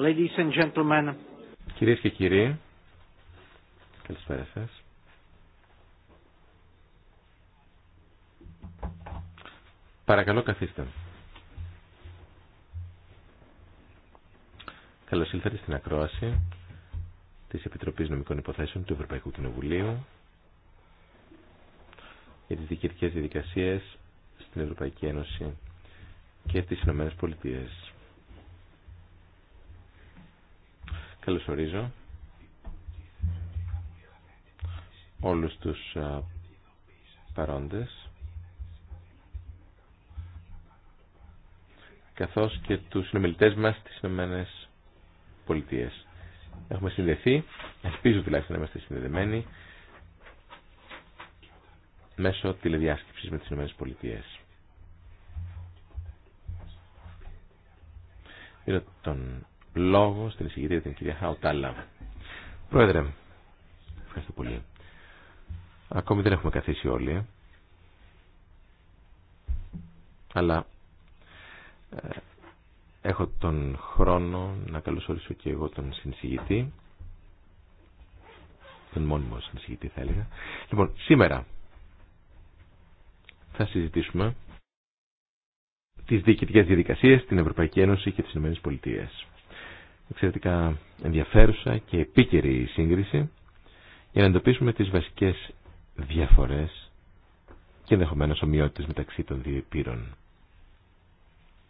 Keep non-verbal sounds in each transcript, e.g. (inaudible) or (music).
Ladies Κυρίες και κύριοι, καλησπέρα σας. Παρακαλώ καθίστε. Καλώς ήλθατε στην ακρόαση της Επιτροπής Νομικών Υποθέσεων του Ευρωπαϊκού Κοινοβουλίου για τις διοικητικές διαδικασίες στην Ευρωπαϊκή Ένωση και τις Ηνωμένες Πολιτείες. Καλωσορίζω όλους τους παρόντες καθώς και τους συνομιλητές μας στις Ηνωμένες Πολιτείες. Έχουμε συνδεθεί, ελπίζω τουλάχιστον να είμαστε συνδεδεμένοι μέσω τηλεδιάσκεψης με τις Ηνωμένες Πολιτείες. Είναι τον λόγο στην εισηγητή την κυρία Χαουτάλα. Πρόεδρε, ευχαριστώ πολύ. Ακόμη δεν έχουμε καθίσει όλοι. Αλλά ε, έχω τον χρόνο να καλωσορίσω και εγώ τον συνεισηγητή. Τον μόνιμο συνεισηγητή θα έλεγα. Λοιπόν, σήμερα θα συζητήσουμε τις διοικητικές διαδικασίες στην Ευρωπαϊκή Ένωση και τις Ηνωμένες Πολιτείες εξαιρετικά ενδιαφέρουσα και επίκαιρη σύγκριση για να εντοπίσουμε τις βασικές διαφορές και ενδεχομένω ομοιότητες μεταξύ των δύο επίρων.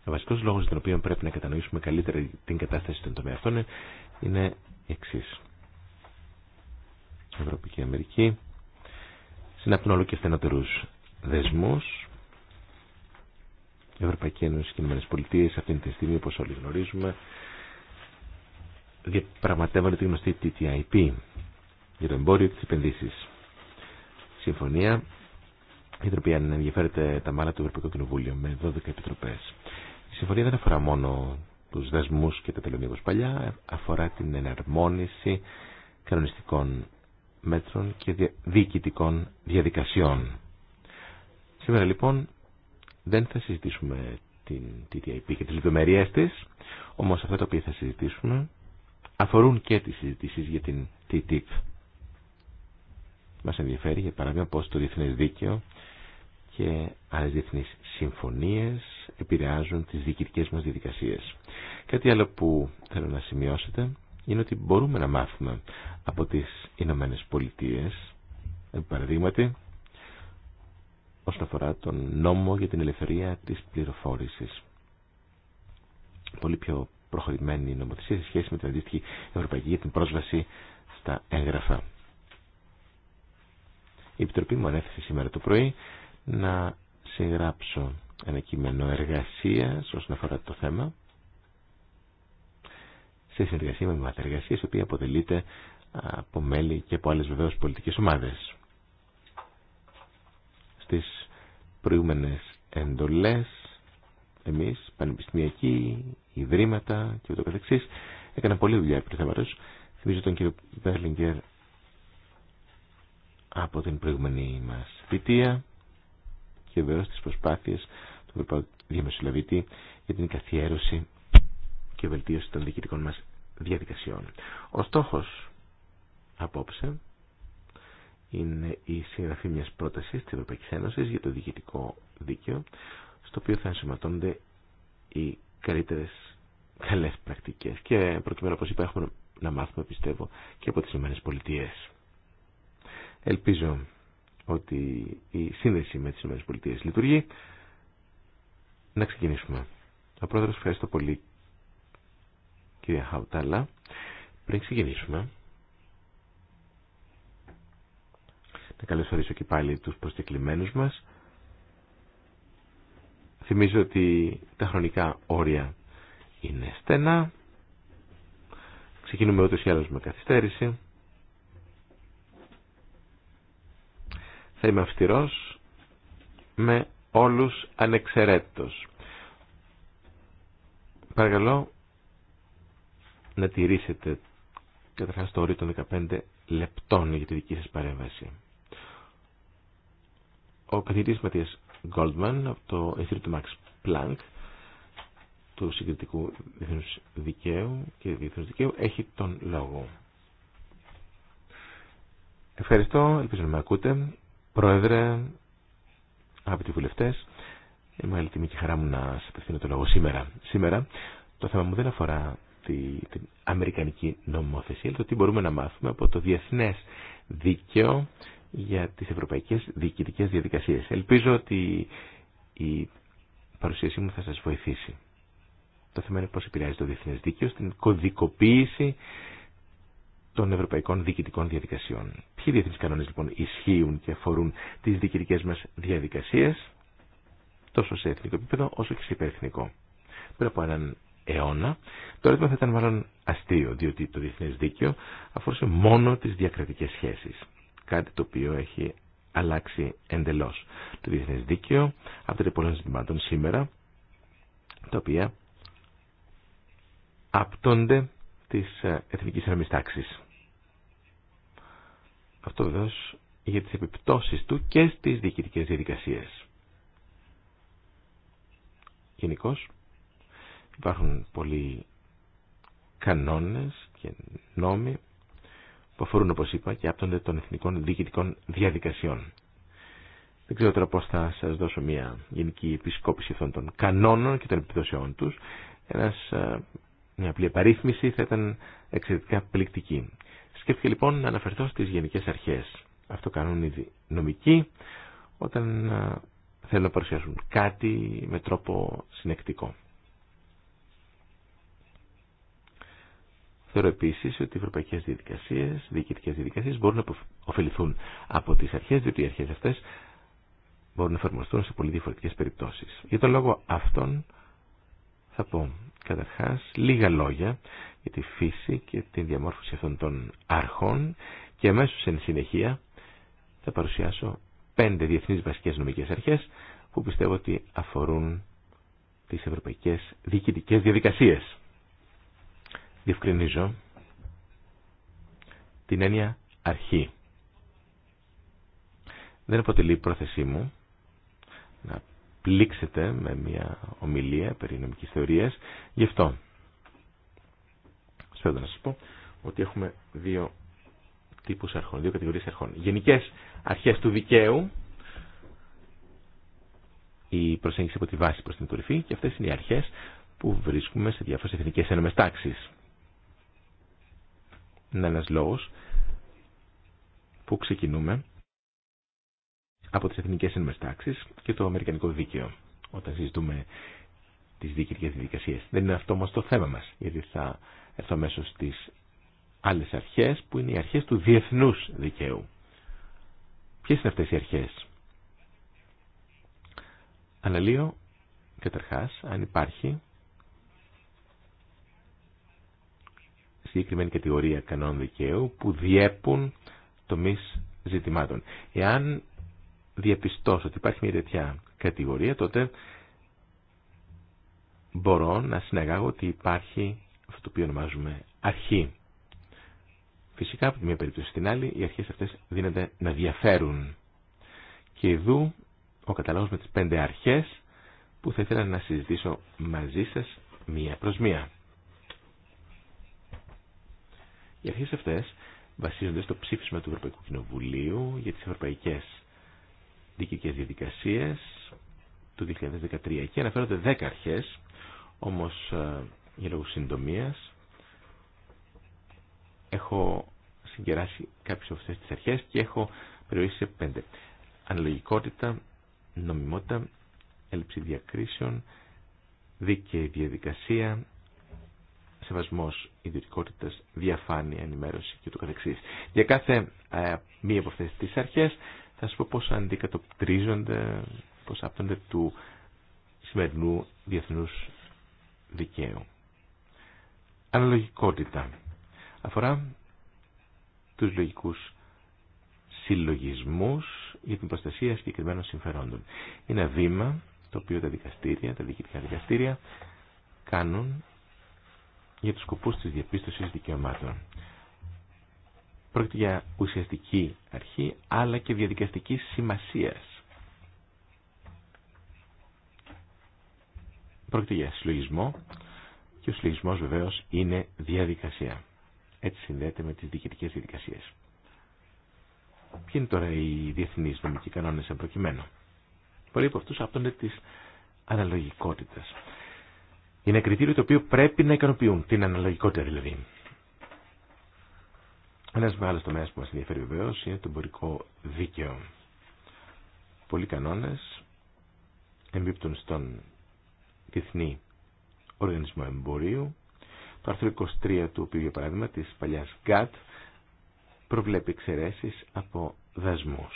Ο βασικός λόγος για τον οποίο πρέπει να κατανοήσουμε καλύτερα την κατάσταση των τομέα αυτών είναι εξή. Η Ευρώπη Αμερική συνάπτουν όλο και στενότερους δεσμούς. Η Ευρωπαϊκή Ένωση και οι ΗΠΑ αυτή τη στιγμή, όπως όλοι γνωρίζουμε, διαπραγματεύονται τη γνωστή TTIP για το εμπόριο και τι επενδύσει. Συμφωνία η Επιτροπή οποία ενδιαφέρεται τα μάλα του Ευρωπαϊκού Κοινοβούλιο με 12 επιτροπέ. Η συμφωνία δεν αφορά μόνο του δεσμού και τα τελωνία παλιά, αφορά την εναρμόνιση κανονιστικών μέτρων και διοικητικών διαδικασιών. Σήμερα λοιπόν δεν θα συζητήσουμε την TTIP και τις λεπτομέρειές της, όμως αυτά το οποίο θα συζητήσουμε αφορούν και τις συζητήσει για την TTIP. Μας ενδιαφέρει για παράδειγμα πως το διεθνές δίκαιο και άλλες διεθνείς συμφωνίες επηρεάζουν τις διοικητικές μας διαδικασίες. Κάτι άλλο που θέλω να σημειώσετε είναι ότι μπορούμε να μάθουμε από τις Ηνωμένε Πολιτείε, παραδείγματι, όσον αφορά τον νόμο για την ελευθερία της πληροφόρησης. Πολύ πιο προχωρημένη νομοθεσία σε σχέση με την αντίστοιχη ευρωπαϊκή για την πρόσβαση στα έγγραφα. Η Επιτροπή μου ανέφερε σήμερα το πρωί να συγγράψω ένα κείμενο εργασίας όσον αφορά το θέμα σε συνεργασία με μαθα εργασίας, η οποία αποτελείται από μέλη και από άλλες βεβαίως πολιτικές ομάδες. Στις προηγούμενες εντολές εμείς πανεπιστημιακοί ιδρύματα και ούτω καθεξής. Έκανα πολλή δουλειά επί του θέματος. Θυμίζω τον κύριο Μπέρλιγκερ από την προηγούμενη μας θητεία και βεβαίω τις προσπάθειες του Ευρωπαϊκού Διαμεσολαβητή για την καθιέρωση και βελτίωση των διοικητικών μας διαδικασιών. Ο στόχος απόψε είναι η συγγραφή μιας πρότασης τη Ευρωπαϊκή Ένωση για το διοικητικό δίκαιο, στο οποίο θα ενσωματώνται οι καλύτερες καλές πρακτικές και προκειμένου όπως είπα έχουμε να μάθουμε πιστεύω και από τις Ηνωμένες Πολιτείες. Ελπίζω ότι η σύνδεση με τις Ηνωμένες Πολιτείες λειτουργεί. Να ξεκινήσουμε. Ο πρόεδρος ευχαριστώ πολύ κυρία Χαουτάλα. Πριν ξεκινήσουμε να καλωσορίσω και πάλι τους προσκεκλημένους μας Θυμίζω ότι τα χρονικά όρια είναι στενά. Ξεκινούμε ούτως ή άλλως με καθυστέρηση. Θα είμαι αυστηρός με όλους ανεξαιρέτως. Παρακαλώ να τηρήσετε καταρχάς το όριο των 15 λεπτών για τη δική σας παρέμβαση. Ο καθηγητής Ματίας Goldman από το Εθνικό του Max Planck του συγκριτικού διεθνού δικαίου και διεθνού δικαίου έχει τον λόγο. Ευχαριστώ, ελπίζω να με ακούτε. Πρόεδρε, αγαπητοί βουλευτέ, είναι μεγάλη τιμή και χαρά μου να σα απευθύνω το λόγο σήμερα. Σήμερα το θέμα μου δεν αφορά τη, την αμερικανική νομοθεσία, αλλά το τι μπορούμε να μάθουμε από το διεθνέ δίκαιο για τις ευρωπαϊκές διοικητικές διαδικασίες. Ελπίζω ότι η παρουσίασή μου θα σας βοηθήσει. Το θέμα είναι πώς επηρεάζει το διεθνές δίκαιο στην κωδικοποίηση των ευρωπαϊκών διοικητικών διαδικασιών. Ποιοι διεθνείς κανόνες λοιπόν ισχύουν και αφορούν τις διοικητικές μας διαδικασίες τόσο σε εθνικό επίπεδο όσο και σε υπερεθνικό. Πριν από έναν αιώνα, το ερώτημα θα ήταν μάλλον αστείο, διότι το διεθνές δίκαιο αφορούσε μόνο τις διακρατικές σχέσεις κάτι το οποίο έχει αλλάξει εντελώς. Το διεθνές δίκαιο άπτεται πολλών ζητημάτων σήμερα, τα οποία απτώνται της ε, εθνικής αρμής Αυτό βεβαίω για τις επιπτώσεις του και στις διοικητικές διαδικασίες. Γενικώ υπάρχουν πολλοί κανόνες και νόμοι που αφορούν όπως είπα και άπτονται των εθνικών διοικητικών διαδικασιών. Δεν ξέρω τώρα πώς θα σας δώσω μια γενική επισκόπηση αυτών των κανόνων και των επιπτώσεών τους. Ένας, μια απλή επαρρύθμιση θα ήταν εξαιρετικά πληκτική. Σκέφτηκε λοιπόν να αναφερθώ στις γενικές αρχές. Αυτό κάνουν οι νομικοί όταν θέλουν να παρουσιάσουν κάτι με τρόπο συνεκτικό. Θεωρώ επίση ότι οι ευρωπαϊκέ διαδικασίε, διοικητικέ διαδικασίε μπορούν να ωφεληθούν από τι αρχέ, διότι οι αρχέ αυτέ μπορούν να εφαρμοστούν σε πολύ διαφορετικέ περιπτώσει. Για τον λόγο αυτών θα πω καταρχά λίγα λόγια για τη φύση και τη διαμόρφωση αυτών των αρχών και αμέσω εν συνεχεία θα παρουσιάσω πέντε διεθνεί βασικέ νομικέ αρχέ που πιστεύω ότι αφορούν τι ευρωπαϊκέ διοικητικέ διαδικασίε διευκρινίζω την έννοια αρχή. Δεν αποτελεί η πρόθεσή μου να πλήξετε με μια ομιλία περί νομικής θεωρίας. Γι' αυτό, θέλω να σας πω ότι έχουμε δύο τύπους αρχών, δύο κατηγορίες αρχών. Γενικές αρχές του δικαίου, η προσέγγιση από τη βάση προς την κορυφή και αυτές είναι οι αρχές που βρίσκουμε σε διάφορες εθνικές ένωμες τάξεις. Είναι ένα λόγο που ξεκινούμε από τις εθνικές τάξει και το αμερικανικό δίκαιο όταν συζητούμε τις διοικητικέ διαδικασίε. Δεν είναι αυτό όμω το θέμα μας, γιατί θα έρθω μέσω στι άλλες αρχές που είναι οι αρχές του διεθνούς δικαίου. Ποιες είναι αυτές οι αρχές? Αναλύω καταρχά αν υπάρχει συγκεκριμένη κατηγορία κανόν δικαίου που διέπουν τομείς ζητημάτων. Εάν διαπιστώσω ότι υπάρχει μια τέτοια κατηγορία, τότε μπορώ να συναγάγω ότι υπάρχει αυτό το οποίο ονομάζουμε αρχή. Φυσικά από τη μία περίπτωση στην άλλη οι αρχές αυτές δίνονται να διαφέρουν. Και εδώ ο καταλόγος με τις πέντε αρχές που θα ήθελα να συζητήσω μαζί σας μία προς μία. Οι αρχές αυτές βασίζονται στο ψήφισμα του Ευρωπαϊκού Κοινοβουλίου για τις ευρωπαϊκές δικαιωτικές διαδικασίες του 2013. Εκεί αναφέρονται 10 αρχές, όμως ε, για λόγους συντομίας έχω συγκεράσει κάποιες από αυτές τις αρχές και έχω περιορίσει σε 5. Αναλογικότητα, νομιμότητα, έλλειψη διακρίσεων, δίκαιη διαδικασία, σεβασμός ιδιωτικότητας, διαφάνεια, ενημέρωση και το καθεξής. Για κάθε ε, μία από αυτές τις αρχές θα σας πω πώς αντικατοπτρίζονται, πώς άπτονται του σημερινού διεθνούς δικαίου. Αναλογικότητα αφορά τους λογικούς συλλογισμούς για την προστασία συγκεκριμένων συμφερόντων. Είναι ένα βήμα το οποίο τα δικαστήρια, τα διοικητικά δικαστήρια κάνουν για τους σκοπούς της διαπίστωσης δικαιωμάτων. Πρόκειται για ουσιαστική αρχή, αλλά και διαδικαστική σημασία Πρόκειται για συλλογισμό και ο συλλογισμός βεβαίως είναι διαδικασία. Έτσι συνδέεται με τις διοικητικές διαδικασίες. Ποιοι είναι τώρα οι διεθνεί νομικοί κανόνε εν προκειμένου. Πολλοί από αυτού άπτονται τη αναλογικότητα. Είναι κριτήριο το οποίο πρέπει να ικανοποιούν, την αναλογικότητα δηλαδή. Ένα μεγάλο τομέα που μα ενδιαφέρει βεβαίω είναι το εμπορικό δίκαιο. Πολλοί κανόνε εμπίπτουν στον Διεθνή Οργανισμό Εμπορίου. Το άρθρο 23 του οποίου, για παράδειγμα, τη παλιά ΓΚΑΤ προβλέπει εξαιρέσει από δασμού.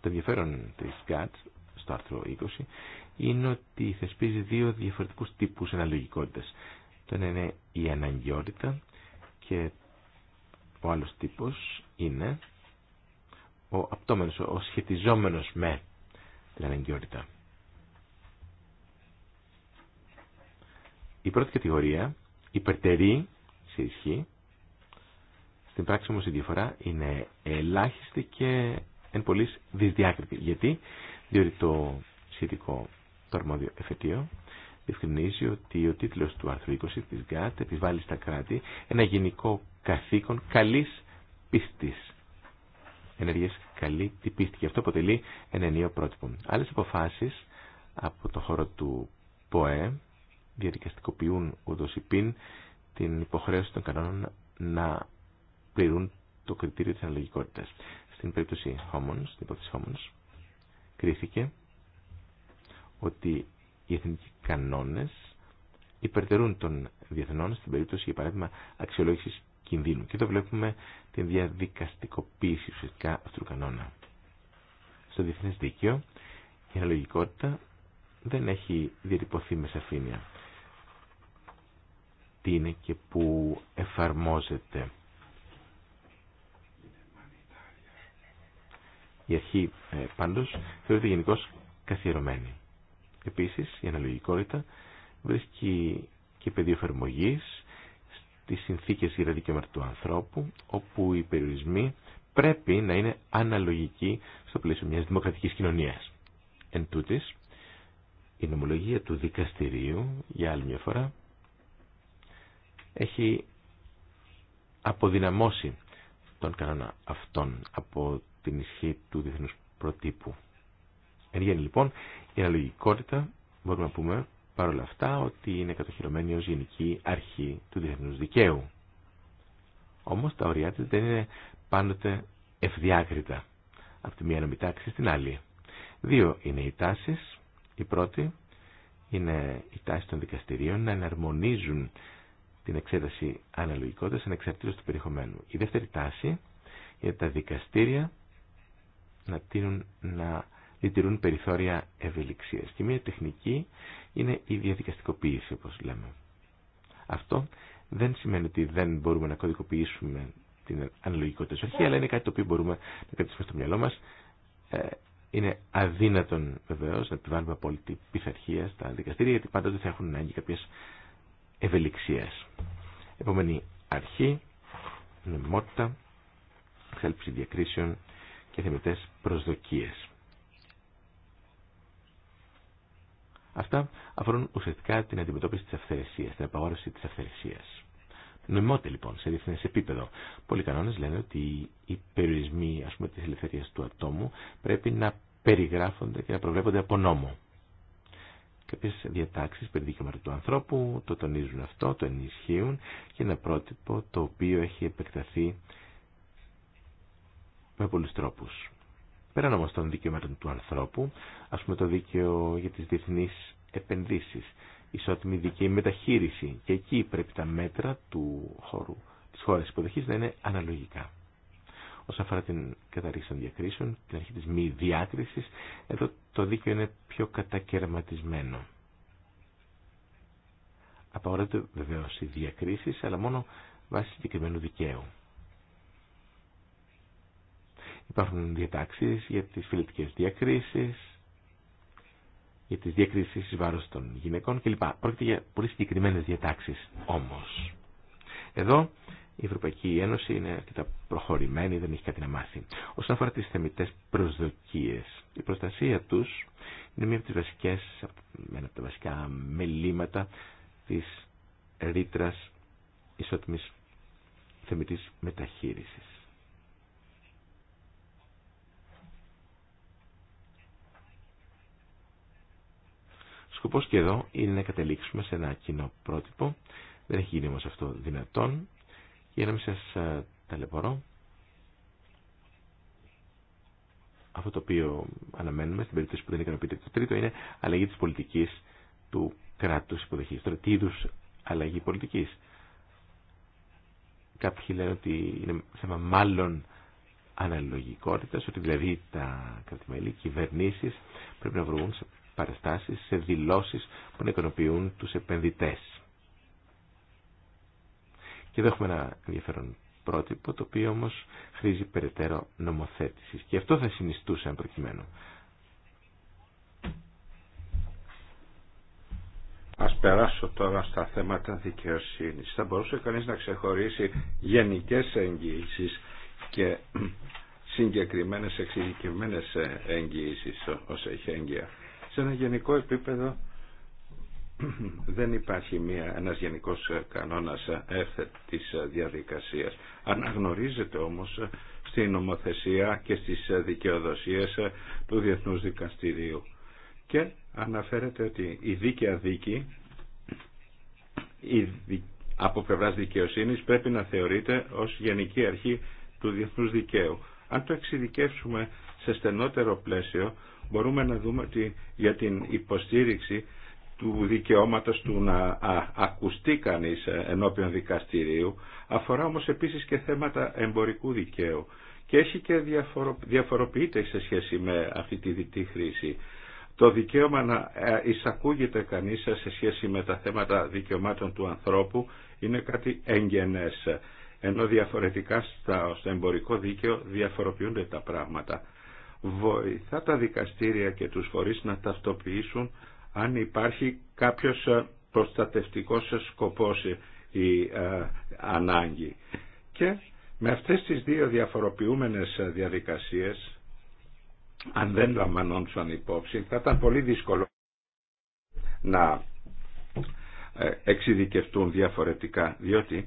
Το ενδιαφέρον τη ΓΚΑΤ στο άρθρο 20 είναι ότι θεσπίζει δύο διαφορετικούς τύπους αναλογικότητας. Το ένα είναι η αναγκαιότητα και ο άλλος τύπος είναι ο απτόμενος, ο σχετιζόμενος με την αναγκαιότητα. Η πρώτη κατηγορία υπερτερεί σε ισχύ. Στην πράξη όμως η διαφορά είναι ελάχιστη και εν πολύς δυσδιάκριτη. Γιατί? Διότι το σχετικό το αρμόδιο εφετείο διευκρινίζει ότι ο τίτλος του άρθρου 20 της ΓΑΤ επιβάλλει στα κράτη ένα γενικό καθήκον καλής πίστης. Ενεργείας καλή την πίστη και αυτό αποτελεί ένα ενίο πρότυπο. Άλλες αποφάσεις από το χώρο του ΠΟΕ διαδικαστικοποιούν ούτως υπήν την υποχρέωση των κανόνων να πληρούν το κριτήριο της αναλογικότητας. Στην περίπτωση Homons, την υπόθεση Homons, κρίθηκε ότι οι εθνικοί κανόνες υπερτερούν των διεθνών στην περίπτωση, για παράδειγμα, αξιολόγησης κινδύνου. Και εδώ βλέπουμε την διαδικαστικοποίηση ουσιαστικά αυτού του κανόνα. Στο διεθνές δίκαιο η αναλογικότητα δεν έχει διατυπωθεί με σαφήνεια. Τι είναι και που εφαρμόζεται. Η αρχή ε, πάντως θεωρείται γενικώ καθιερωμένη. Επίσης, η αναλογικότητα βρίσκει και πεδίο εφαρμογή στις συνθήκες για τα του ανθρώπου, όπου οι περιορισμοί πρέπει να είναι αναλογικοί στο πλαίσιο μιας δημοκρατικής κοινωνίας. Εν τούτης, η νομολογία του δικαστηρίου, για άλλη μια φορά, έχει αποδυναμώσει τον κανόνα αυτόν από την ισχύ του διεθνούς προτύπου. Εν γέννη λοιπόν, η αναλογικότητα μπορούμε να πούμε παρόλα αυτά ότι είναι κατοχυρωμένη ως γενική αρχή του διεθνούς δικαίου. Όμως τα ωριά της δεν είναι πάντοτε ευδιάκριτα από τη μία νομιτάξη στην άλλη. Δύο είναι οι τάσεις. Η πρώτη είναι η τάση των δικαστηρίων να εναρμονίζουν την εξέταση αναλογικότητας ανεξαρτήτως του περιεχομένου. Η δεύτερη τάση είναι τα δικαστήρια να τείνουν να διατηρούν περιθώρια ευελιξία. Και μία τεχνική είναι η διαδικαστικοποίηση, όπως λέμε. Αυτό δεν σημαίνει ότι δεν μπορούμε να κωδικοποιήσουμε την αναλογικότητα της αρχή, αλλά είναι κάτι το οποίο μπορούμε να κρατήσουμε στο μυαλό μας. Ε, είναι αδύνατον βεβαίω να επιβάλλουμε απόλυτη πειθαρχία στα δικαστήρια, γιατί πάντοτε θα έχουν ανάγκη κάποιε ευελιξίε. Επόμενη αρχή, νομιμότητα, εξέλιξη διακρίσεων και θεμητέ προσδοκίε. Αυτά αφορούν ουσιαστικά την αντιμετώπιση τη αυθαιρεσία, την απαγόρευση τη αυθαιρεσία. Νομιμότητα λοιπόν σε διεθνέ επίπεδο. Πολλοί κανόνε λένε ότι οι περιορισμοί τη ελευθερία του ατόμου πρέπει να περιγράφονται και να προβλέπονται από νόμο. Κάποιε διατάξει περί δικαιωμάτων του ανθρώπου το τονίζουν αυτό, το ενισχύουν και ένα πρότυπο το οποίο έχει επεκταθεί με πολλού τρόπου. Πέραν όμως των δικαιωμάτων του ανθρώπου, ας πούμε το δίκαιο για τις διεθνείς επενδύσεις, ισότιμη δικαίη μεταχείριση και εκεί πρέπει τα μέτρα του χώρου, της χώρας υποδοχής να είναι αναλογικά. Όσον αφορά την καταρρίξη των διακρίσεων, την αρχή της μη διάκρισης, εδώ το δίκαιο είναι πιο κατακαιρματισμένο. Απαγορεύεται βεβαίως οι διακρίσεις, αλλά μόνο βάσει συγκεκριμένου δικαίου. Υπάρχουν διατάξεις για τις φιλετικές διακρίσεις, για τις διακρίσεις εις βάρος των γυναικών κλπ. Πρόκειται για πολύ συγκεκριμένες διατάξεις όμως. Εδώ η Ευρωπαϊκή Ένωση είναι αρκετά προχωρημένη, δεν έχει κάτι να μάθει. Όσον αφορά τις θεμητές προσδοκίες, η προστασία τους είναι μία από, τις βασικές, ένα από τα βασικά μελήματα της ρήτρα ισότιμης θεμητής μεταχείρισης. Σκοπός και εδώ είναι να καταλήξουμε σε ένα κοινό πρότυπο. Δεν έχει γίνει όμως αυτό δυνατόν. Για να μην σας ε, ταλαιπωρώ, αυτό το οποίο αναμένουμε στην περίπτωση που δεν ικανοποιείται το τρίτο είναι αλλαγή της πολιτικής του κράτους υποδοχής. Τώρα τι είδους αλλαγή πολιτικής. Κάποιοι λένε ότι είναι θέμα μάλλον αναλογικότητας, ότι δηλαδή τα κρατημέλη, κυβερνήσεις πρέπει να βρουν σε παραστάσεις, σε δηλώσεις που να ικανοποιούν τους επενδυτές. Και εδώ έχουμε ένα ενδιαφέρον πρότυπο, το οποίο όμως χρήζει περαιτέρω νομοθέτησης. Και αυτό θα συνιστούσε, αν προκειμένου. Ας περάσω τώρα στα θέματα δικαιοσύνης. Θα μπορούσε κανείς να ξεχωρίσει γενικές εγγύησεις και (clears throat) συγκεκριμένες εξειδικευμένες εγγύησεις ως έχει εγγύα σε ένα γενικό επίπεδο (clears throat) δεν υπάρχει μια, ένας γενικός κανόνας της διαδικασίας. Αναγνωρίζεται όμως στη νομοθεσία και στις δικαιοδοσίες του Διεθνούς Δικαστηρίου. Και αναφέρεται ότι η δίκαια δίκη η από πλευράς δικαιοσύνης πρέπει να θεωρείται ως γενική αρχή του διεθνούς δικαίου. Αν το εξειδικεύσουμε σε στενότερο πλαίσιο, μπορούμε να δούμε ότι για την υποστήριξη του δικαιώματος του να ακουστεί κανείς ε, ενώπιον δικαστηρίου αφορά όμως επίσης και θέματα εμπορικού δικαίου και έχει και διαφοροποιείται σε σχέση με αυτή τη διτή χρήση. Το δικαίωμα να ε, εισακούγεται κανείς ε, σε σχέση με τα θέματα δικαιωμάτων του ανθρώπου είναι κάτι εγγενές, ενώ διαφορετικά στο εμπορικό δίκαιο διαφοροποιούνται τα πράγματα βοηθά τα δικαστήρια και τους φορείς να ταυτοποιήσουν αν υπάρχει κάποιος ε, προστατευτικός σκοπός η ε, ανάγκη. Και με αυτές τις δύο διαφοροποιούμενες ε, διαδικασίες, αν δεν λαμβανόντουσαν υπόψη, θα ήταν πολύ δύσκολο να εξειδικευτούν διαφορετικά, διότι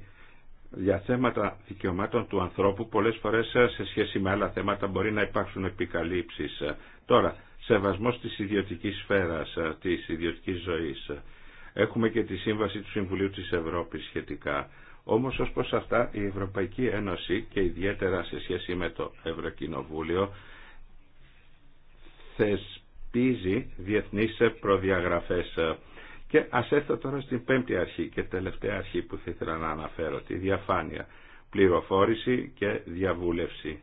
για θέματα δικαιωμάτων του ανθρώπου πολλές φορές ε, σε σχέση με άλλα θέματα μπορεί να υπάρξουν επικαλύψεις. Ε, τώρα, σεβασμός της ιδιωτικής σφαίρας, ε, της ιδιωτικής ζωής. Έχουμε και τη Σύμβαση του Συμβουλίου της Ευρώπης σχετικά. Όμως ως προς αυτά η Ευρωπαϊκή Ένωση και ιδιαίτερα σε σχέση με το Ευρωκοινοβούλιο θεσπίζει διεθνείς προδιαγραφές και ας έρθω τώρα στην πέμπτη αρχή και τελευταία αρχή που θα ήθελα να αναφέρω, τη διαφάνεια, πληροφόρηση και διαβούλευση.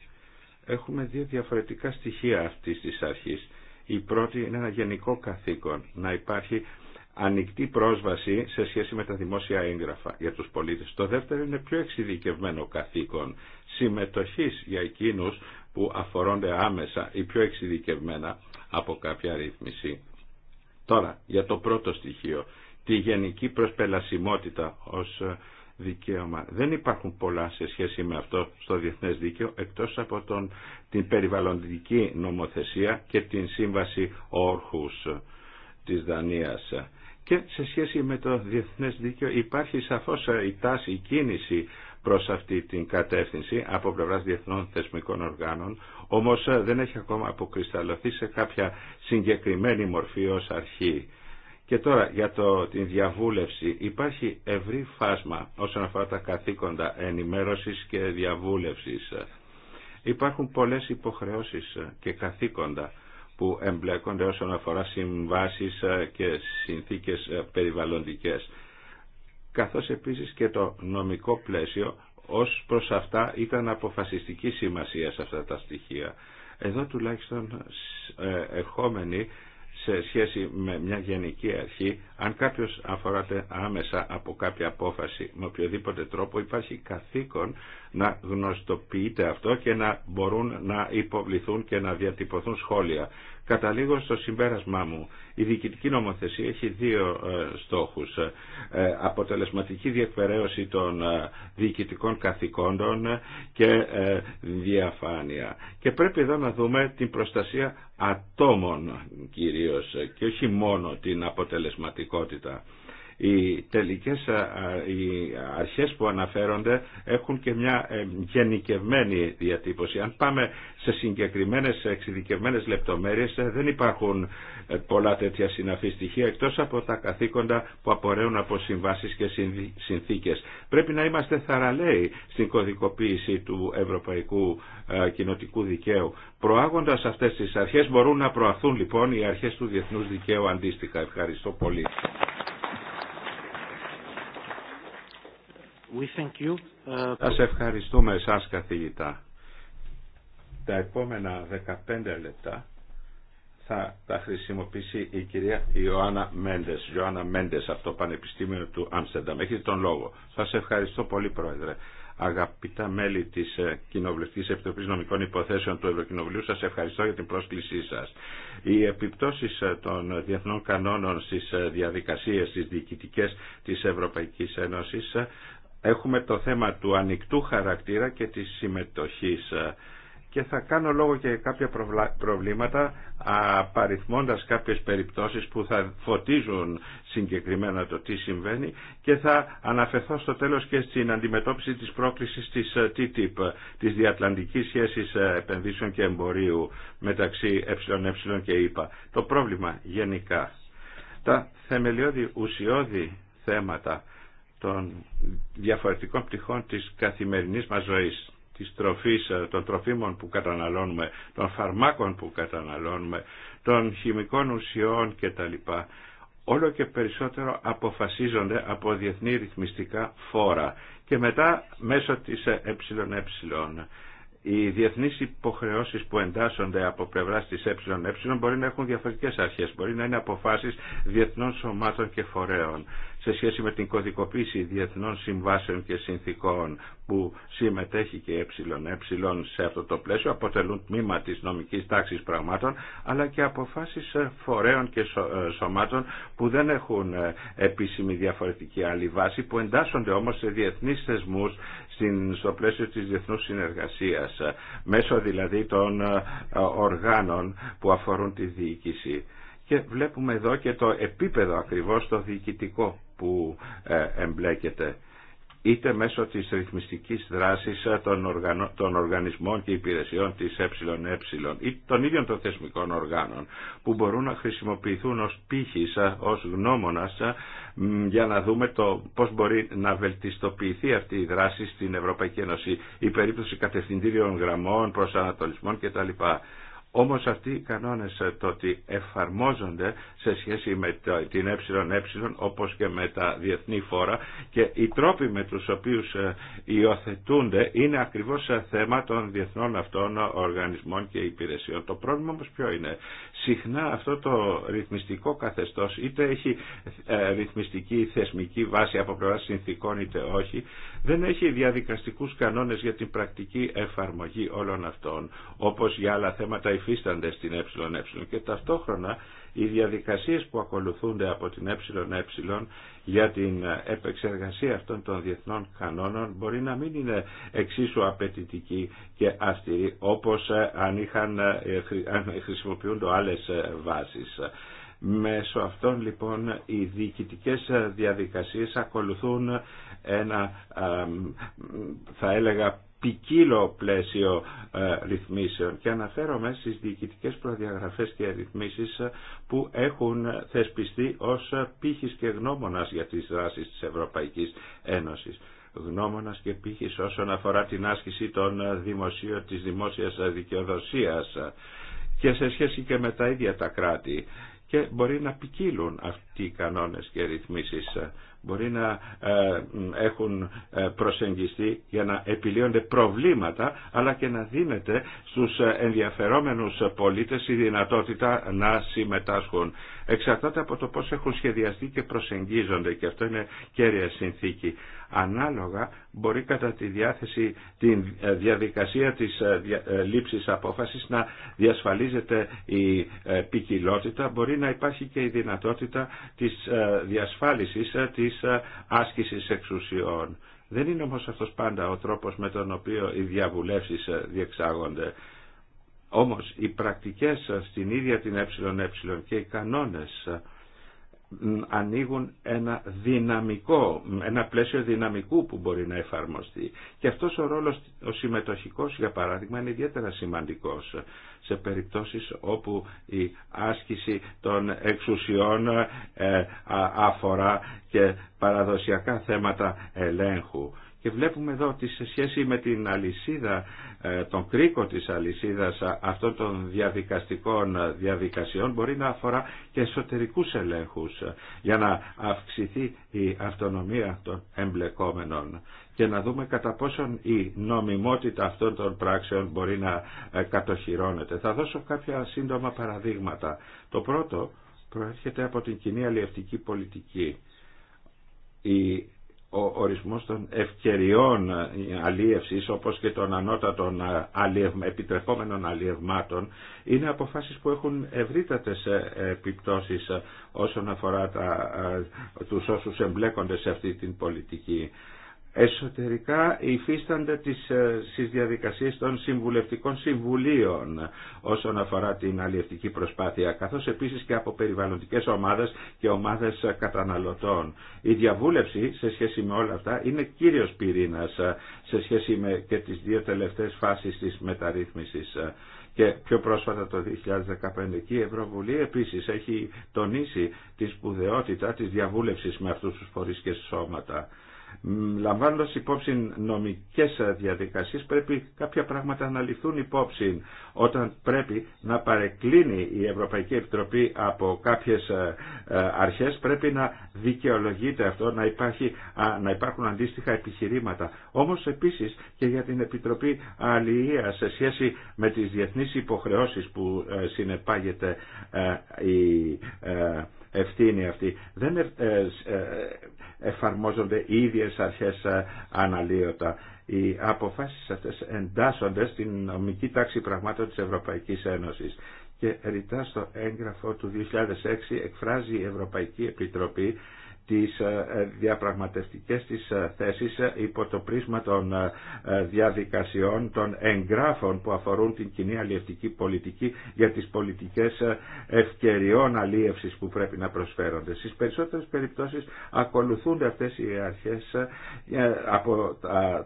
Έχουμε δύο διαφορετικά στοιχεία αυτής της αρχής. Η πρώτη είναι ένα γενικό καθήκον, να υπάρχει ανοιχτή πρόσβαση σε σχέση με τα δημόσια έγγραφα για τους πολίτες. Το δεύτερο είναι πιο εξειδικευμένο καθήκον, συμμετοχής για εκείνους που αφορώνται άμεσα ή πιο εξειδικευμένα από κάποια ρύθμιση. Τώρα, για το πρώτο στοιχείο, τη γενική προσπελασιμότητα ως ε, δικαίωμα. Δεν υπάρχουν πολλά σε σχέση με αυτό στο διεθνές δίκαιο, εκτός από τον, την περιβαλλοντική νομοθεσία και την σύμβαση όρχους ε, της Δανίας. Και σε σχέση με το διεθνές δίκαιο υπάρχει σαφώς ε, η τάση, η κίνηση προς αυτή την κατεύθυνση από πλευράς διεθνών θεσμικών οργάνων, όμως ε, δεν έχει ακόμα αποκρισταλωθεί σε κάποια συγκεκριμένη μορφή ως αρχή. Και τώρα για το, την διαβούλευση υπάρχει ευρύ φάσμα όσον αφορά τα καθήκοντα ενημέρωσης και διαβούλευσης. Υπάρχουν πολλές υποχρεώσεις και καθήκοντα που εμπλέκονται όσον αφορά συμβάσεις ε, και συνθήκες ε, περιβαλλοντικές καθώς επίσης και το νομικό πλαίσιο ως προς αυτά ήταν αποφασιστική σημασία σε αυτά τα στοιχεία. Εδώ τουλάχιστον ε, ερχόμενοι σε σχέση με μια γενική αρχή, αν κάποιος αφοράται άμεσα από κάποια απόφαση με οποιοδήποτε τρόπο υπάρχει καθήκον να γνωστοποιείται αυτό και να μπορούν να υποβληθούν και να διατυπωθούν σχόλια. Καταλήγω στο συμπέρασμά μου. Η διοικητική νομοθεσία έχει δύο ε, στόχους. Ε, αποτελεσματική διεκπαιρέωση των ε, διοικητικών καθηκόντων και διαφάνεια. Και πρέπει εδώ να δούμε την προστασία ατόμων κυρίως και όχι μόνο την αποτελεσματικότητα. Οι τελικές οι αρχές που αναφέρονται έχουν και μια ε, γενικευμένη διατύπωση. Αν πάμε σε συγκεκριμένες εξειδικευμένες λεπτομέρειες ε, δεν υπάρχουν ε, πολλά τέτοια συναφή στοιχεία εκτός από τα καθήκοντα που απορρέουν από συμβάσεις και συνθήκες. Πρέπει να είμαστε θαραλέοι στην κωδικοποίηση του ευρωπαϊκού κοινοτικού δικαίου. Προάγοντας αυτές τις αρχές μπορούν να προαθούν λοιπόν οι αρχές του διεθνούς δικαίου αντίστοιχα. Ευχαριστώ πολύ. We uh, Σας ευχαριστούμε εσάς καθηγητά. Τα επόμενα 15 λεπτά θα τα χρησιμοποιήσει η κυρία Ιωάννα Μέντες, Ιωάννα Μέντες από το Πανεπιστήμιο του Άμστερνταμ. Έχετε τον λόγο. Σας ευχαριστώ πολύ Πρόεδρε. Αγαπητά μέλη τη ε, Κοινοβουλευτική Επιτροπή Νομικών Υποθέσεων του Ευρωκοινοβουλίου, σας ευχαριστώ για την πρόσκλησή σας. Οι επιπτώσεις ε, των διεθνών κανόνων στις ε, διαδικασίες στις διοικητικέ της Ευρωπαϊκής Ένωσης έχουμε το θέμα του ανοιχτού χαρακτήρα και της συμμετοχής και θα κάνω λόγο και κάποια προβλήματα απαριθμώντας κάποιες περιπτώσεις που θα φωτίζουν συγκεκριμένα το τι συμβαίνει και θα αναφερθώ στο τέλος και στην αντιμετώπιση της πρόκλησης της ε, TTIP, της Διατλαντικής Σχέσης ε, Επενδύσεων και Εμπορίου μεταξύ ΕΕ και ΕΕ. Το πρόβλημα γενικά. Τα θεμελιώδη ουσιώδη θέματα των διαφορετικών πτυχών της καθημερινής μας ζωής, της τροφής, ε, των τροφίμων που καταναλώνουμε, των φαρμάκων που καταναλώνουμε, των χημικών ουσιών κτλ. Όλο και περισσότερο αποφασίζονται από διεθνή ρυθμιστικά φόρα και μετά μέσω της ΕΕ. Οι διεθνείς υποχρεώσεις που εντάσσονται από πλευράς της ΕΕ μπορεί να έχουν διαφορετικές αρχές, μπορεί να είναι αποφάσεις διεθνών σωμάτων και φορέων σε σχέση με την κωδικοποίηση διεθνών συμβάσεων και συνθήκων που συμμετέχει και ΕΕ σε αυτό το πλαίσιο αποτελούν τμήμα της νομικής τάξης πραγμάτων αλλά και αποφάσεις ε, φορέων και ε, σωμάτων που δεν έχουν ε, επίσημη διαφορετική άλλη βάση που εντάσσονται όμως σε διεθνείς θεσμούς στο πλαίσιο της διεθνούς συνεργασίας μέσω δηλαδή των οργάνων που αφορούν τη διοίκηση και βλέπουμε εδώ και το επίπεδο ακριβώς το διοικητικό που ε, εμπλέκεται είτε μέσω της ρυθμιστικής δράσης ε, των, οργανισμών και υπηρεσιών της ΕΕ ή των ίδιων των θεσμικών οργάνων που μπορούν να χρησιμοποιηθούν ως πύχης, ε, ως γνώμονας για να δούμε το πώς μπορεί να βελτιστοποιηθεί αυτή η δράση στην Ευρωπαϊκή Ένωση η περίπτωση κατευθυντήριων γραμμών, προσανατολισμών κτλ. Όμως αυτοί οι κανόνες ε, το ότι εφαρμόζονται σε σχέση με την ΕΕ όπως και με τα διεθνή φόρα και οι τρόποι με τους οποίους ε, υιοθετούνται είναι ακριβώς ε, θέμα των διεθνών αυτών οργανισμών και υπηρεσιών. Το πρόβλημα όμως ποιο είναι. Συχνά αυτό το ρυθμιστικό καθεστώς είτε έχει ρυθμιστική θεσμική βάση από πλευρά συνθήκων είτε όχι δεν έχει διαδικαστικούς κανόνες για την πρακτική εφαρμογή όλων αυτών όπως για άλλα θέματα υφίστανται στην ΕΕ και ταυτόχρονα οι διαδικασίες που ακολουθούνται από την ΕΕ για την επεξεργασία αυτών των διεθνών κανόνων μπορεί να μην είναι εξίσου απαιτητική και αυστηρή όπως αν, είχαν, ε, αν χρησιμοποιούνται άλλες ε, βάσεις. Μέσω αυτών λοιπόν οι διοικητικές ε, διαδικασίες ακολουθούν ένα θα έλεγα ποικίλο πλαίσιο ε, ρυθμίσεων και αναφέρομαι στις διοικητικές προδιαγραφές και ρυθμίσεις ε, που έχουν θεσπιστεί ως ε, πύχης και γνώμονας για τις δράσεις της Ευρωπαϊκής Ένωσης γνώμονας και πύχης όσον αφορά την άσκηση των δημοσίων της δημόσιας δικαιοδοσίας και σε σχέση και με τα ίδια τα κράτη και μπορεί να ποικίλουν αυτοί οι κανόνες και ρυθμίσεις μπορεί να ε, έχουν ε, προσεγγιστεί για να επιλύονται προβλήματα αλλά και να δίνεται στους ενδιαφερόμενους πολίτες η δυνατότητα να συμμετάσχουν. Εξαρτάται από το πώς έχουν σχεδιαστεί και προσεγγίζονται και αυτό είναι κέρια συνθήκη. Ανάλογα μπορεί κατά τη διάθεση τη ε, διαδικασία της ε, ε, λήψης απόφασης να διασφαλίζεται η ποικιλότητα, μπορεί να υπάρχει και η δυνατότητα της διασφάλισης της άσκησης εξουσιών. Δεν είναι όμως αυτός πάντα ο τρόπος με τον οποίο οι διαβουλεύσεις διεξάγονται. Όμως οι πρακτικές στην ίδια την ΕΕ και οι κανόνες ανοίγουν ένα δυναμικό, ένα πλαίσιο δυναμικού που μπορεί να εφαρμοστεί. Και αυτός ο ρόλος, ο συμμετοχικός για παράδειγμα, είναι ιδιαίτερα σημαντικός σε περιπτώσεις όπου η άσκηση των εξουσιών ε, αφορά και παραδοσιακά θέματα ελέγχου και βλέπουμε εδώ ότι σε σχέση με την αλυσίδα, ε, τον κρίκο της αλυσίδας αυτών των διαδικαστικών ε, διαδικασιών μπορεί να αφορά και εσωτερικούς ελέγχους ε, για να αυξηθεί η αυτονομία των εμπλεκόμενων και να δούμε κατά πόσον η νομιμότητα αυτών των πράξεων μπορεί να κατοχυρώνεται. Θα δώσω κάποια σύντομα παραδείγματα. Το πρώτο προέρχεται από την κοινή αλλιευτική πολιτική. Η ο ορισμός των ευκαιριών αλίευσης όπως και των ανώτατων επιτρεπόμενων αλιευμάτων είναι αποφάσεις που έχουν ευρύτατες ε, επιπτώσεις όσον αφορά τα, ε, τους όσους εμπλέκονται σε αυτή την πολιτική εσωτερικά υφίστανται τις, ε, στις διαδικασίες των συμβουλευτικών συμβουλίων όσον αφορά την αλλιευτική προσπάθεια, καθώς επίσης και από περιβαλλοντικές ομάδες και ομάδες καταναλωτών. Η διαβούλευση σε σχέση με όλα αυτά είναι κύριος πυρήνας σε σχέση με και τις δύο τελευταίες φάσεις της μεταρρύθμισης και πιο πρόσφατα το 2015. και η Ευρωβουλή επίσης έχει τονίσει τη σπουδαιότητα της διαβούλευσης με αυτούς τους φορείς και σώματα λαμβάνοντας υπόψη νομικές διαδικασίες πρέπει κάποια πράγματα να ληφθούν υπόψη όταν πρέπει να παρεκκλίνει η Ευρωπαϊκή Επιτροπή από κάποιες ε, ε, αρχές πρέπει να δικαιολογείται αυτό να, υπάρχει, να υπάρχουν αντίστοιχα επιχειρήματα όμως επίσης και για την Επιτροπή Αλληλεία σε σχέση με τις διεθνείς υποχρεώσεις που ε, συνεπάγεται η ευθύνη αυτή. Δεν ε, ε, ε, εφαρμόζονται οι ίδιες αρχές αναλύωτα. Οι αποφάσεις αυτές εντάσσονται στην νομική τάξη πραγμάτων της Ευρωπαϊκής Ένωσης. Και ρητά στο έγγραφο του 2006 εκφράζει η Ευρωπαϊκή Επιτροπή τις ε, διαπραγματευτικές της ε, θέσεις ε, υπό το πρίσμα των διαδικασιών, των εγγράφων που αφορούν την κοινή αλλιευτική πολιτική για τις πολιτικές ευκαιριών αλλίευσης που πρέπει να προσφέρονται. Στις περισσότερες περιπτώσεις ακολουθούνται αυτές οι αρχές από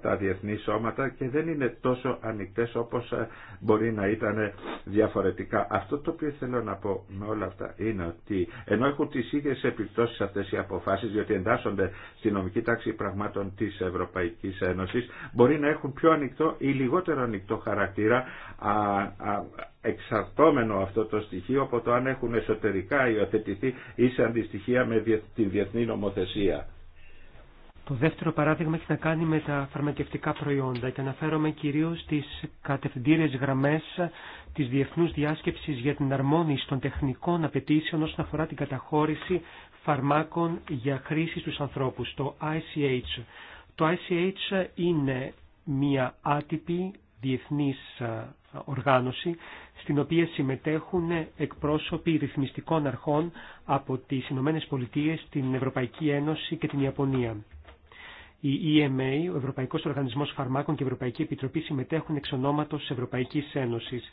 τα διεθνή σώματα και δεν είναι τόσο ανοιχτές όπως μπορεί να ήταν διαφορετικά. Αυτό το οποίο θέλω να πω με όλα αυτά είναι ότι ενώ έχουν τις ίδιες επιπτώσεις αυτές οι αποφάσεις αποφάσει, διότι εντάσσονται στη νομική τάξη πραγμάτων τη Ευρωπαϊκή Ένωση. μπορεί να έχουν πιο ανοιχτό ή λιγότερο ανοιχτό χαρακτήρα, α, α, εξαρτώμενο αυτό το στοιχείο από το αν έχουν εσωτερικά υιοθετηθεί ή σε αντιστοιχεία με την διεθνή νομοθεσία. Το δεύτερο παράδειγμα έχει να κάνει με τα φαρμακευτικά προϊόντα και αναφέρομαι κυρίως στις κατευθυντήριες γραμμές της Διεθνούς Διάσκεψης για την Αρμόνιση των Τεχνικών Απαιτήσεων όσον αφορά την καταχώρηση φαρμάκων για χρήση στους ανθρώπους, το ICH. Το ICH είναι μια άτυπη διεθνής οργάνωση στην οποία συμμετέχουν εκπρόσωποι ρυθμιστικών αρχών από τις Ηνωμένε Πολιτείες, την Ευρωπαϊκή Ένωση και την Ιαπωνία. Η EMA, ο Ευρωπαϊκός Οργανισμός Φαρμάκων και η Ευρωπαϊκή Επιτροπή συμμετέχουν εξ ονόματος Ευρωπαϊκής Ένωσης.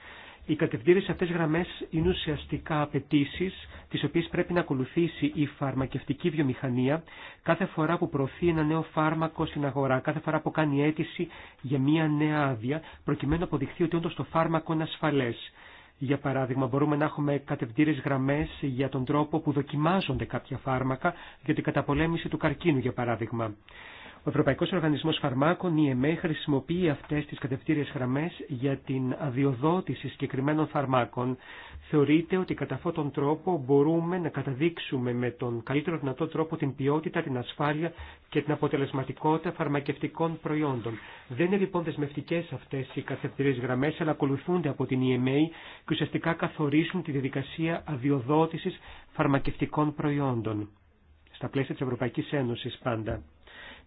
Οι κατευθύνσει αυτέ γραμμέ είναι ουσιαστικά απαιτήσει τι οποίε πρέπει να ακολουθήσει η φαρμακευτική βιομηχανία κάθε φορά που προωθεί ένα νέο φάρμακο στην αγορά, κάθε φορά που κάνει αίτηση για μία νέα άδεια, προκειμένου να αποδειχθεί ότι όντω το φάρμακο είναι ασφαλέ. Για παράδειγμα, μπορούμε να έχουμε κατευθύνσει γραμμέ για τον τρόπο που δοκιμάζονται κάποια φάρμακα για την καταπολέμηση του καρκίνου, για παράδειγμα. Ο Ευρωπαϊκό Οργανισμό Φαρμάκων, η ΕΜΕ, χρησιμοποιεί αυτέ τι κατευθύνσει γραμμέ για την αδειοδότηση συγκεκριμένων φαρμάκων. Θεωρείται ότι κατά αυτόν τον τρόπο μπορούμε να καταδείξουμε με τον καλύτερο δυνατό τρόπο την ποιότητα, την ασφάλεια και την αποτελεσματικότητα φαρμακευτικών προϊόντων. Δεν είναι λοιπόν δεσμευτικέ αυτέ οι κατευθύνσει γραμμέ, αλλά ακολουθούνται από την ΕΜΕ και ουσιαστικά καθορίζουν τη διαδικασία αδειοδότηση φαρμακευτικών προϊόντων. Στα πλαίσια τη Ευρωπαϊκή Ένωση πάντα.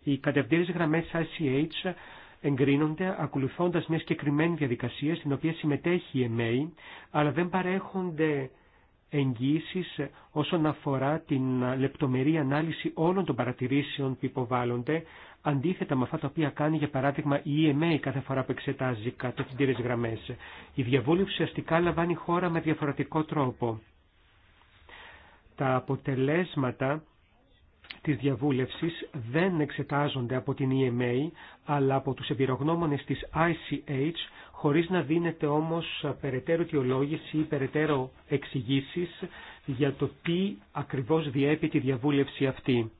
Οι κατευθείαν γραμμέ ICH εγκρίνονται ακολουθώντα μια συγκεκριμένη διαδικασία στην οποία συμμετέχει η EMA, αλλά δεν παρέχονται εγγύσει όσον αφορά την λεπτομερή ανάλυση όλων των παρατηρήσεων που υποβάλλονται, αντίθετα με αυτά τα οποία κάνει για παράδειγμα η EMA κάθε φορά που εξετάζει κατευθυντήρες γραμμέ. Η διαβούλευση ουσιαστικά λαμβάνει χώρα με διαφορετικό τρόπο. Τα αποτελέσματα της διαβούλευσης δεν εξετάζονται από την EMA, αλλά από τους εμπειρογνώμονες της ICH, χωρίς να δίνεται όμως περαιτέρω αιτιολόγηση ή περαιτέρω εξηγήσει για το τι ακριβώς διέπει τη διαβούλευση αυτή.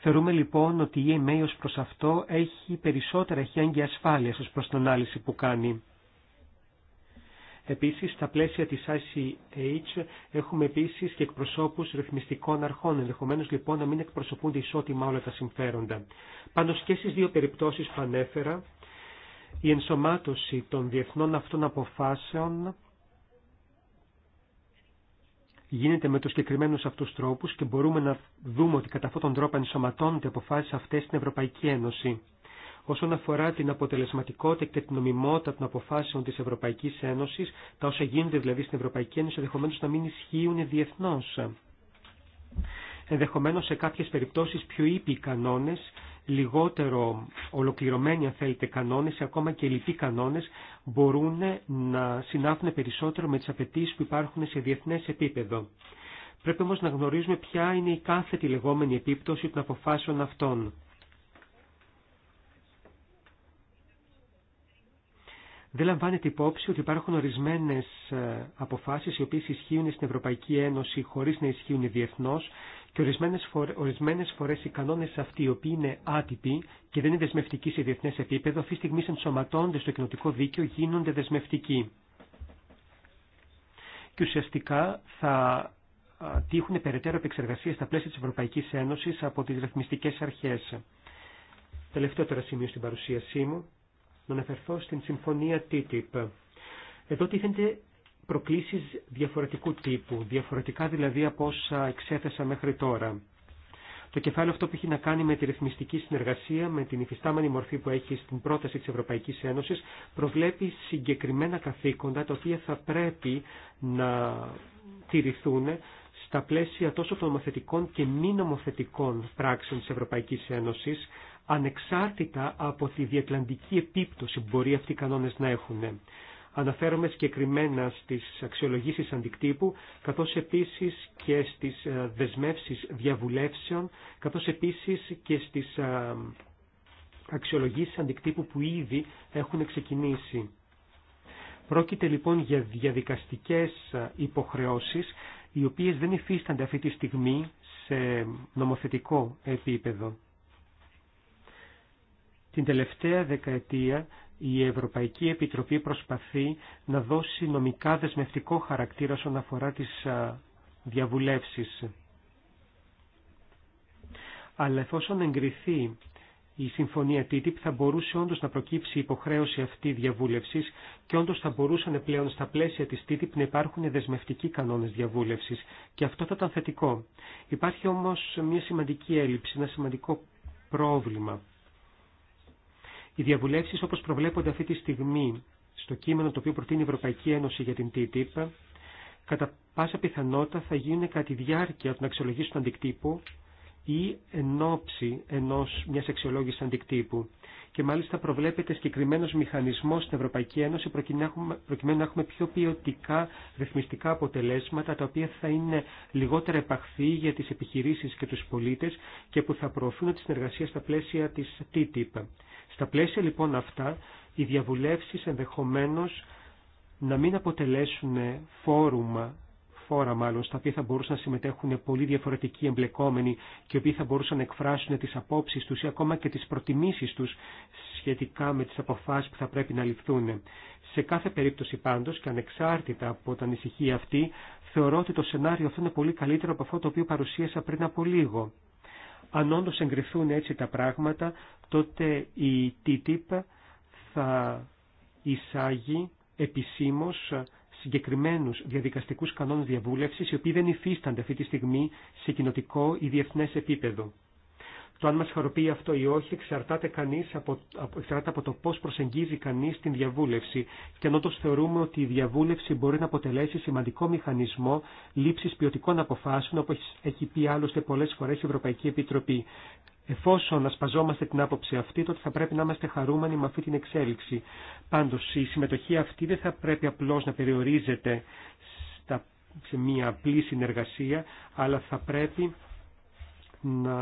Θεωρούμε λοιπόν ότι η EMA ως προς αυτό έχει περισσότερα χέγγια ασφάλειας ως προς την ανάλυση που κάνει. Επίσης, στα πλαίσια της ICH έχουμε επίσης και εκπροσώπους ρυθμιστικών αρχών, Ενδεχομένως, λοιπόν να μην εκπροσωπούνται ισότιμα όλα τα συμφέροντα. Πάνω και στις δύο περιπτώσεις που ανέφερα, η ενσωμάτωση των διεθνών αυτών αποφάσεων γίνεται με τους συγκεκριμένους αυτούς τρόπους και μπορούμε να δούμε ότι κατά αυτόν τον τρόπο ενσωματώνται αποφάσεις αυτές στην Ευρωπαϊκή Ένωση όσον αφορά την αποτελεσματικότητα και την νομιμότητα των αποφάσεων της Ευρωπαϊκής Ένωσης, τα όσα γίνονται δηλαδή στην Ευρωπαϊκή Ένωση ενδεχομένω να μην ισχύουν διεθνώς. Ενδεχομένως σε κάποιες περιπτώσεις πιο ήπιοι κανόνες, λιγότερο ολοκληρωμένοι αν θέλετε κανόνες ή ακόμα και λυπή κανόνες μπορούν να συνάφουν περισσότερο με τις απαιτήσει που υπάρχουν σε διεθνές επίπεδο. Πρέπει όμως να γνωρίζουμε ποια είναι η κάθε τη λεγόμενη επίπτωση των αποφάσεων αυτών. Δεν λαμβάνεται υπόψη ότι υπάρχουν ορισμένες ε, αποφάσεις οι οποίες ισχύουν στην Ευρωπαϊκή Ένωση χωρίς να ισχύουν διεθνώς και ορισμένες, φορέ φορές οι κανόνες αυτοί οι οποίοι είναι άτυποι και δεν είναι δεσμευτικοί σε διεθνές επίπεδο αυτή τη στιγμή ενσωματώνται στο κοινοτικό δίκαιο γίνονται δεσμευτικοί. Και ουσιαστικά θα τύχουν περαιτέρω επεξεργασία στα πλαίσια της Ευρωπαϊκής Ένωσης από τις ρυθμιστικές αρχέ. Τελευταίο τώρα σημείο στην παρουσίασή μου να αναφερθώ στην συμφωνία TTIP. Εδώ τίθενται προκλήσεις διαφορετικού τύπου, διαφορετικά δηλαδή από όσα εξέθεσα μέχρι τώρα. Το κεφάλαιο αυτό που έχει να κάνει με τη ρυθμιστική συνεργασία, με την υφιστάμενη μορφή που έχει στην πρόταση της Ευρωπαϊκής Ένωσης, προβλέπει συγκεκριμένα καθήκοντα τα οποία θα πρέπει να τηρηθούν στα πλαίσια τόσο των νομοθετικών και μη νομοθετικών πράξεων της Ευρωπαϊκής Ένωσης, ανεξάρτητα από τη διακλαντική επίπτωση που μπορεί αυτοί οι κανόνες να έχουν. Αναφέρομαι συγκεκριμένα στις αξιολογήσεις αντικτύπου, καθώς επίσης και στις ε, δεσμεύσεις διαβουλεύσεων, καθώς επίσης και στις ε, αξιολογήσεις αντικτύπου που ήδη έχουν ξεκινήσει. Πρόκειται λοιπόν για διαδικαστικές ε, υποχρεώσεις, οι οποίες δεν υφίστανται αυτή τη στιγμή σε νομοθετικό επίπεδο. Την τελευταία δεκαετία η Ευρωπαϊκή Επιτροπή προσπαθεί να δώσει νομικά δεσμευτικό χαρακτήρα όσον αφορά τις διαβουλεύσεις. Αλλά εφόσον εγκριθεί η συμφωνία TTIP θα μπορούσε όντως να προκύψει η υποχρέωση αυτή διαβούλευση και όντως θα μπορούσαν πλέον στα πλαίσια της TTIP να υπάρχουν δεσμευτικοί κανόνες διαβούλευση. Και αυτό θα ήταν θετικό. Υπάρχει όμως μια σημαντική έλλειψη, ένα σημαντικό πρόβλημα. Οι διαβουλεύσεις όπως προβλέπονται αυτή τη στιγμή στο κείμενο το οποίο προτείνει η Ευρωπαϊκή Ένωση για την TTIP, κατά πάσα πιθανότητα θα γίνουν κατά τη διάρκεια των αξιολογήσεων αντικτύπου ή εν ώψη ενός μιας αξιολόγησης αντικτύπου. Και μάλιστα προβλέπεται συγκεκριμένο μηχανισμό στην Ευρωπαϊκή Ένωση προκειμένου να έχουμε πιο ποιοτικά ρυθμιστικά αποτελέσματα τα οποία θα είναι λιγότερα επαχθή για τις επιχειρήσεις και τους πολίτες και που θα προωθούν τη συνεργασία στα πλαίσια της TTIP. Στα πλαίσια λοιπόν αυτά, οι διαβουλεύσεις ενδεχομένως να μην αποτελέσουν φόρουμα φόρα μάλλον, στα οποία θα μπορούσαν να συμμετέχουν πολύ διαφορετικοί εμπλεκόμενοι και οι οποίοι θα μπορούσαν να εκφράσουν τις απόψεις τους ή ακόμα και τις προτιμήσεις τους σχετικά με τις αποφάσεις που θα πρέπει να ληφθούν. Σε κάθε περίπτωση πάντως και ανεξάρτητα από την ανησυχία αυτή, θεωρώ ότι το σενάριο αυτό είναι πολύ καλύτερο από αυτό το οποίο παρουσίασα πριν από λίγο. Αν όντω εγκριθούν έτσι τα πράγματα, τότε η TTIP θα εισάγει επισήμως συγκεκριμένου διαδικαστικού κανόνε διαβούλευση, οι οποίοι δεν υφίστανται αυτή τη στιγμή σε κοινοτικό ή διεθνέ επίπεδο. Το αν μας χαροποιεί αυτό ή όχι εξαρτάται, κανείς από, εξαρτάται από το πώς προσεγγίζει κανείς την διαβούλευση. Και ενώ το θεωρούμε ότι η διαβούλευση μπορεί να αποτελέσει σημαντικό μηχανισμό λήψης ποιοτικών αποφάσεων, όπως έχει πει άλλωστε πολλές σε πολλέ Ευρωπαϊκή Επιτροπή. Επιτροπή, εφόσον ασπαζόμαστε την άποψη αυτή, τότε θα πρέπει να με αυτή την εξέλιξη. Πάντως, η διαβουλευση μπορει να αποτελεσει σημαντικο μηχανισμο ληψη ποιοτικων αποφασεων οπω εχει πει αλλωστε πολλε φορε η ευρωπαικη επιτροπη εφοσον ασπαζομαστε την αποψη αυτη τοτε θα πρεπει να ειμαστε χαρουμενοι με αυτη την εξελιξη παντω η συμμετοχη αυτη δεν θα πρέπει απλώ να περιορίζεται στα, σε μια απλή συνεργασία, αλλά θα πρέπει να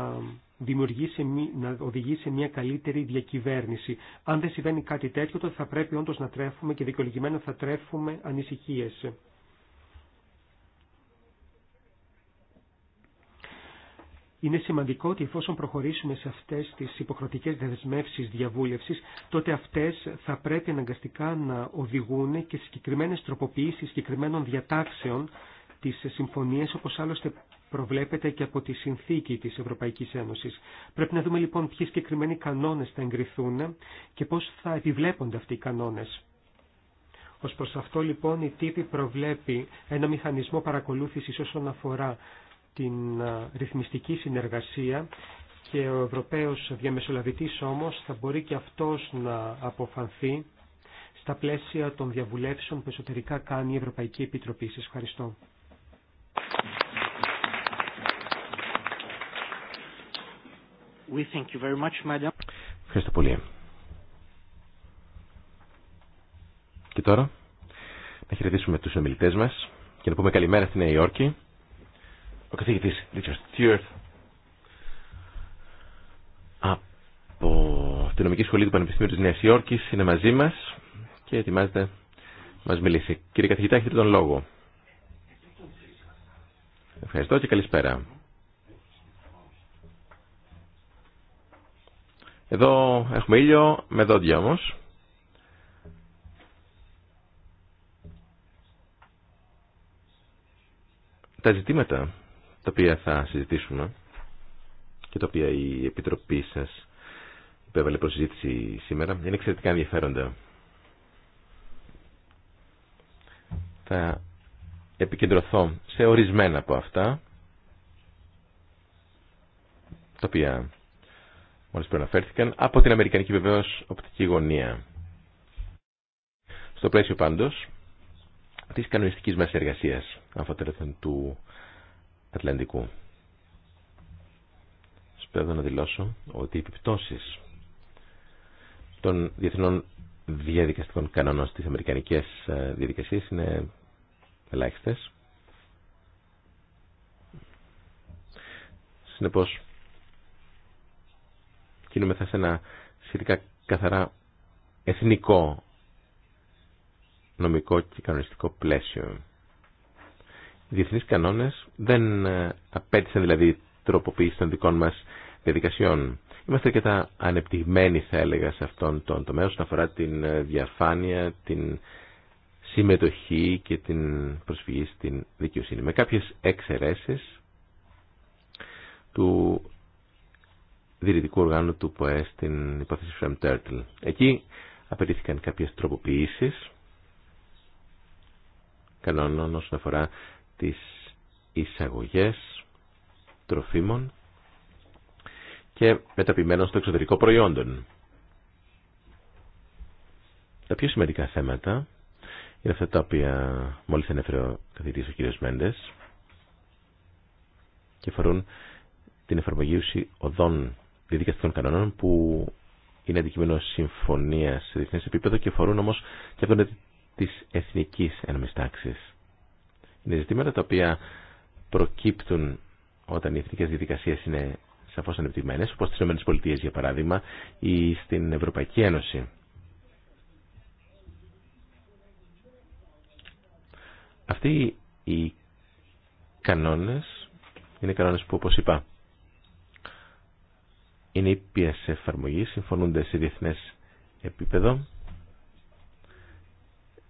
δημιουργήσει, να οδηγεί μια καλύτερη διακυβέρνηση. Αν δεν συμβαίνει κάτι τέτοιο, τότε θα πρέπει όντω να τρέφουμε και δικαιολογημένα θα τρέφουμε ανησυχίε. Είναι σημαντικό ότι εφόσον προχωρήσουμε σε αυτές τις υποχρεωτικές δεσμεύσεις διαβούλευσης, τότε αυτές θα πρέπει αναγκαστικά να οδηγούν και συγκεκριμένες τροποποιήσεις συγκεκριμένων διατάξεων τις συμφωνίες όπως άλλωστε προβλέπεται και από τη συνθήκη της Ευρωπαϊκής Ένωσης. Πρέπει να δούμε λοιπόν ποιοι συγκεκριμένοι κανόνες θα εγκριθούν και πώς θα επιβλέπονται αυτοί οι κανόνες. Ως προς αυτό λοιπόν η τύπη προβλέπει ένα μηχανισμό παρακολούθησης όσον αφορά την ρυθμιστική συνεργασία και ο Ευρωπαίος διαμεσολαβητής όμως θα μπορεί και αυτός να αποφανθεί στα πλαίσια των διαβουλεύσεων που εσωτερικά κάνει η Ευρωπαϊκή Επιτροπή. Σας ευχαριστώ. We Ευχαριστώ πολύ. Και τώρα να χαιρετήσουμε τους ομιλητές μας και να πούμε καλημέρα στην Νέα Υόρκη. Ο καθηγητής Richard Stewart από την νομική σχολή του Πανεπιστημίου της Νέας Υόρκης είναι μαζί μας και ετοιμάζεται να μας μιλήσει. Κύριε καθηγητά, έχετε τον λόγο. Ευχαριστώ και καλησπέρα. Εδώ έχουμε ήλιο με δόντια όμως. Τα ζητήματα τα οποία θα συζητήσουμε και τα οποία η Επιτροπή σας υπέβαλε προς συζήτηση σήμερα είναι εξαιρετικά ενδιαφέροντα. Θα επικεντρωθώ σε ορισμένα από αυτά τα οποία μόλις προαναφέρθηκαν, από την Αμερικανική βεβαίως οπτική γωνία. Στο πλαίσιο πάντως της κανονιστικής μας εργασίας αφοτέλεθεν του Ατλαντικού. Σπέδω να δηλώσω ότι οι επιπτώσεις των διεθνών διαδικαστικών κανόνων στις αμερικανικές ε, διαδικασίες είναι ελάχιστες. Συνεπώς, κινούμεθα σε ένα σχετικά καθαρά εθνικό νομικό και κανονιστικό πλαίσιο. Οι διεθνείς κανόνες δεν ε, απέτησαν δηλαδή τροποποίηση των δικών μας διαδικασιών. Είμαστε αρκετά ανεπτυγμένοι θα έλεγα σε αυτόν τον τομέα όσον αφορά την ε, διαφάνεια, την συμμετοχή και την προσφυγή στην δικαιοσύνη. Με κάποιες εξαιρέσεις του διοικητικού οργάνου του ΠΟΕ στην υπόθεση Φρέμ Τέρτλ. Εκεί απαιτήθηκαν κάποιες τροποποιήσεις κανόνων όσον αφορά τις εισαγωγές τροφίμων και μεταποιημένων στο εξωτερικό προϊόντων. Τα πιο σημαντικά θέματα είναι αυτά τα οποία μόλις ανέφερε ο καθηγητής ο κ. Μέντες και αφορούν την εφαρμογή οδών διδικαστικών κανόνων που είναι αντικείμενο συμφωνία σε διεθνέ επίπεδο και φορούν όμω και από της τη εθνική ένωμη τάξη. Είναι ζητήματα τα οποία προκύπτουν όταν οι εθνικέ διαδικασίε είναι σαφώ ανεπτυγμένε, όπω στι ΗΠΑ για παράδειγμα ή στην Ευρωπαϊκή Ένωση. Αυτοί οι κανόνες είναι κανόνες που όπως είπα είναι σε εφαρμογή, συμφωνούνται σε διεθνέ επίπεδο,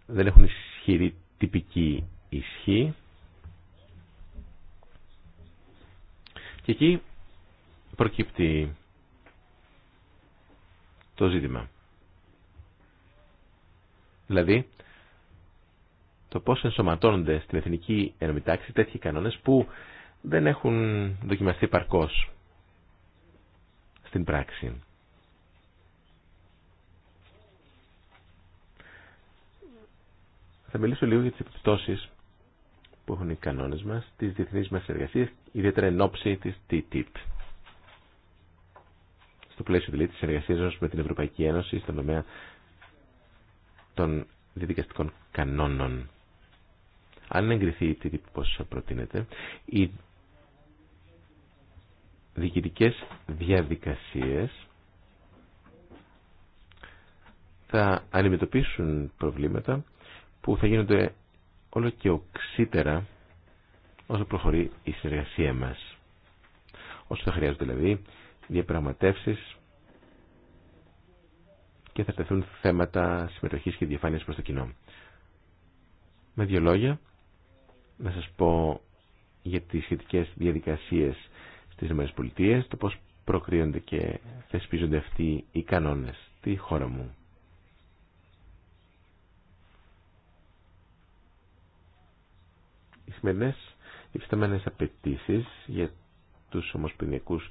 δεν έχουν ισχυρή τυπική ισχύ και εκεί προκύπτει το ζήτημα. Δηλαδή, το πώς ενσωματώνονται στην εθνική ενωμητάξη τέτοιοι κανόνες που δεν έχουν δοκιμαστεί παρκώς στην πράξη. Θα μιλήσω λίγο για τις επιπτώσεις που έχουν οι κανόνες μας, τις διεθνείς μας εργασίες, ιδιαίτερα εν ώψη της TTIP. Στο πλαίσιο δηλαδή της εργασίας μας με την Ευρωπαϊκή Ένωση στον τομέα των διδικαστικών κανόνων. Αν εγκριθεί η TTIP όπως προτείνεται, διοικητικές διαδικασίες θα αντιμετωπίσουν προβλήματα που θα γίνονται όλο και οξύτερα όσο προχωρεί η συνεργασία μας. Όσο θα χρειάζονται δηλαδή διαπραγματεύσεις και θα τεθούν θέματα συμμετοχής και διαφάνειας προς το κοινό. Με δύο λόγια, να σας πω για τις σχετικές διαδικασίες στις ΗΠΑ, το πώς προκρίνονται και θεσπίζονται αυτοί οι κανόνες στη χώρα μου. Οι σημερινές υφιστάμενε απαιτήσει για τους ομοσπονδιακούς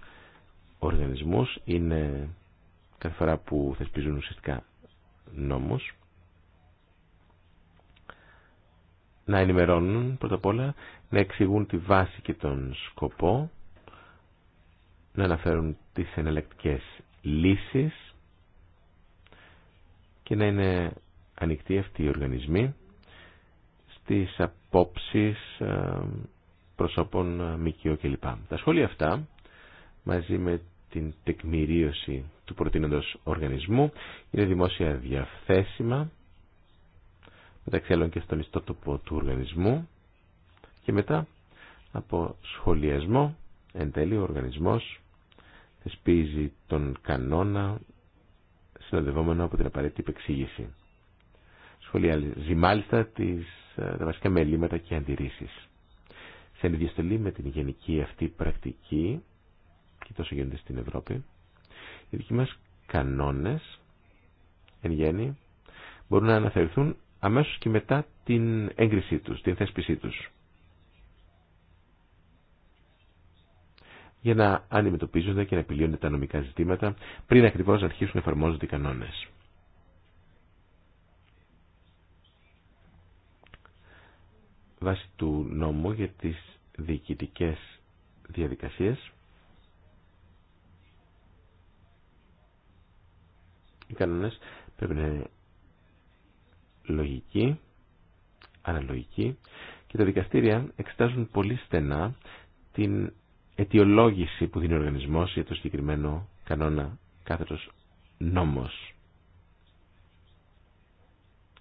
οργανισμούς είναι κάθε φορά που θεσπίζουν ουσιαστικά νόμους να ενημερώνουν πρώτα απ' όλα, να εξηγούν τη βάση και τον σκοπό να αναφέρουν τις εναλλακτικές λύσεις και να είναι ανοιχτοί αυτοί οι οργανισμοί στις απόψεις ε, προσώπων ε, ΜΚΟ κλπ. Τα σχόλια αυτά μαζί με την τεκμηρίωση του προτείνοντος οργανισμού είναι δημόσια διαθέσιμα μεταξύ άλλων και στον ιστότοπο του οργανισμού και μετά από σχολιασμό εν τέλει ο οργανισμός θεσπίζει τον κανόνα συνοδευόμενο από την απαραίτητη υπεξήγηση. Σχολιάζει μάλιστα τις, ε, τα βασικά μελήματα και αντιρρήσεις. Σε αντιδιαστολή με την γενική αυτή πρακτική, και τόσο γίνεται στην Ευρώπη, οι δικοί μας κανόνες, εν γέννη, μπορούν να αναθεωρηθούν αμέσως και μετά την έγκρισή τους, την θέσπισή τους. για να αντιμετωπίζονται και να επιλύονται τα νομικά ζητήματα πριν ακριβώς αρχίσουν να εφαρμόζονται οι κανόνες. Βάσει του νόμου για τις διοικητικές διαδικασίες οι κανόνες πρέπει να είναι λογικοί, αναλογικοί και τα δικαστήρια εξετάζουν πολύ στενά την αιτιολόγηση που δίνει ο οργανισμός για το συγκεκριμένο κανόνα κάθετος νόμος.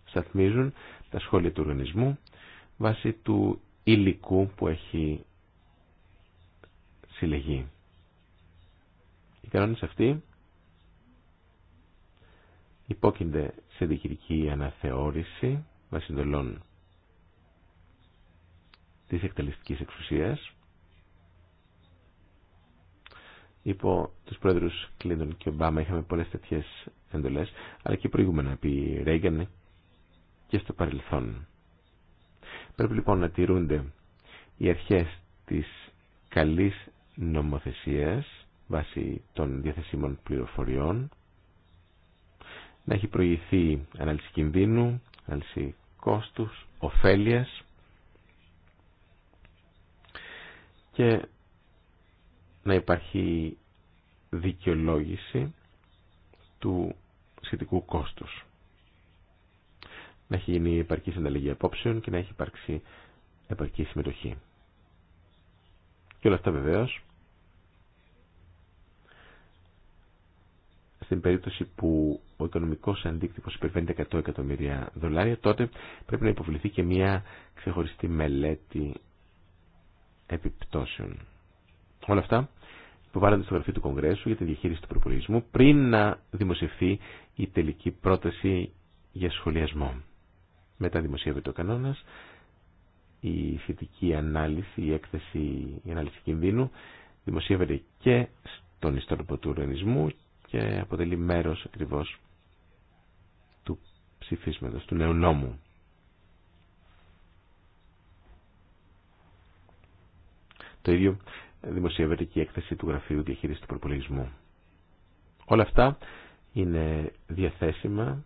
Σταθμίζουν τα σχόλια του οργανισμού βάσει του υλικού που έχει συλλεγεί. Οι κανόνες αυτοί υπόκεινται σε δικηρική αναθεώρηση βασιντολών της εκτελεστικής εξουσίας υπό τους πρόεδρους Κλίντον και Ομπάμα είχαμε πολλές τέτοιε εντολές, αλλά και προηγούμενα επί Ρέγκαν και στο παρελθόν. Πρέπει λοιπόν να τηρούνται οι αρχές της καλής νομοθεσίας βάσει των διαθεσίμων πληροφοριών, να έχει προηγηθεί ανάλυση κινδύνου, ανάλυση κόστους, ωφέλειας και να υπάρχει δικαιολόγηση του σχετικού κόστους. Να έχει γίνει επαρκή ανταλλαγή απόψεων και να έχει υπάρξει επαρκή συμμετοχή. Και όλα αυτά βεβαίως στην περίπτωση που ο οικονομικός αντίκτυπος υπερβαίνει 100 εκατομμύρια δολάρια, τότε πρέπει να υποβληθεί και μια ξεχωριστή μελέτη επιπτώσεων. Όλα αυτά που βάλετε στο γραφείο του Κογκρέσου για τη διαχείριση του προπολογισμού πριν να δημοσιευθεί η τελική πρόταση για σχολιασμό. Μετά δημοσιεύεται ο κανόνα, η θετική ανάλυση, η έκθεση, η ανάλυση κινδύνου δημοσιεύεται και στον ιστότοπο του οργανισμού και αποτελεί μέρο ακριβώ του ψηφίσματο, του νέου νόμου. Το ίδιο δημοσιεύεται έκθεση του Γραφείου Διαχείρισης του Προπολογισμού. Όλα αυτά είναι διαθέσιμα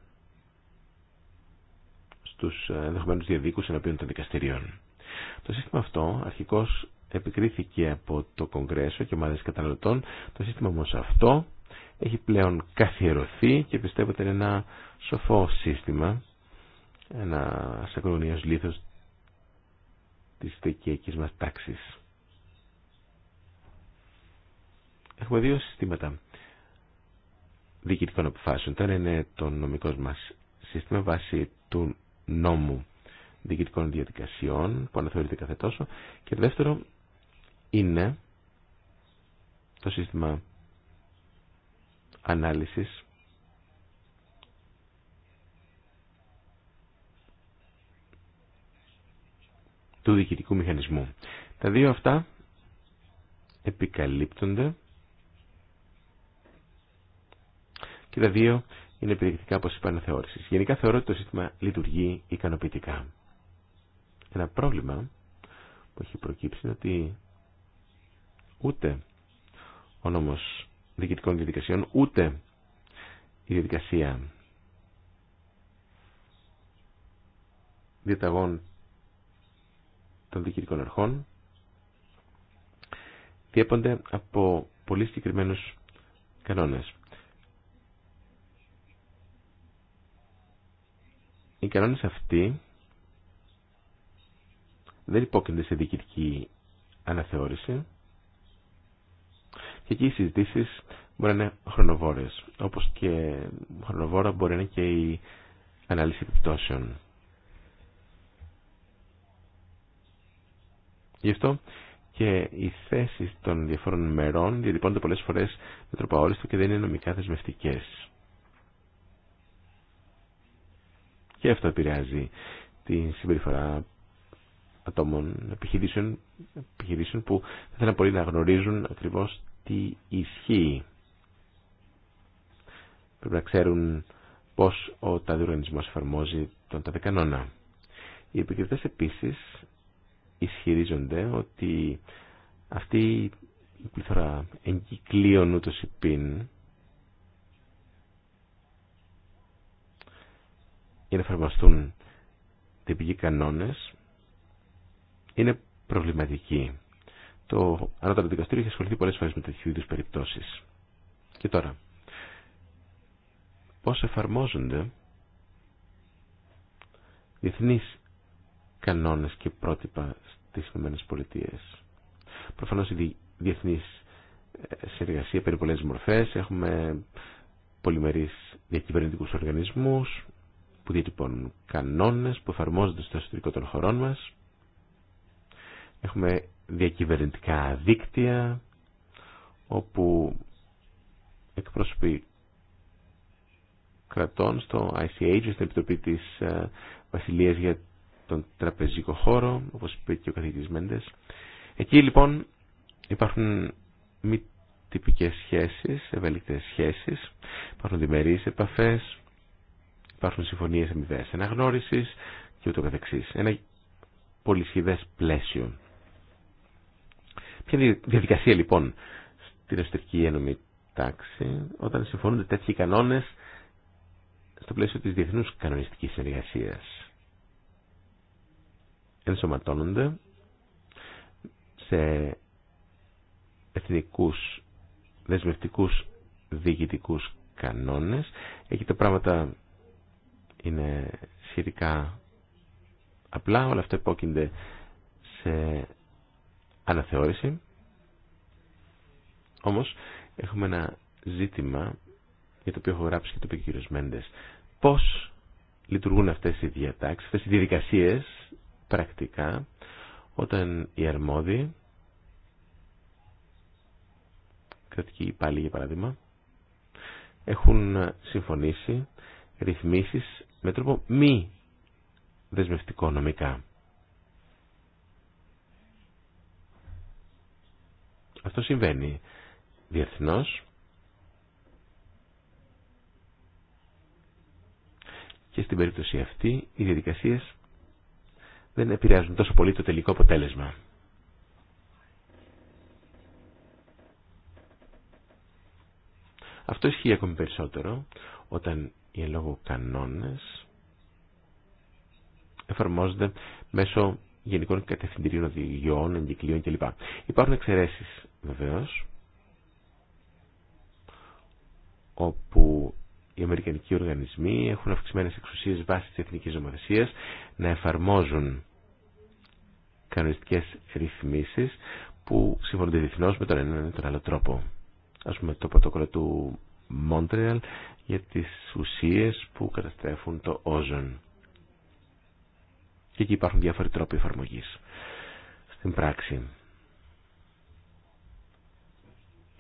στους ενδεχομένους διαδίκους ενώπιον των δικαστηρίων. Το σύστημα αυτό αρχικώς επικρίθηκε από το Κογκρέσο και ομάδες καταναλωτών. Το σύστημα όμως αυτό έχει πλέον καθιερωθεί και πιστεύω ότι είναι ένα σοφό σύστημα, ένα ακρονίας λίθος της δικαιακής μας τάξης. Έχουμε δύο συστήματα διοικητικών αποφάσεων. Το ένα είναι το νομικό μας σύστημα βάσει του νόμου διοικητικών διαδικασιών που αναθεωρείται κάθε τόσο και το δεύτερο είναι το σύστημα ανάλυσης του διοικητικού μηχανισμού. Τα δύο αυτά επικαλύπτονται και τα δύο είναι επιδεικτικά, όπω είπα, αναθεώρηση. Γενικά θεωρώ ότι το σύστημα λειτουργεί ικανοποιητικά. Ένα πρόβλημα που έχει προκύψει είναι ότι ούτε ο νόμο διοικητικών διαδικασιών, ούτε η διαδικασία διαταγών των διοικητικών αρχών διέπονται από πολύ συγκεκριμένου κανόνες. Οι κανόνε αυτοί δεν υπόκεινται σε διοικητική αναθεώρηση και εκεί οι συζητήσει μπορεί να είναι χρονοβόρες, όπως και χρονοβόρα μπορεί να είναι και η ανάλυση επιπτώσεων. Γι' αυτό και οι θέσει των διαφόρων μερών διατυπώνονται πολλές φορές με τρόπο και δεν είναι νομικά δεσμευτικέ. Και αυτό επηρεάζει τη συμπεριφορά ατόμων επιχειρήσεων, που θα θέλουν πολύ να γνωρίζουν ακριβώς τι ισχύει. Πρέπει να ξέρουν πώς ο τάδε οργανισμός εφαρμόζει τον τάδε κανόνα. Οι επικριτές επίσης ισχυρίζονται ότι αυτή η πληθώρα εγκυκλίων ούτως υπήν για να εφαρμοστούν τυπικοί κανόνες είναι προβληματική. Το Ανώτατο Δικαστήριο έχει ασχοληθεί πολλές φορές με τέτοιου είδου περιπτώσεις. Και τώρα, πώς εφαρμόζονται διεθνείς κανόνες και πρότυπα στις ΗΠΑ. Προφανώς η διεθνής ε, συνεργασία παίρνει πολλές μορφές, έχουμε πολυμερείς διακυβερνητικούς οργανισμού που διατυπώνουν κανόνες που εφαρμόζονται στο εσωτερικό των χωρών μας. Έχουμε διακυβερνητικά δίκτυα όπου εκπρόσωποι κρατών στο ICH, στην Επιτροπή της ε, Βασιλείας για τον τραπεζικό χώρο, όπως είπε και ο καθηγητής Μέντες. Εκεί λοιπόν υπάρχουν μη τυπικές σχέσεις, ευέλικτες σχέσεις, υπάρχουν διμερείς επαφές, υπάρχουν συμφωνίε αμοιβέ αναγνώριση και ούτω καθεξής. Ένα πολυσχηδέ πλαίσιο. Ποια είναι η διαδικασία λοιπόν στην εσωτερική ένωμη τάξη όταν συμφωνούνται τέτοιοι κανόνες στο πλαίσιο της διεθνού κανονιστικής συνεργασία. Ενσωματώνονται σε εθνικούς δεσμευτικού διοικητικού κανόνες. έχει τα πράγματα είναι σχετικά απλά, όλα αυτά υπόκεινται σε αναθεώρηση. Όμως έχουμε ένα ζήτημα για το οποίο έχω γράψει και το πει ο Πώς λειτουργούν αυτές οι διατάξεις, αυτές οι διαδικασίες πρακτικά όταν οι αρμόδιοι κρατικοί υπάλληλοι για παράδειγμα έχουν συμφωνήσει ρυθμίσεις με τρόπο μη δεσμευτικό νομικά. Αυτό συμβαίνει διεθνώς και στην περίπτωση αυτή οι διαδικασίες δεν επηρεάζουν τόσο πολύ το τελικό αποτέλεσμα. Αυτό ισχύει ακόμη περισσότερο όταν οι λόγω κανόνες εφαρμόζονται μέσω γενικών κατευθυντηρίων οδηγιών, εγκυκλίων κλπ. Υπάρχουν εξαιρέσει βεβαίω όπου οι αμερικανικοί οργανισμοί έχουν αυξημένες εξουσίες βάσει της εθνικής νομοθεσίας να εφαρμόζουν κανονιστικές ρυθμίσεις που συμφωνούνται διεθνώς με τον έναν ή τον άλλο τρόπο. Ας πούμε το πρωτόκολλο του Μόντρεαλ για τις ουσίες που καταστρέφουν το όζον. Και εκεί υπάρχουν διάφοροι τρόποι εφαρμογής στην πράξη.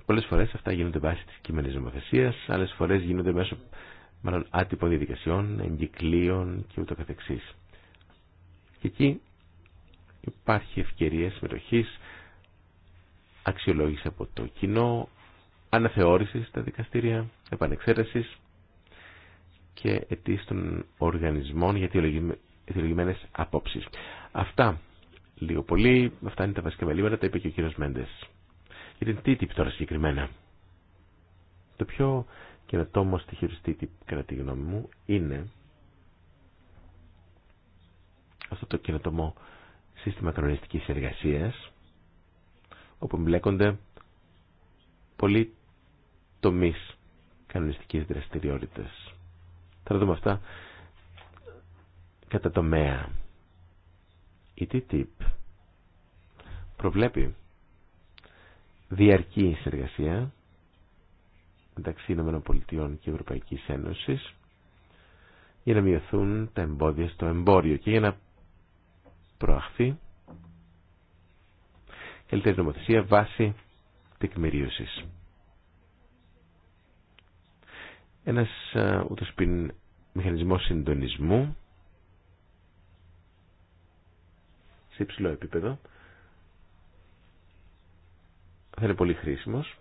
Πολλές φορές αυτά γίνονται βάσει της κείμενης νομοθεσίας, άλλες φορές γίνονται μέσω μάλλον άτυπων διαδικασιών, εγκυκλίων και ούτω καθεξής. Και εκεί υπάρχει ευκαιρία συμμετοχή, αξιολόγηση από το κοινό, αναθεώρησης στα δικαστήρια, επανεξαίρεσης και αιτήσεις των οργανισμών για αιτιολογημένες απόψεις. Αυτά λίγο πολύ, αυτά είναι τα βασικά μελήματα, τα είπε και ο κύριος Μέντες. Για την TTIP τώρα συγκεκριμένα. Το πιο καινοτόμο στη της TTIP, κατά τη γνώμη μου, είναι αυτό το καινοτομό σύστημα κανονιστικής εργασίας, όπου εμπλέκονται πολλοί τομείς κανονιστικής δραστηριότητας. Θα δούμε αυτά κατά τομέα. Η TTIP προβλέπει διαρκή συνεργασία μεταξύ ΗΠΑ και Ευρωπαϊκής Ένωσης για να μειωθούν τα εμπόδια στο εμπόριο και για να προαχθεί καλύτερη νομοθεσία βάσει τεκμηρίωσης. ένας ε, ούτως πει μηχανισμός συντονισμού σε υψηλό επίπεδο θα είναι πολύ χρήσιμος.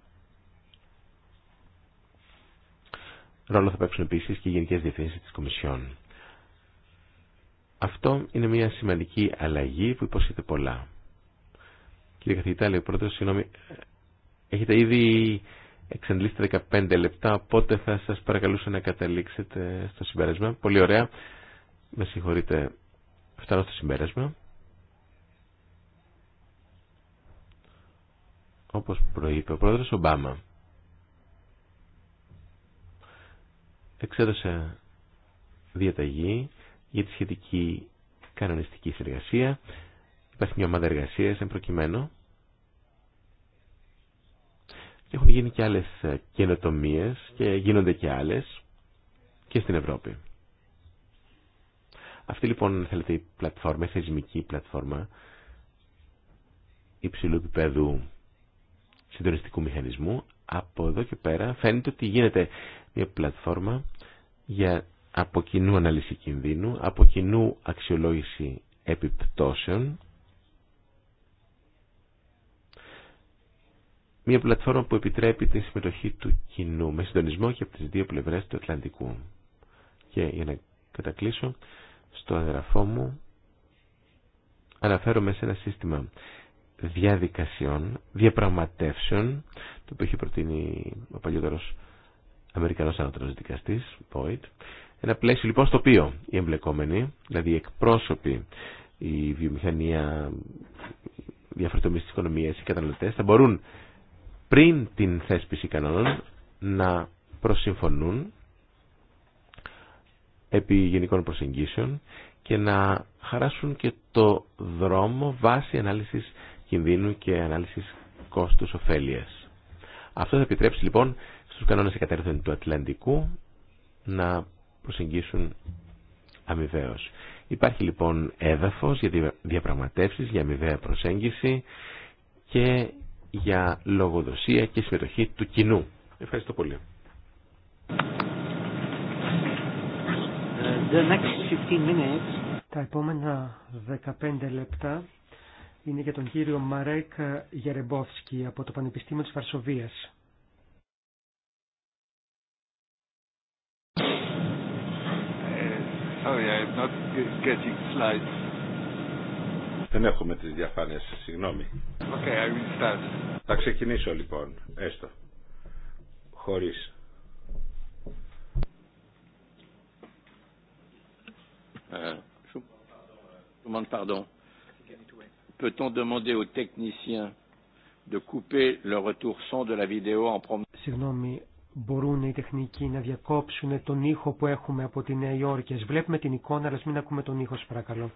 Ρόλο θα παίξουν επίση και οι γενικές διευθύνσεις της Κομισιόν. Αυτό είναι μια σημαντική αλλαγή που υπόσχεται πολλά. Κύριε Καθηγητά, λέει ο συγγνώμη, ε, έχετε ήδη εξαντλήσετε 15 λεπτά, πότε θα σας παρακαλούσα να καταλήξετε στο συμπέρασμα. Πολύ ωραία. Με συγχωρείτε, φτάνω στο συμπέρασμα. Όπως προείπε ο πρόεδρος Ομπάμα. Εξέδωσε διαταγή για τη σχετική κανονιστική συνεργασία. Υπάρχει μια ομάδα εργασία εν προκειμένου έχουν γίνει και άλλες ε, καινοτομίε και γίνονται και άλλες και στην Ευρώπη. Αυτή λοιπόν θέλετε η πλατφόρμα, η θεσμική πλατφόρμα υψηλού επίπεδου συντονιστικού μηχανισμού από εδώ και πέρα φαίνεται ότι γίνεται μια πλατφόρμα για από κοινού αναλύση κινδύνου, από κοινού αξιολόγηση επιπτώσεων μια πλατφόρμα που επιτρέπει τη συμμετοχή του κοινού με συντονισμό και από τις δύο πλευρές του Ατλαντικού. Και για να κατακλείσω, στο αδερφό μου αναφέρομαι σε ένα σύστημα διαδικασιών, διαπραγματεύσεων, το οποίο έχει προτείνει ο παλιότερος Αμερικανός Ανώτερος Δικαστής, Boyd. Ένα πλαίσιο λοιπόν στο οποίο οι εμπλεκόμενοι, δηλαδή οι εκπρόσωποι, η βιομηχανία, διαφορετικοί της οι καταναλωτές θα μπορούν πριν την θέσπιση κανόνων να προσυμφωνούν επί γενικών προσεγγίσεων και να χαράσουν και το δρόμο βάσει ανάλυσης κινδύνου και ανάλυσης κόστους ωφέλειας. Αυτό θα επιτρέψει λοιπόν στους κανόνες εκατέρθων του Ατλαντικού να προσεγγίσουν αμοιβαίως. Υπάρχει λοιπόν έδαφος για διαπραγματεύσεις, για αμοιβαία προσέγγιση και για λογοδοσία και συμμετοχή του κοινού. Ευχαριστώ πολύ. Ε, Τα επόμενα 15 λεπτά είναι για τον κύριο Μαρέκ Γερεμπόφσκι από το Πανεπιστήμιο της Βαρσοβίας. Ε, not δεν έχουμε τις διαφάνειες, συγγνώμη. Okay, Θα ξεκινήσω λοιπόν, έστω. Χωρίς. Συγγνώμη, μπορούν οι τεχνικοί να διακόψουν τον ήχο που έχουμε από τη Νέα Υόρκη. Ας βλέπουμε την εικόνα, αλλά μην ακούμε τον ήχο, παρακαλώ.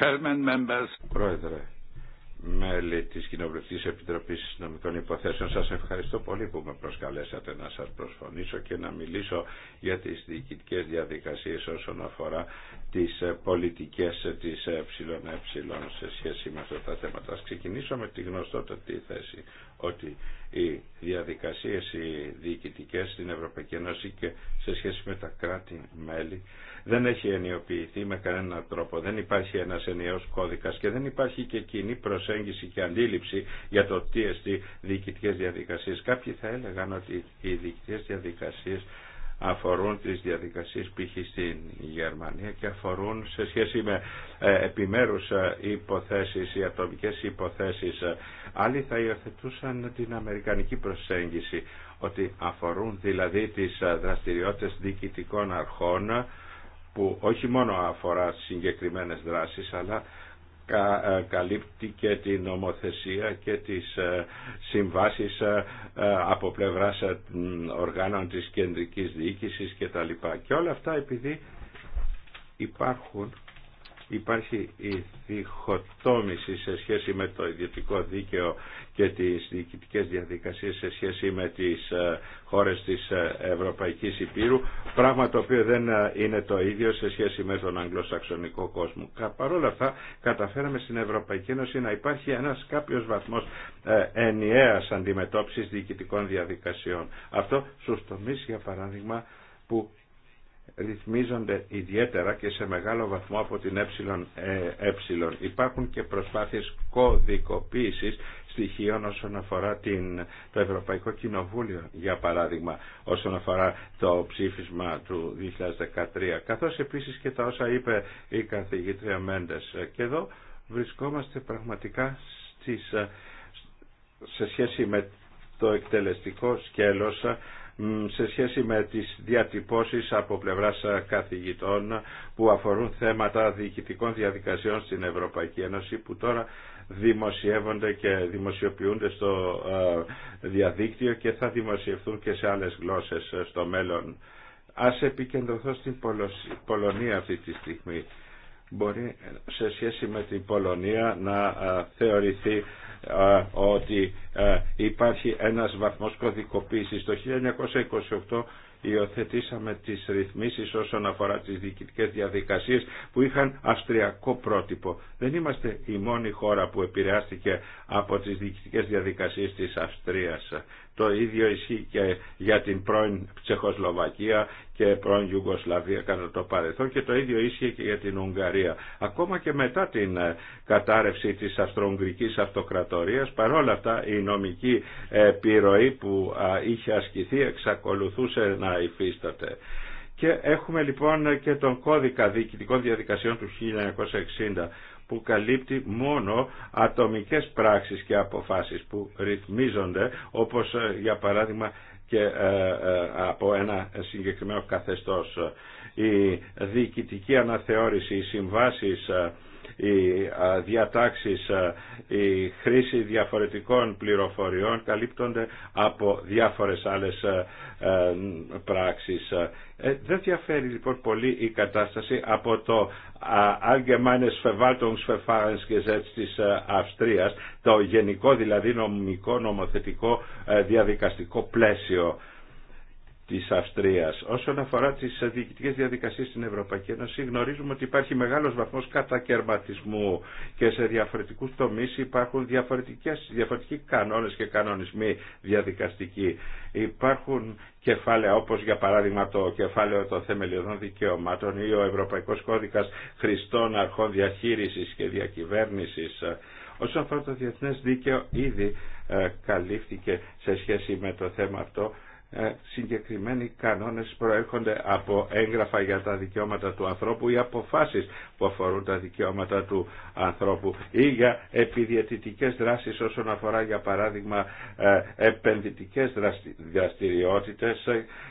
Chairman, members. Πρόεδρε, μέλη της Κοινοβουλευτικής Επιτροπής Νομικών Υποθέσεων, σας ευχαριστώ πολύ που με προσκαλέσατε να σας προσφωνήσω και να μιλήσω για τις διοικητικές διαδικασίες όσον αφορά τις πολιτικές της ΕΕ σε σχέση με αυτά τα θέματα. Ας ξεκινήσω με τη τη θέση ότι οι διαδικασίες οι διοικητικές στην Ευρωπαϊκή Ένωση και σε σχέση με τα κράτη-μέλη δεν έχει ενιοποιηθεί με κανέναν τρόπο. Δεν υπάρχει ένας ενιαίος κώδικας και δεν υπάρχει και κοινή προσέγγιση και αντίληψη για το τι εστί διοικητικές διαδικασίες. Κάποιοι θα έλεγαν ότι οι διοικητικές διαδικασίες αφορούν τις διαδικασίες π.χ. στην Γερμανία και αφορούν σε σχέση με ε, επιμέρους ε, υποθέσεις, οι ατομικές υποθέσεις. Άλλοι θα υιοθετούσαν την αμερικανική προσέγγιση ότι αφορούν δηλαδή τις ε, δραστηριότητες διοικητικών αρχών που όχι μόνο αφορά συγκεκριμένες δράσεις αλλά ε, καλύπτει και την νομοθεσία και τις ε, συμβάσεις ε, από πλευράς οργάνων της κεντρικής διοίκησης και τα λοιπά. Και όλα αυτά επειδή υπάρχουν, υπάρχει η διχοτόμηση σε σχέση με το ιδιωτικό δίκαιο και τις διοικητικές διαδικασίες σε σχέση με τις ε, χώρες της ε, Ευρωπαϊκής Υπήρου, πράγμα το οποίο δεν ε, είναι το ίδιο σε σχέση με τον αγγλοσαξονικό κόσμο. Παρ' όλα αυτά καταφέραμε στην Ευρωπαϊκή Ένωση να υπάρχει ένας κάποιος βαθμός ενιαίας αντιμετώπισης διοικητικών διαδικασιών. Αυτό στους τομείς, για παράδειγμα, που ρυθμίζονται ιδιαίτερα και σε μεγάλο βαθμό από την ε. Υπάρχουν και προσπάθειες κωδικοποίησης στοιχείων όσον αφορά την, το Ευρωπαϊκό Κοινοβούλιο, για παράδειγμα, όσον αφορά το ψήφισμα του 2013, καθώς επίσης και τα όσα είπε η καθηγήτρια Μέντες. Και εδώ βρισκόμαστε πραγματικά στις, σε σχέση με το εκτελεστικό σκέλος σε σχέση με τις διατυπώσεις από πλευράς καθηγητών που αφορούν θέματα διοικητικών διαδικασιών στην Ευρωπαϊκή Ένωση που τώρα δημοσιεύονται και δημοσιοποιούνται στο ε, διαδίκτυο και θα δημοσιευθούν και σε άλλες γλώσσες ε, στο μέλλον. Ας επικεντρωθώ στην Πολωνία αυτή τη στιγμή. Μπορεί σε σχέση με την Πολωνία να ε, θεωρηθεί ότι υπάρχει ένας βαθμός κωδικοποίησης. Το 1928 υιοθετήσαμε τις ρυθμίσεις όσον αφορά τις διοικητικές διαδικασίες που είχαν αυστριακό πρότυπο. Δεν είμαστε η μόνη χώρα που επηρεάστηκε από τις διοικητικές διαδικασίες της Αυστρίας. Το ίδιο ισχύει και για την πρώην Τσεχοσλοβακία και πρώην Ιουγκοσλαβία κατά το παρελθόν και το ίδιο ίσχυε και για την Ουγγαρία. Ακόμα και μετά την ε, κατάρρευση της Αυστρο-Ουγγρικής Αυτοκρατορίας, παρόλα αυτά η νομική ε, επιρροή που είχε ασκηθεί εξακολουθούσε να υφίσταται. Και έχουμε λοιπόν και τον κώδικα διοικητικών διαδικασιών του 1960 που καλύπτει μόνο ατομικές πράξεις και αποφάσεις που ρυθμίζονται όπως ε, για παράδειγμα και ε, ε, από ένα συγκεκριμένο καθεστώς. Η διοικητική αναθεώρηση, οι συμβάσεις οι διατάξεις, η χρήση διαφορετικών πληροφοριών καλύπτονται από διάφορες άλλες πράξεις. Ε, δεν διαφέρει λοιπόν πολύ η κατάσταση από το Allgemeines Verwaltungsverfahrensgesetz της Αυστρίας, το γενικό δηλαδή νομικό νομοθετικό ε, διαδικαστικό πλαίσιο της Αυστρίας. Όσον αφορά τις διοικητικές διαδικασίες στην Ευρωπαϊκή Ένωση, γνωρίζουμε ότι υπάρχει μεγάλος βαθμός κατακαιρματισμού και σε διαφορετικούς τομείς υπάρχουν διαφορετικές, διαφορετικοί κανόνες και κανονισμοί διαδικαστικοί. Υπάρχουν κεφάλαια όπως για παράδειγμα το κεφάλαιο των θεμελιωδών δικαιωμάτων ή ο Ευρωπαϊκός Κώδικας Χριστών Αρχών Διαχείρισης και Διακυβέρνησης. Όσον αφορά το διεθνές δίκαιο ήδη ε, καλύφθηκε σε σχέση με το θέμα αυτό ε, συγκεκριμένοι κανόνες προέρχονται από έγγραφα για τα δικαιώματα του ανθρώπου ή αποφάσεις που αφορούν τα δικαιώματα του ανθρώπου ή για επιδιαιτητικές δράσεις όσον αφορά για παράδειγμα ε, επενδυτικές δραστηριότητες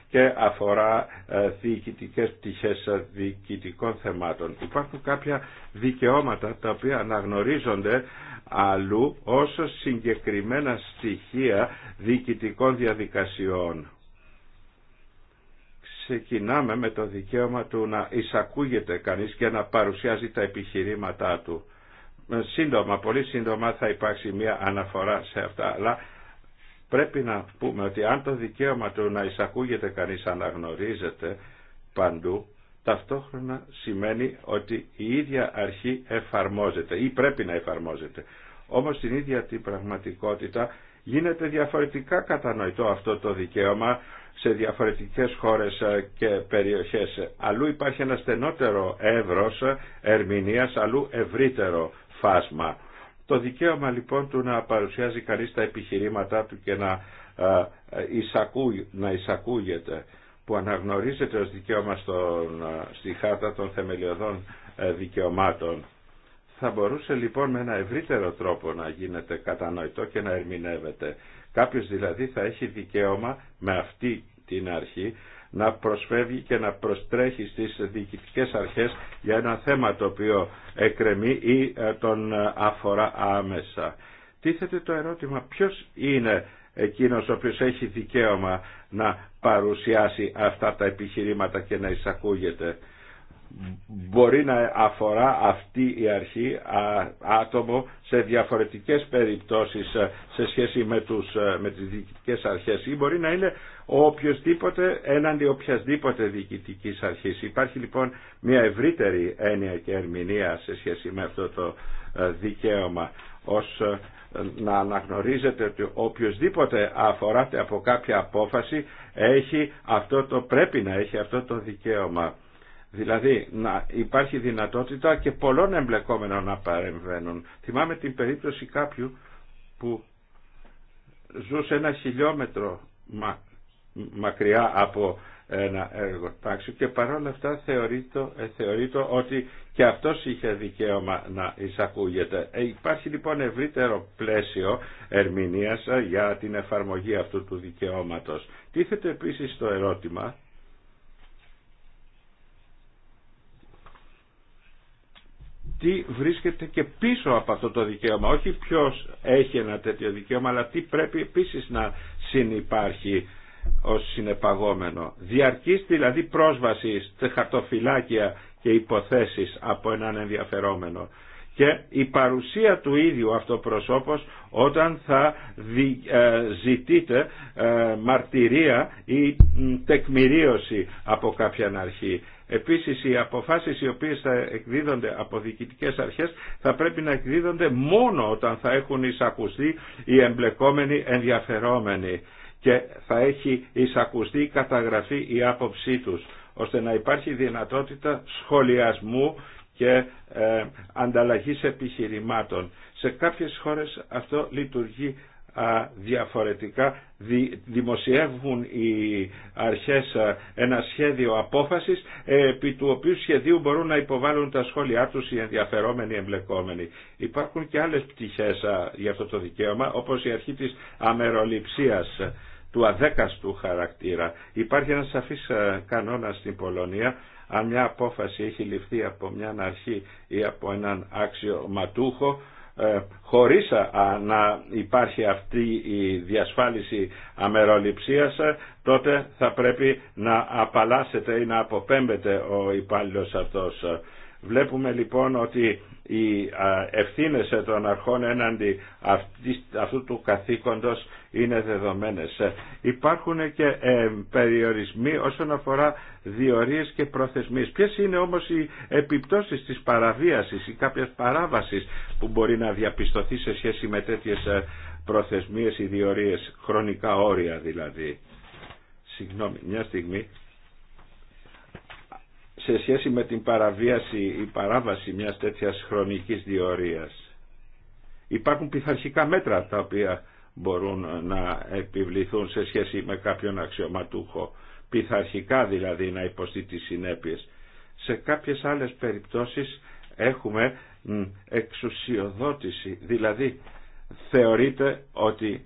και αφορά ε, διοικητικές πτυχές διοικητικών θεμάτων. Υπάρχουν κάποια δικαιώματα τα οποία αναγνωρίζονται αλλού όσο συγκεκριμένα στοιχεία διοικητικών διαδικασιών. Ξεκινάμε με το δικαίωμα του να εισακούγεται κανείς και να παρουσιάζει τα επιχειρήματά του. Ε, σύντομα, πολύ σύντομα θα υπάρξει μια αναφορά σε αυτά, αλλά πρέπει να πούμε ότι αν το δικαίωμα του να εισακούγεται κανείς αναγνωρίζεται παντού, ταυτόχρονα σημαίνει ότι η ίδια αρχή εφαρμόζεται ή πρέπει να εφαρμόζεται. Όμως στην ίδια την πραγματικότητα γίνεται διαφορετικά κατανοητό αυτό το δικαίωμα σε διαφορετικές χώρες ε, και περιοχές. Αλλού υπάρχει ένα στενότερο εύρος ερμηνείας, αλλού ευρύτερο φάσμα. Το δικαίωμα λοιπόν του να παρουσιάζει κανείς τα επιχειρήματά του και να, ε, ε, εισακούγεται που αναγνωρίζεται ως δικαίωμα στον, στη χάρτα των θεμελιωδών ε, δικαιωμάτων. Θα μπορούσε λοιπόν με ένα ευρύτερο τρόπο να γίνεται κατανοητό και να ερμηνεύεται. Κάποιος δηλαδή θα έχει δικαίωμα με αυτή την αρχή να προσφεύγει και να προστρέχει στις διοικητικές αρχές για ένα θέμα το οποίο εκρεμεί ή ε, τον ε, αφορά άμεσα. Τίθεται το ερώτημα ποιος είναι εκείνος ο οποίος έχει δικαίωμα να παρουσιάσει αυτά τα επιχειρήματα και να εισακούγεται. Μπορεί να αφορά αυτή η αρχή άτομο σε διαφορετικές περιπτώσεις ε, σε σχέση με, τους, ε, με τις διοικητικές αρχές ή μπορεί να είναι οποιοδήποτε έναντι οποιασδήποτε διοικητικής αρχής. Υπάρχει λοιπόν μια ευρύτερη έννοια και ερμηνεία σε σχέση με αυτό το ε, δικαίωμα ως να αναγνωρίζετε ότι οποιοδήποτε αφοράται από κάποια απόφαση έχει αυτό το, πρέπει να έχει αυτό το δικαίωμα. Δηλαδή να υπάρχει δυνατότητα και πολλών εμπλεκόμενων να παρεμβαίνουν. Θυμάμαι την περίπτωση κάποιου που ζούσε ένα χιλιόμετρο μα, μακριά από ένα τάξη και παρόλα αυτά θεωρείται ε, ότι και αυτός είχε δικαίωμα να εισακούγεται. Ε, υπάρχει λοιπόν ευρύτερο πλαίσιο ερμηνείας ε, για την εφαρμογή αυτού του δικαιώματος. Τίθεται επίσης το ερώτημα τι βρίσκεται και πίσω από αυτό το δικαίωμα. Όχι ποιος έχει ένα τέτοιο δικαίωμα, αλλά τι πρέπει επίσης να συνυπάρχει ως συνεπαγόμενο. Διαρκής δηλαδή πρόσβαση σε χαρτοφυλάκια και υποθέσεις από έναν ενδιαφερόμενο και η παρουσία του ίδιου αυτοπροσώπος όταν θα δι, ε, ε μαρτυρία ή τεκμηρίωση από κάποιαν αρχή. Επίσης οι αποφάσεις οι οποίες θα εκδίδονται από διοικητικές αρχές θα πρέπει να εκδίδονται μόνο όταν θα έχουν εισακουστεί οι εμπλεκόμενοι ενδιαφερόμενοι και θα έχει εισακουστεί η καταγραφή η άποψή τους ώστε να υπάρχει δυνατότητα σχολιασμού και ε, ανταλλαγής επιχειρημάτων. Σε κάποιες χώρες αυτό λειτουργεί διαφορετικά δημοσιεύουν οι αρχές ε, ένα σχέδιο απόφασης ε, επί του οποίου σχεδίου μπορούν να υποβάλουν τα σχόλιά τους οι ενδιαφερόμενοι εμπλεκόμενοι. Υπάρχουν και άλλες πτυχές ε, για αυτό το δικαίωμα όπως η αρχή της αμεροληψίας του αδέκαστου χαρακτήρα. Υπάρχει ένας σαφής κανόνας στην Πολωνία αν μια απόφαση έχει ληφθεί από μια αρχή ή από έναν άξιο ματούχο ε, χωρίς να υπάρχει αυτή η διασφάλιση αμεροληψίας ε, τότε θα πρέπει να απαλλάσσεται ή να αποπέμπεται ο υπάλληλος αυτός. Βλέπουμε λοιπόν ότι οι ευθύνε των αρχών έναντι αυτού του καθήκοντος είναι δεδομένες. Υπάρχουν και ε, περιορισμοί όσον αφορά διορίες και προθεσμίες. Ποιες είναι όμως οι επιπτώσεις της παραβίασης ή κάποιας παράβασης που μπορεί να διαπιστωθεί σε σχέση με τέτοιες ε, προθεσμίες ή διορίες, χρονικά όρια δηλαδή. Συγγνώμη, μια στιγμή σε σχέση με την παραβίαση ή παράβαση μιας τέτοιας χρονικής διορίας. Υπάρχουν πειθαρχικά μέτρα τα οποία μπορούν να επιβληθούν σε σχέση με κάποιον αξιωματούχο. Πειθαρχικά δηλαδή να υποστεί τις συνέπειες. Σε κάποιες άλλες περιπτώσεις έχουμε εξουσιοδότηση. Δηλαδή θεωρείται ότι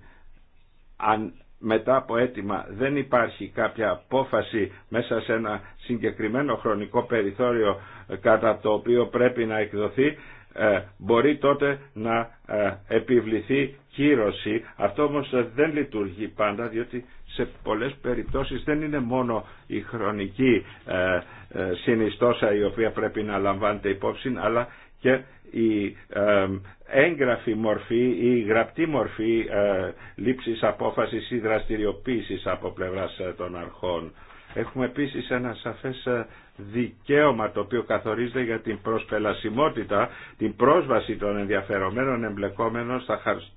αν μετά από αίτημα δεν υπάρχει κάποια απόφαση μέσα σε ένα συγκεκριμένο χρονικό περιθώριο ε, κατά το οποίο πρέπει να εκδοθεί, ε, μπορεί τότε να ε, επιβληθεί κύρωση. Αυτό όμως δεν λειτουργεί πάντα διότι σε πολλές περιπτώσεις δεν είναι μόνο η χρονική συνιστόσα η οποία πρέπει να λαμβάνεται υπόψη αλλά και η έγγραφη μορφή ή γραπτή μορφή ε, λήψης απόφασης ή δραστηριοποίησης από πλευράς ε, των αρχών. Έχουμε επίσης ένα σαφές ε, δικαίωμα το οποίο καθορίζεται για την προσπελασιμότητα, την πρόσβαση των ενδιαφερομένων εμπλεκόμενων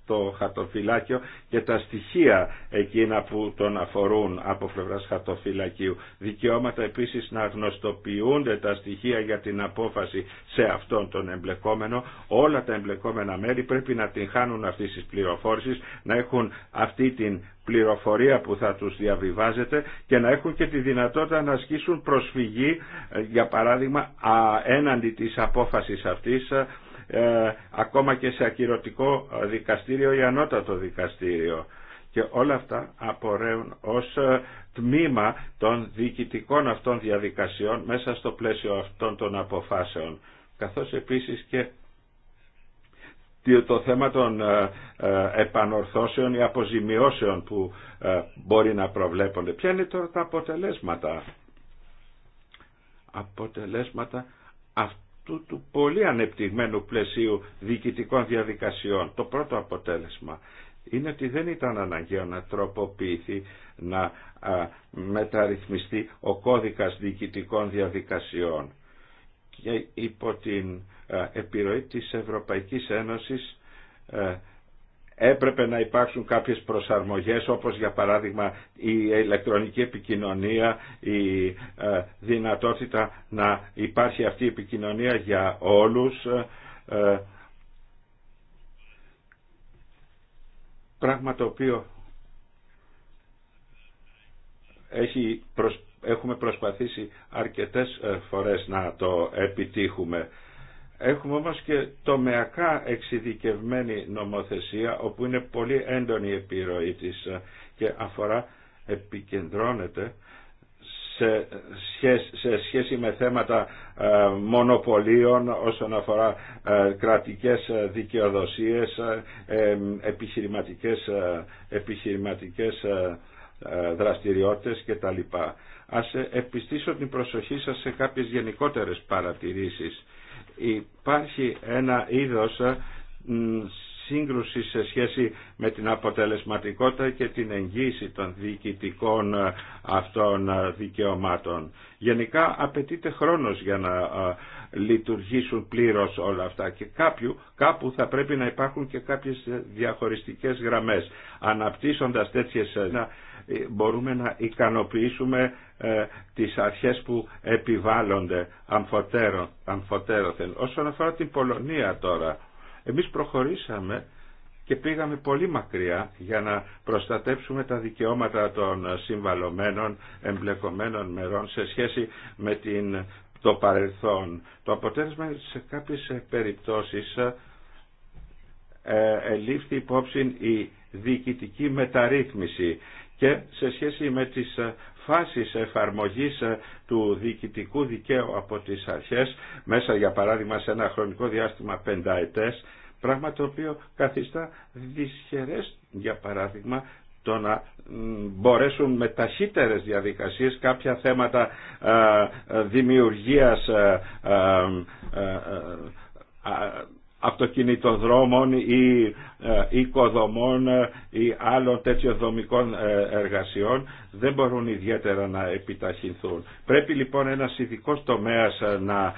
στο χαρτοφυλάκιο και τα στοιχεία εκείνα που τον αφορούν από πλευρά χαρτοφυλακίου. Δικαιώματα επίσης να γνωστοποιούνται τα στοιχεία για την απόφαση σε αυτόν τον εμπλεκόμενο. Όλα τα εμπλεκόμενα μέρη πρέπει να την χάνουν αυτή της πληροφόρησης, να έχουν αυτή την πληροφορία που θα τους διαβιβάζεται και να έχουν και τη δυνατότητα να ασκήσουν προσφυγή ε, για παράδειγμα έναντι της απόφασης αυτής ε, ακόμα και σε ακυρωτικό ε, δικαστήριο ή ανώτατο δικαστήριο. Και όλα αυτά απορρέουν ως τμήμα των διοικητικών αυτών διαδικασιών μέσα στο πλαίσιο αυτών των αποφάσεων. Καθώς επίσης και το θέμα των επανορθώσεων ή αποζημιώσεων που μπορεί να προβλέπονται. Ποια είναι τώρα τα αποτελέσματα αποτελέσματα αυτού του πολύ ανεπτυγμένου πλαισίου διοικητικών διαδικασιών. Το πρώτο αποτέλεσμα είναι ότι δεν ήταν αναγκαίο να τροποποιηθεί, να μεταρρυθμιστεί ο κώδικας διοικητικών διαδικασιών. Και υπό την επιρροή της Ευρωπαϊκής Ένωσης έπρεπε να υπάρξουν κάποιες προσαρμογές όπως για παράδειγμα η ηλεκτρονική επικοινωνία, η ε, δυνατότητα να υπάρχει αυτή η επικοινωνία για όλους. Ε, ε, πράγμα το οποίο Έχουμε προσπαθήσει αρκετές φορές να το επιτύχουμε Έχουμε όμως και τομεακά εξειδικευμένη νομοθεσία όπου είναι πολύ έντονη η επιρροή της και αφορά επικεντρώνεται σε σχέση, με θέματα ε, μονοπωλίων όσον αφορά ε, κρατικές δικαιοδοσίες, ε, επιχειρηματικές, επιχειρηματικές δραστηριότητες κτλ. Ας επιστήσω την προσοχή σας σε κάποιες γενικότερες παρατηρήσεις υπάρχει ένα είδος σύγκρουση σε σχέση με την αποτελεσματικότητα και την εγγύηση των διοικητικών ε, αυτών ε, δικαιωμάτων. Γενικά απαιτείται χρόνος για να ε, λειτουργήσουν πλήρως όλα αυτά και κάποιου, κάπου θα πρέπει να υπάρχουν και κάποιες διαχωριστικές γραμμές. Αναπτύσσοντας τέτοιες μπορούμε να ικανοποιήσουμε ε, τις αρχές που επιβάλλονται αμφωτέρωθεν. Όσον αφορά την Πολωνία τώρα, εμείς προχωρήσαμε και πήγαμε πολύ μακριά για να προστατέψουμε τα δικαιώματα των συμβαλωμένων εμπλεκομένων μερών σε σχέση με την, το παρελθόν. Το αποτέλεσμα σε κάποιες περιπτώσεις ε, λήφθη υπόψη η διοικητική μεταρρύθμιση και σε σχέση με τις ε, φάσεις εφαρμογής ε, του διοικητικού δικαίου από τις αρχές, μέσα για παράδειγμα σε ένα χρονικό διάστημα πενταετές, πράγμα το οποίο καθιστά δυσχερές, για παράδειγμα, το να μπορέσουν με ταχύτερες διαδικασίες κάποια θέματα ε, ε, δημιουργίας αυτοκινητοδρόμων ή ε, οικοδομών ε, ή άλλων τέτοιων δομικών ε, εργασιών δεν μπορούν ιδιαίτερα να επιταχυνθούν. Πρέπει λοιπόν ένας ειδικό τομέας να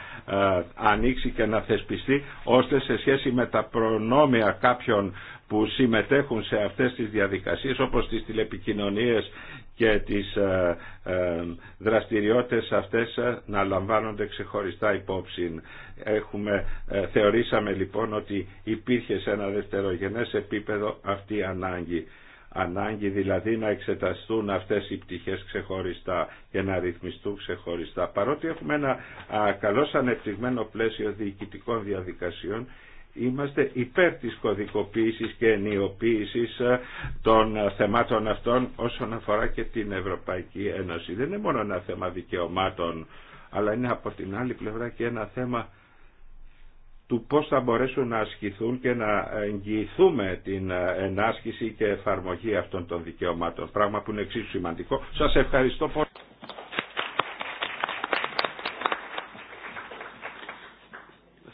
ανοίξει και να θεσπιστεί ώστε σε σχέση με τα προνόμια κάποιων που συμμετέχουν σε αυτές τις διαδικασίες όπως τις τηλεπικοινωνίες και τις ε, ε, δραστηριότητες αυτές ε, να λαμβάνονται ξεχωριστά υπόψη. Έχουμε, θεωρήσαμε λοιπόν ότι υπήρχε σε ένα δευτερογενές επίπεδο αυτή η ανάγκη. Ανάγκη δηλαδή να εξεταστούν αυτές οι πτυχές ξεχωριστά και να ρυθμιστούν ξεχωριστά. Παρότι έχουμε ένα καλώς ανεπτυγμένο πλαίσιο διοικητικών διαδικασιών, είμαστε υπέρ της κωδικοποίησης και ενιοποίησης ε, των θεμάτων αυτών όσον αφορά και την Ευρωπαϊκή Ένωση. Δεν είναι μόνο ένα θέμα δικαιωμάτων, αλλά είναι από την άλλη πλευρά και ένα θέμα του πώς θα μπορέσουν να ασκηθούν και να εγγυηθούμε την ε, ενάσκηση και εφαρμογή αυτών των δικαιωμάτων. Πράγμα που είναι εξίσου σημαντικό. Σας ευχαριστώ πολύ.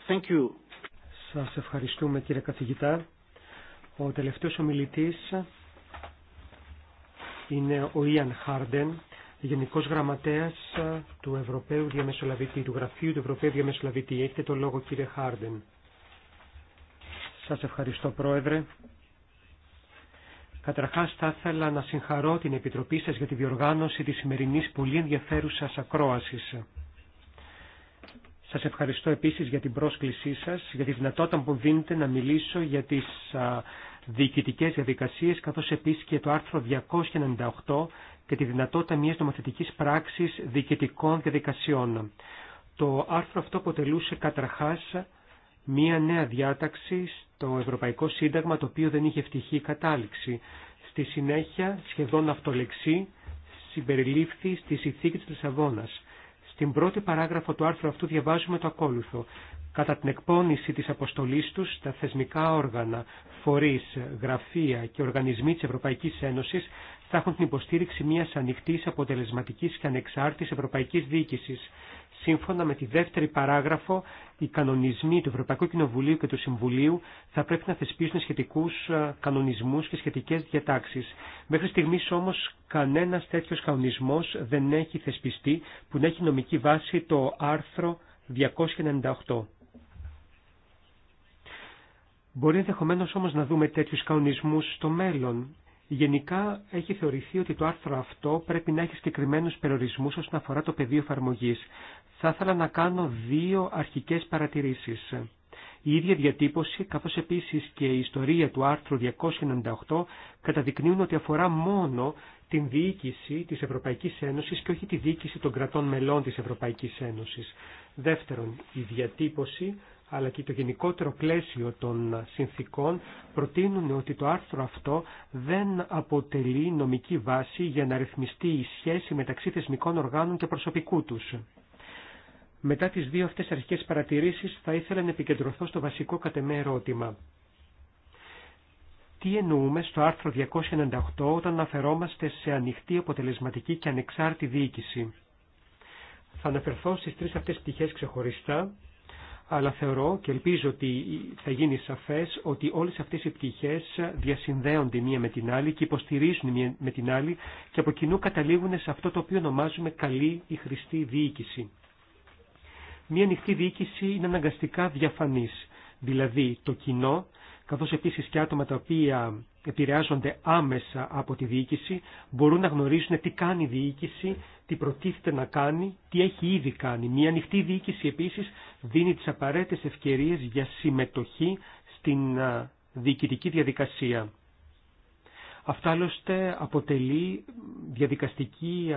Thank σας ευχαριστούμε κύριε καθηγητά. Ο τελευταίος ομιλητής είναι ο Ιαν Χάρντεν, Γενικός Γραμματέας του Ευρωπαίου Διαμεσολαβητή, του Γραφείου του Ευρωπαίου Διαμεσολαβητή. Έχετε το λόγο κύριε Χάρντεν. Σας ευχαριστώ πρόεδρε. Καταρχάς θα ήθελα να συγχαρώ την Επιτροπή σας για τη διοργάνωση της σημερινής πολύ ενδιαφέρουσας ακρόασης. Σας ευχαριστώ επίσης για την πρόσκλησή σας, για τη δυνατότητα που δίνετε να μιλήσω για τις διοικητικέ διαδικασίες, καθώς επίσης και το άρθρο 298 και τη δυνατότητα μιας νομοθετικής πράξης διοικητικών διαδικασιών. Το άρθρο αυτό αποτελούσε καταρχάς μία νέα διάταξη στο Ευρωπαϊκό Σύνταγμα, το οποίο δεν είχε ευτυχή κατάληξη. Στη συνέχεια, σχεδόν αυτολεξή, συμπεριλήφθη στη συνθήκη της Λισαβόνας. Στην πρώτη παράγραφο του άρθρου αυτού διαβάζουμε το ακόλουθο. Κατά την εκπόνηση της αποστολής τους, τα θεσμικά όργανα, φορείς, γραφεία και οργανισμοί της Ευρωπαϊκής Ένωσης θα έχουν την υποστήριξη μιας ανοιχτής, αποτελεσματικής και ανεξάρτητης ευρωπαϊκής διοίκησης. Σύμφωνα με τη δεύτερη παράγραφο, οι κανονισμοί του Ευρωπαϊκού Κοινοβουλίου και του Συμβουλίου θα πρέπει να θεσπίσουν σχετικού ε, κανονισμού και σχετικέ διατάξει. Μέχρι στιγμή όμω κανένα τέτοιο κανονισμό δεν έχει θεσπιστεί που να έχει νομική βάση το άρθρο 298. Μπορεί ενδεχομένω όμως να δούμε τέτοιους κανονισμούς στο μέλλον. Γενικά έχει θεωρηθεί ότι το άρθρο αυτό πρέπει να έχει συγκεκριμένου περιορισμού όσον αφορά το πεδίο εφαρμογή. Θα ήθελα να κάνω δύο αρχικέ παρατηρήσει. Η ίδια διατύπωση, καθώ επίση και η ιστορία του άρθρου 298, καταδεικνύουν ότι αφορά μόνο την διοίκηση τη Ευρωπαϊκή Ένωση και όχι τη διοίκηση των κρατών μελών τη Ευρωπαϊκή Ένωση. Δεύτερον, η διατύπωση αλλά και το γενικότερο πλαίσιο των συνθήκων προτείνουν ότι το άρθρο αυτό δεν αποτελεί νομική βάση για να ρυθμιστεί η σχέση μεταξύ θεσμικών οργάνων και προσωπικού τους. Μετά τις δύο αυτές αρχικές παρατηρήσεις θα ήθελα να επικεντρωθώ στο βασικό κατεμέ ερώτημα. Τι εννοούμε στο άρθρο 298 όταν αναφερόμαστε σε ανοιχτή, αποτελεσματική και ανεξάρτητη διοίκηση. Θα αναφερθώ στις τρεις αυτές πτυχές ξεχωριστά αλλά θεωρώ και ελπίζω ότι θα γίνει σαφές ότι όλες αυτές οι πτυχές διασυνδέονται μία με την άλλη και υποστηρίζουν μία με την άλλη και από κοινού καταλήγουν σε αυτό το οποίο ονομάζουμε καλή ή χρηστή διοίκηση. Μία ανοιχτή διοίκηση είναι αναγκαστικά διαφανής, δηλαδή το κοινό, καθώς επίσης και άτομα τα οποία επηρεάζονται άμεσα από τη διοίκηση μπορούν να δίνει τι κάνει η διοίκηση, τι προτίθεται να κάνει, τι έχει ήδη κάνει. Μια ανοιχτή διοίκηση επίσης δίνει τις απαραίτητες ευκαιρίες για συμμετοχή στην διοικητική διαδικασία. Αυτά άλλωστε αποτελεί διαδικαστική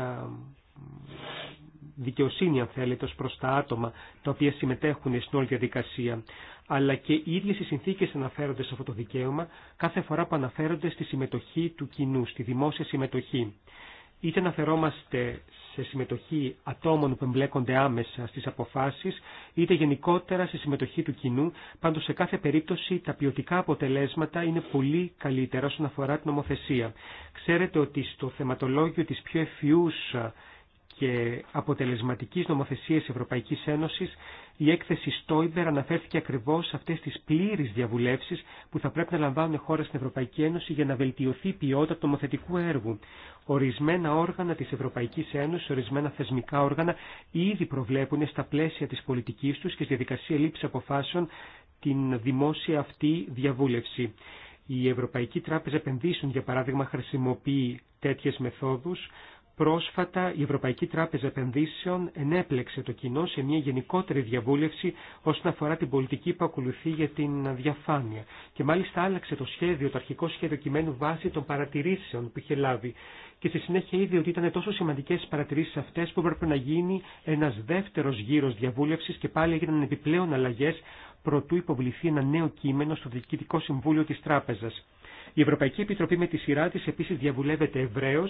δικαιοσύνη αν θέλετε ως προς τα άτομα τα οποία συμμετέχουν στην όλη διαδικασία αλλά και οι ίδιες οι συνθήκες αναφέρονται σε αυτό το δικαίωμα κάθε φορά που αναφέρονται στη συμμετοχή του κοινού, στη δημόσια συμμετοχή. Είτε αναφερόμαστε σε συμμετοχή ατόμων που εμπλέκονται άμεσα στις αποφάσεις, είτε γενικότερα στη συμμετοχή του κοινού, πάντως σε κάθε περίπτωση τα ποιοτικά αποτελέσματα είναι πολύ καλύτερα όσον αφορά την νομοθεσία. Ξέρετε ότι στο θεματολόγιο της πιο ευφυούς και αποτελεσματικής νομοθεσίας Ευρωπαϊκής Ένωσης, η έκθεση Στόιμπερ αναφέρθηκε ακριβώς σε αυτές τις πλήρεις διαβουλεύσεις που θα πρέπει να λαμβάνουν χώρες στην Ευρωπαϊκή Ένωση για να βελτιωθεί η ποιότητα του νομοθετικού έργου. Ορισμένα όργανα της Ευρωπαϊκής Ένωσης, ορισμένα θεσμικά όργανα, ήδη προβλέπουν στα πλαίσια της πολιτικής τους και στη διαδικασία λήψη αποφάσεων την δημόσια αυτή διαβούλευση. Η Ευρωπαϊκή Τράπεζα Επενδύσεων, για παράδειγμα, χρησιμοποιεί τέτοιες μεθόδους Πρόσφατα η Ευρωπαϊκή Τράπεζα Επενδύσεων ενέπλεξε το κοινό σε μια γενικότερη διαβούλευση όσον αφορά την πολιτική που ακολουθεί για την διαφάνεια και μάλιστα άλλαξε το σχέδιο, το αρχικό σχέδιο κειμένου βάσει των παρατηρήσεων που είχε λάβει και στη συνέχεια είδε ότι ήταν τόσο σημαντικές οι παρατηρήσεις αυτές που έπρεπε να γίνει ένας δεύτερος γύρος διαβούλευσης και πάλι έγιναν επιπλέον αλλαγές προτού υποβληθεί ένα νέο κείμενο στο Διοικητικό Συμβούλιο της Τράπεζας. Η Ευρωπαϊκή Επιτροπή με τη σειρά τη επίσης διαβουλεύεται ευρέω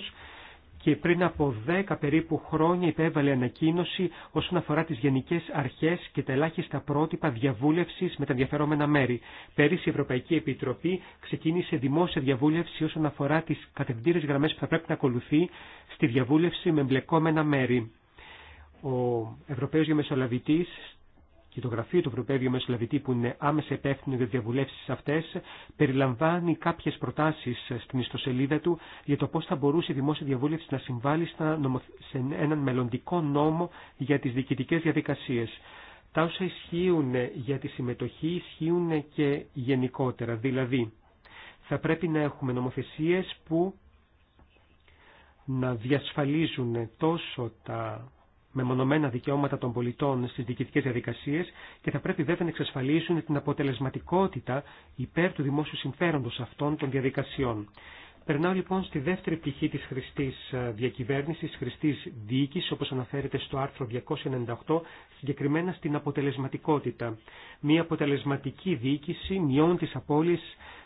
και πριν από δέκα περίπου χρόνια υπέβαλε ανακοίνωση όσον αφορά τις γενικές αρχές και τα ελάχιστα πρότυπα διαβούλευσης με τα ενδιαφερόμενα μέρη. Πέρυσι η Ευρωπαϊκή Επιτροπή ξεκίνησε δημόσια διαβούλευση όσον αφορά τις κατευθύνες γραμμές που θα πρέπει να ακολουθεί στη διαβούλευση με εμπλεκόμενα μέρη. Ο Ευρωπαίος Γεμεσολαβητής και το γραφείο του Ευρωπαίου Μεσολαβητή που είναι άμεσα υπεύθυνο για διαβουλεύσει αυτέ, περιλαμβάνει κάποιε προτάσει στην ιστοσελίδα του για το πώ θα μπορούσε η δημόσια διαβούλευση να συμβάλλει σε έναν μελλοντικό νόμο για τι διοικητικέ διαδικασίε. Τα όσα ισχύουν για τη συμμετοχή ισχύουν και γενικότερα. Δηλαδή, θα πρέπει να έχουμε νομοθεσίες που να διασφαλίζουν τόσο τα με μονομένα δικαιώματα των πολιτών στι διοικητικέ διαδικασίε και θα πρέπει βέβαια να εξασφαλίσουν την αποτελεσματικότητα υπέρ του δημόσιου συμφέροντο αυτών των διαδικασιών. Περνάω λοιπόν στη δεύτερη πτυχή τη χρηστή διακυβέρνηση, της ε, χρηστής διοίκησης, όπως αναφέρεται στο άρθρο 298, συγκεκριμένα στην αποτελεσματικότητα. Μία αποτελεσματική διοίκηση μειώνει τι απώλειε,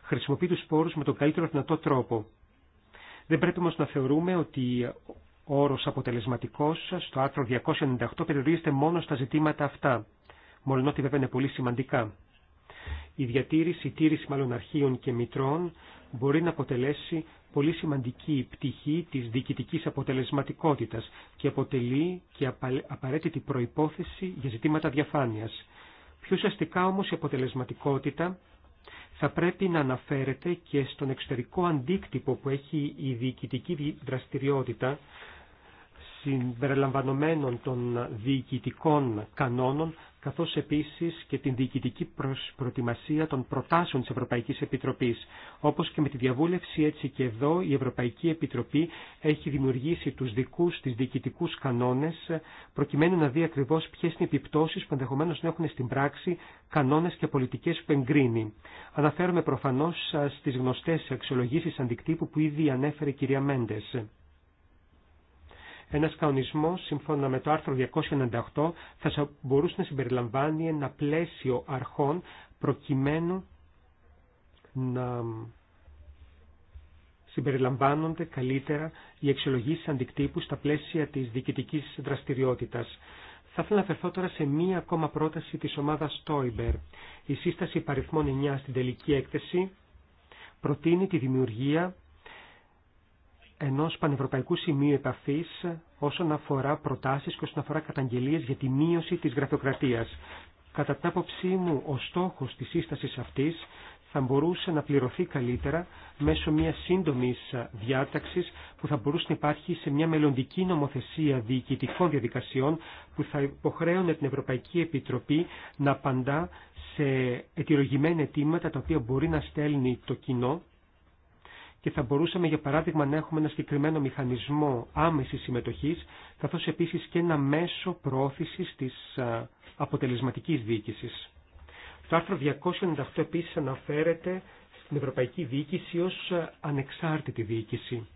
χρησιμοποιεί του πόρου με τον καλύτερο δυνατό τρόπο. Δεν πρέπει όμω να θεωρούμε ότι όρος αποτελεσματικός στο άρθρο 298 περιορίζεται μόνο στα ζητήματα αυτά, ότι βέβαια είναι πολύ σημαντικά. Η διατήρηση, η τήρηση μάλλον αρχείων και μητρών μπορεί να αποτελέσει πολύ σημαντική πτυχή της διοικητικής αποτελεσματικότητας και αποτελεί και απαραίτητη προϋπόθεση για ζητήματα διαφάνειας. Πιο ουσιαστικά όμως η αποτελεσματικότητα θα πρέπει να αναφέρεται και στον εξωτερικό αντίκτυπο που έχει η διοικητική δραστηριότητα συμπεριλαμβανομένων των διοικητικών κανόνων, καθώς επίσης και την διοικητική προετοιμασία των προτάσεων της Ευρωπαϊκής Επιτροπής. Όπως και με τη διαβούλευση έτσι και εδώ η Ευρωπαϊκή Επιτροπή έχει δημιουργήσει τους δικούς της διοικητικούς κανόνες προκειμένου να δει ακριβώς ποιες είναι οι επιπτώσεις που ενδεχομένω να έχουν στην πράξη κανόνες και πολιτικές που εγκρίνει. Αναφέρομαι προφανώς ε, στις γνωστές αξιολογήσεις αντικτύπου που ήδη ανέφερε η κυρία Μέντες. Ένας κανονισμό, σύμφωνα με το άρθρο 298, θα μπορούσε να συμπεριλαμβάνει ένα πλαίσιο αρχών προκειμένου να συμπεριλαμβάνονται καλύτερα οι εξολογήσει αντικτύπου στα πλαίσια της διοικητική δραστηριότητας. Θα ήθελα να αφαιρθώ τώρα σε μία ακόμα πρόταση της ομάδας Stoiber. Η σύσταση παριθμών 9 στην τελική έκθεση προτείνει τη δημιουργία ενός πανευρωπαϊκού σημείου επαφής όσον αφορά προτάσεις και όσον αφορά καταγγελίες για τη μείωση της γραφειοκρατίας. Κατά την άποψή μου, ο στόχος της σύστασης αυτής θα μπορούσε να πληρωθεί καλύτερα μέσω μιας σύντομης διάταξης που θα μπορούσε να υπάρχει σε μια μελλοντική νομοθεσία διοικητικών διαδικασιών που θα υποχρέωνε την Ευρωπαϊκή Επιτροπή να απαντά σε ετηρογημένα αιτήματα τα οποία μπορεί να στέλνει το κοινό και θα μπορούσαμε για παράδειγμα να έχουμε ένα συγκεκριμένο μηχανισμό άμεσης συμμετοχής, καθώς επίσης και ένα μέσο προώθησης της αποτελεσματικής διοίκησης. Το άρθρο 298 επίσης αναφέρεται στην Ευρωπαϊκή Διοίκηση ως ανεξάρτητη διοίκηση.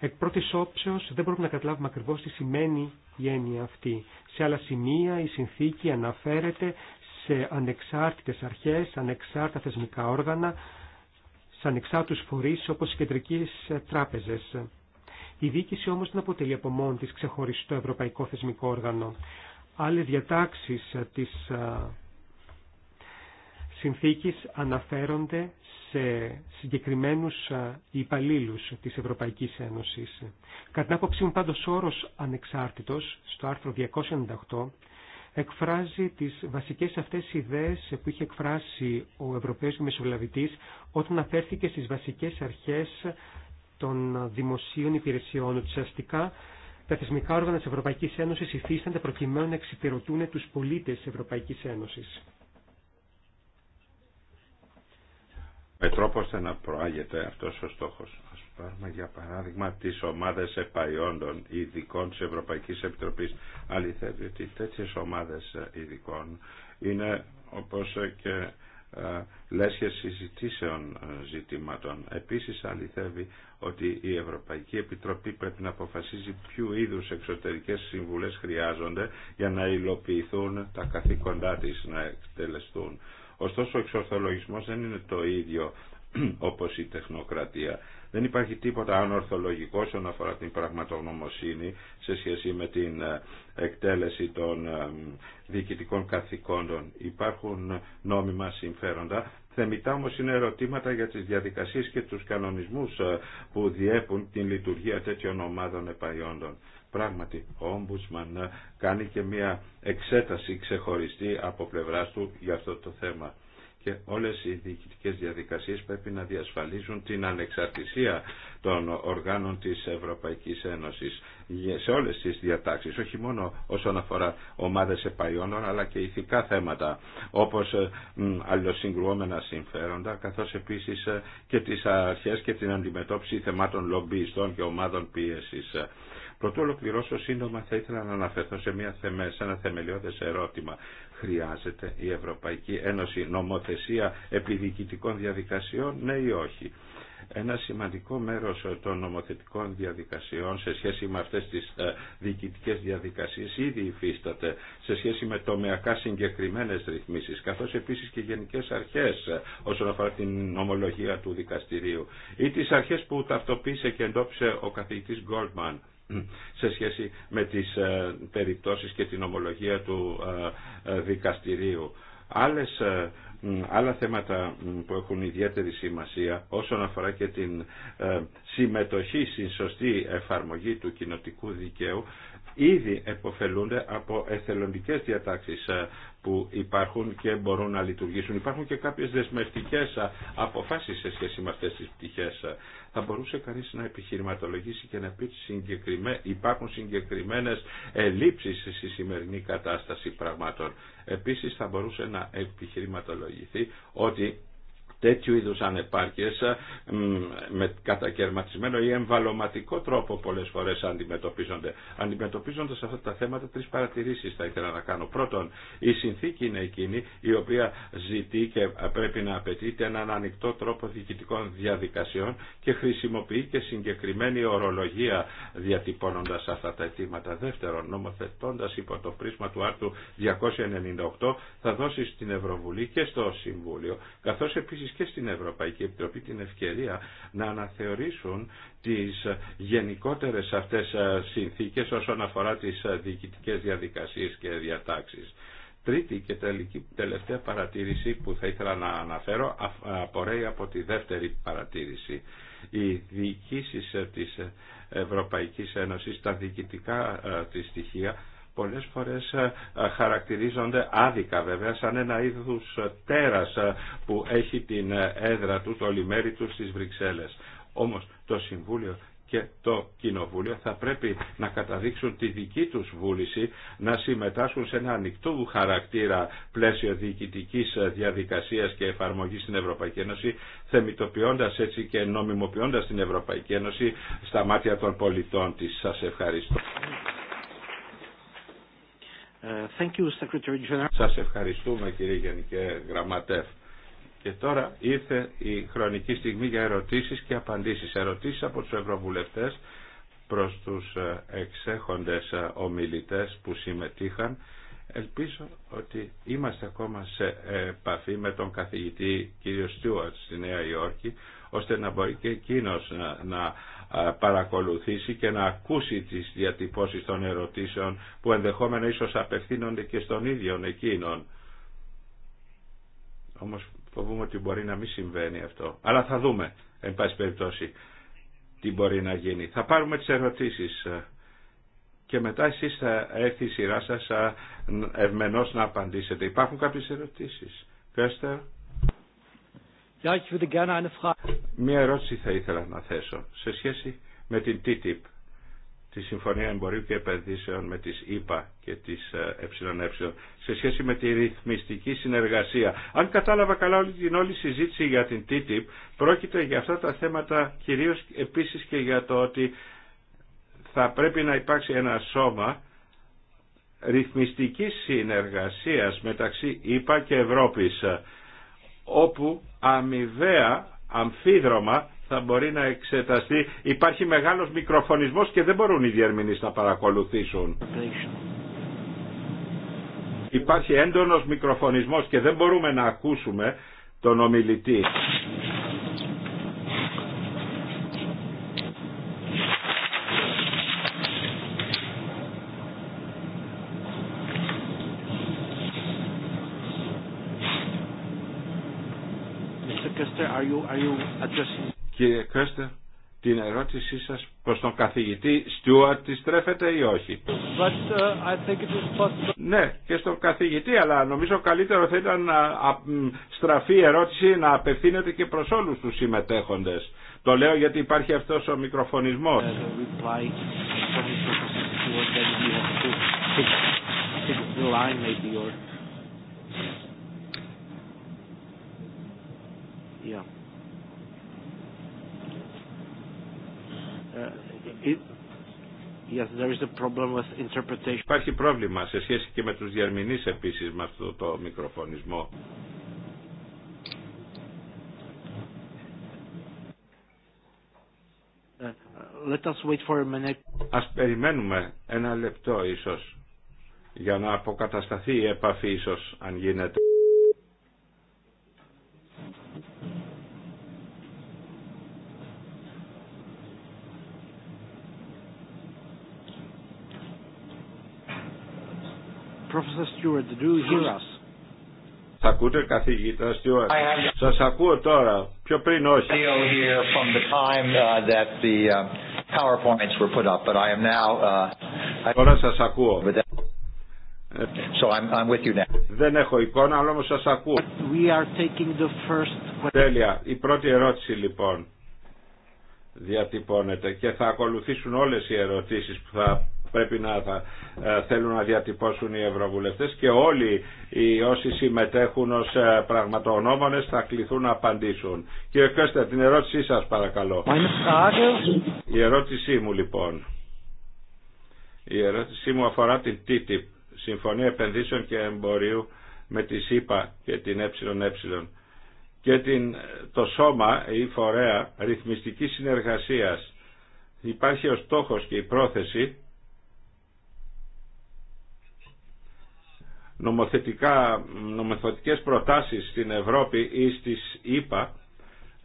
Εκ πρώτη όψεω δεν μπορούμε να καταλάβουμε ακριβώ τι σημαίνει η έννοια αυτή. Σε άλλα σημεία η συνθήκη αναφέρεται σε ανεξάρτητες αρχές, ανεξάρτητα θεσμικά όργανα, σαν ανεξάρτητους φορείς όπως οι κεντρικές ε, τράπεζες. Η διοίκηση όμως δεν αποτελεί από μόνη της ξεχωριστό ευρωπαϊκό θεσμικό όργανο. Άλλες διατάξεις ε, της ε, συνθήκης αναφέρονται σε συγκεκριμένους υπαλλήλους της Ευρωπαϊκής Ένωσης. Κατά την άποψή μου πάντως όρος ανεξάρτητος στο άρθρο 298 εκφράζει τις βασικές αυτές ιδέες που είχε εκφράσει ο Ευρωπαίος Μεσολαβητής όταν αφέρθηκε στις βασικές αρχές των δημοσίων υπηρεσιών. Ότι ουσιαστικά τα θεσμικά όργανα της Ευρωπαϊκής Ένωσης υφίστανται προκειμένου να εξυπηρετούν τους πολίτες της Ευρωπαϊκής Ένωσης. Με τρόπο ώστε να προάγεται αυτός ο στόχος πάρουμε για παράδειγμα τις ομάδες επαϊόντων ειδικών της Ευρωπαϊκής Επιτροπής αληθεύει ότι τέτοιες ομάδες ε, ειδικών είναι όπως ε, και ε, λέσχες συζητήσεων ζητήματων. Επίσης αληθεύει ότι η Ευρωπαϊκή Επιτροπή πρέπει να αποφασίζει ποιου είδους εξωτερικές συμβουλές χρειάζονται για να υλοποιηθούν τα καθήκοντά της να εκτελεστούν. Ωστόσο ο εξορθολογισμός δεν είναι το ίδιο (clears throat) όπως η τεχνοκρατία. Δεν υπάρχει τίποτα ανορθολογικό όσον αφορά την πραγματογνωμοσύνη σε σχέση με την ε, εκτέλεση των ε, διοικητικών καθηκόντων. Υπάρχουν νόμιμα συμφέροντα. Θεμητά όμω είναι ερωτήματα για τις διαδικασίες και τους κανονισμούς ε, που διέπουν την λειτουργία τέτοιων ομάδων επαϊόντων. Πράγματι, ο Ομπουσμαν κάνει και μια εξέταση ξεχωριστή από πλευράς του για αυτό το θέμα και όλες οι διοικητικές διαδικασίες πρέπει να διασφαλίζουν την ανεξαρτησία των οργάνων της Ευρωπαϊκής Ένωσης σε όλες τις διατάξεις, όχι μόνο όσον αφορά ομάδες επαϊόνων αλλά και ηθικά θέματα όπως ε, αλληλοσυγκρουόμενα συμφέροντα καθώς επίσης ε, και τις αρχές και την αντιμετώπιση θεμάτων λομπίστων και ομάδων πίεσης. Πρωτού ολοκληρώσω σύντομα θα ήθελα να αναφερθώ σε, μια θεμε, σε ένα θεμελιώδες ερώτημα χρειάζεται η Ευρωπαϊκή Ένωση νομοθεσία επιδικητικών διαδικασιών, ναι ή όχι. Ένα σημαντικό μέρος των νομοθετικών διαδικασιών σε σχέση με αυτές τις ε, διοικητικές διαδικασίες ήδη υφίσταται σε σχέση με τομεακά συγκεκριμένες ρυθμίσεις καθώς επίσης και γενικές αρχές ε, όσον αφορά την νομολογία του δικαστηρίου ή τις αρχές που ταυτοποίησε και εντόπισε ο καθηγητής Γκόλμαν σε σχέση με τις ε, περιπτώσεις και την ομολογία του ε, ε, δικαστηρίου. Άλλες, άλλα θέματα που έχουν ιδιαίτερη σημασία όσον αφορά και την συμμετοχή στην σωστή εφαρμογή του κοινοτικού δικαίου ήδη εποφελούνται από εθελοντικές διατάξεις που υπάρχουν και μπορούν να λειτουργήσουν. Υπάρχουν και κάποιες δεσμευτικές αποφάσεις σε σχέση με αυτές τις πτυχές. Θα μπορούσε κανείς να επιχειρηματολογήσει και να πει ότι υπάρχουν συγκεκριμένες ελλείψεις στη σημερινή κατάσταση πραγμάτων. Επίσης θα μπορούσε να επιχειρηματολογηθεί ότι τέτοιου είδους ανεπάρκειες ε, με κατακαιρματισμένο ή εμβαλωματικό τρόπο πολλές φορές αντιμετωπίζονται. Αντιμετωπίζοντας αυτά τα θέματα τρεις παρατηρήσεις θα ήθελα να κάνω. Πρώτον, η συνθήκη είναι εκείνη η οποία ζητεί και πρέπει να απαιτείται έναν ανοιχτό τρόπο διοικητικών διαδικασιών και χρησιμοποιεί και συγκεκριμένη ορολογία διατυπώνοντας αυτά τα αιτήματα. Δεύτερον, νομοθετώντας υπό το πρίσμα του άρθρου 298 θα δώσει στην Ευρωβουλή και στο Συμβούλιο, καθώς επίσης και στην Ευρωπαϊκή Επιτροπή την ευκαιρία να αναθεωρήσουν τις γενικότερες αυτές ε, συνθήκες όσον αφορά τις ε, διοικητικές διαδικασίες και διατάξεις. Τρίτη και τελική, τελευταία παρατήρηση που θα ήθελα να αναφέρω απορρέει από τη δεύτερη παρατήρηση. Οι διοικήσεις ε, της Ευρωπαϊκής Ένωσης, τα διοικητικά της στοιχεία πολλές φορές ε, ε, χαρακτηρίζονται άδικα βέβαια σαν ένα είδους ε, τέρας που έχει την έδρα του, το λιμέρι του στις Βρυξέλλες. Όμως το Συμβούλιο και το Κοινοβούλιο θα πρέπει να καταδείξουν τη δική τους βούληση να συμμετάσχουν σε ένα ανοιχτό χαρακτήρα πλαίσιο διοικητική διαδικασίας και εφαρμογής στην Ευρωπαϊκή Ένωση, θεμητοποιώντας έτσι και νομιμοποιώντας την Ευρωπαϊκή Ένωση στα μάτια των πολιτών της. Σας ευχαριστώ. Thank Σας ευχαριστούμε κύριε Γενικέ Γραμματεύ. Και τώρα ήρθε η χρονική στιγμή για ερωτήσεις και απαντήσεις. Ερωτήσεις από τους Ευρωβουλευτές προς τους ε, εξέχοντες ε, ομιλητές που συμμετείχαν. Ελπίζω ότι είμαστε ακόμα σε επαφή με τον καθηγητή κύριο Στιούαρτ στη Νέα Υόρκη, ώστε να μπορεί και εκείνος να, παρακολουθήσει και να ακούσει τις διατυπώσεις των ερωτήσεων που ενδεχόμενα ίσως απευθύνονται και στον ίδιο εκείνον. Όμως φοβούμαι ότι μπορεί να μην συμβαίνει αυτό. Αλλά θα δούμε, εν πάση περιπτώσει, τι μπορεί να γίνει. Θα πάρουμε τις ερωτήσεις και μετά εσείς θα έρθει η σειρά σας ευμενώς να απαντήσετε. Υπάρχουν κάποιες ερωτήσεις. Μία ερώτηση θα ήθελα να θέσω σε σχέση με την TTIP, τη Συμφωνία Εμπορίου και Επενδύσεων με τις ΗΠΑ και τις ε, ΕΕ, σε σχέση με τη ρυθμιστική συνεργασία. Αν κατάλαβα καλά όλη την όλη συζήτηση για την TTIP, πρόκειται για αυτά τα θέματα κυρίως επίσης και για το ότι θα πρέπει να υπάρξει ένα σώμα ρυθμιστικής συνεργασίας μεταξύ ΙΠΑ και Ευρώπης όπου αμοιβαία, αμφίδρομα θα μπορεί να εξεταστεί. Υπάρχει μεγάλος μικροφωνισμός και δεν μπορούν οι διερμηνείς να παρακολουθήσουν. Υπάρχει έντονος μικροφωνισμός και δεν μπορούμε να ακούσουμε τον ομιλητή. Κύριε Κώστα, την ερώτησή σας προς τον καθηγητή Στιούαρτ τη στρέφεται ή όχι. But, uh, Ναι, και στον καθηγητή, αλλά νομίζω καλύτερο θα ήταν να στραφεί η ερώτηση να απευθύνεται και προς όλους τους συμμετέχοντες. Το λέω γιατί υπάρχει αυτός ο μικροφωνισμός. Yeah. Uh, Υπάρχει πρόβλημα σε σχέση και με τους διαρμηνείς επίσης με αυτό το μικροφωνισμό. Uh, let us wait for a Ας περιμένουμε ένα λεπτό ίσως για να αποκατασταθεί η επαφή ίσως αν γίνεται. Professor Stewart, do you hear us? Σας ακούτε καθηγητά Stewart. Σας ακούω τώρα, πιο πριν όχι. put up, uh, Τώρα σας ακούω. So I'm, I'm with you now. Δεν έχω εικόνα, αλλά όμως σας ακούω. We are taking the first... Τέλεια. Η πρώτη ερώτηση λοιπόν διατυπώνεται και θα ακολουθήσουν όλες οι ερωτήσεις που θα πρέπει να ε, θέλουν να διατυπώσουν οι ευρωβουλευτές και όλοι οι όσοι συμμετέχουν ως ε, πραγματογνώμονες θα κληθούν να απαντήσουν. Κύριε Κώστα, την ερώτησή σας παρακαλώ. Η ερώτησή μου λοιπόν. Η ερώτησή μου αφορά την TTIP, Συμφωνία Επενδύσεων και Εμπορίου με τη ΣΥΠΑ και την ΕΕ και το σώμα ή φορέα ρυθμιστικής συνεργασίας. Υπάρχει ο στόχος και η πρόθεση νομοθετικά, νομοθετικές προτάσεις στην Ευρώπη ή στις ΗΠΑ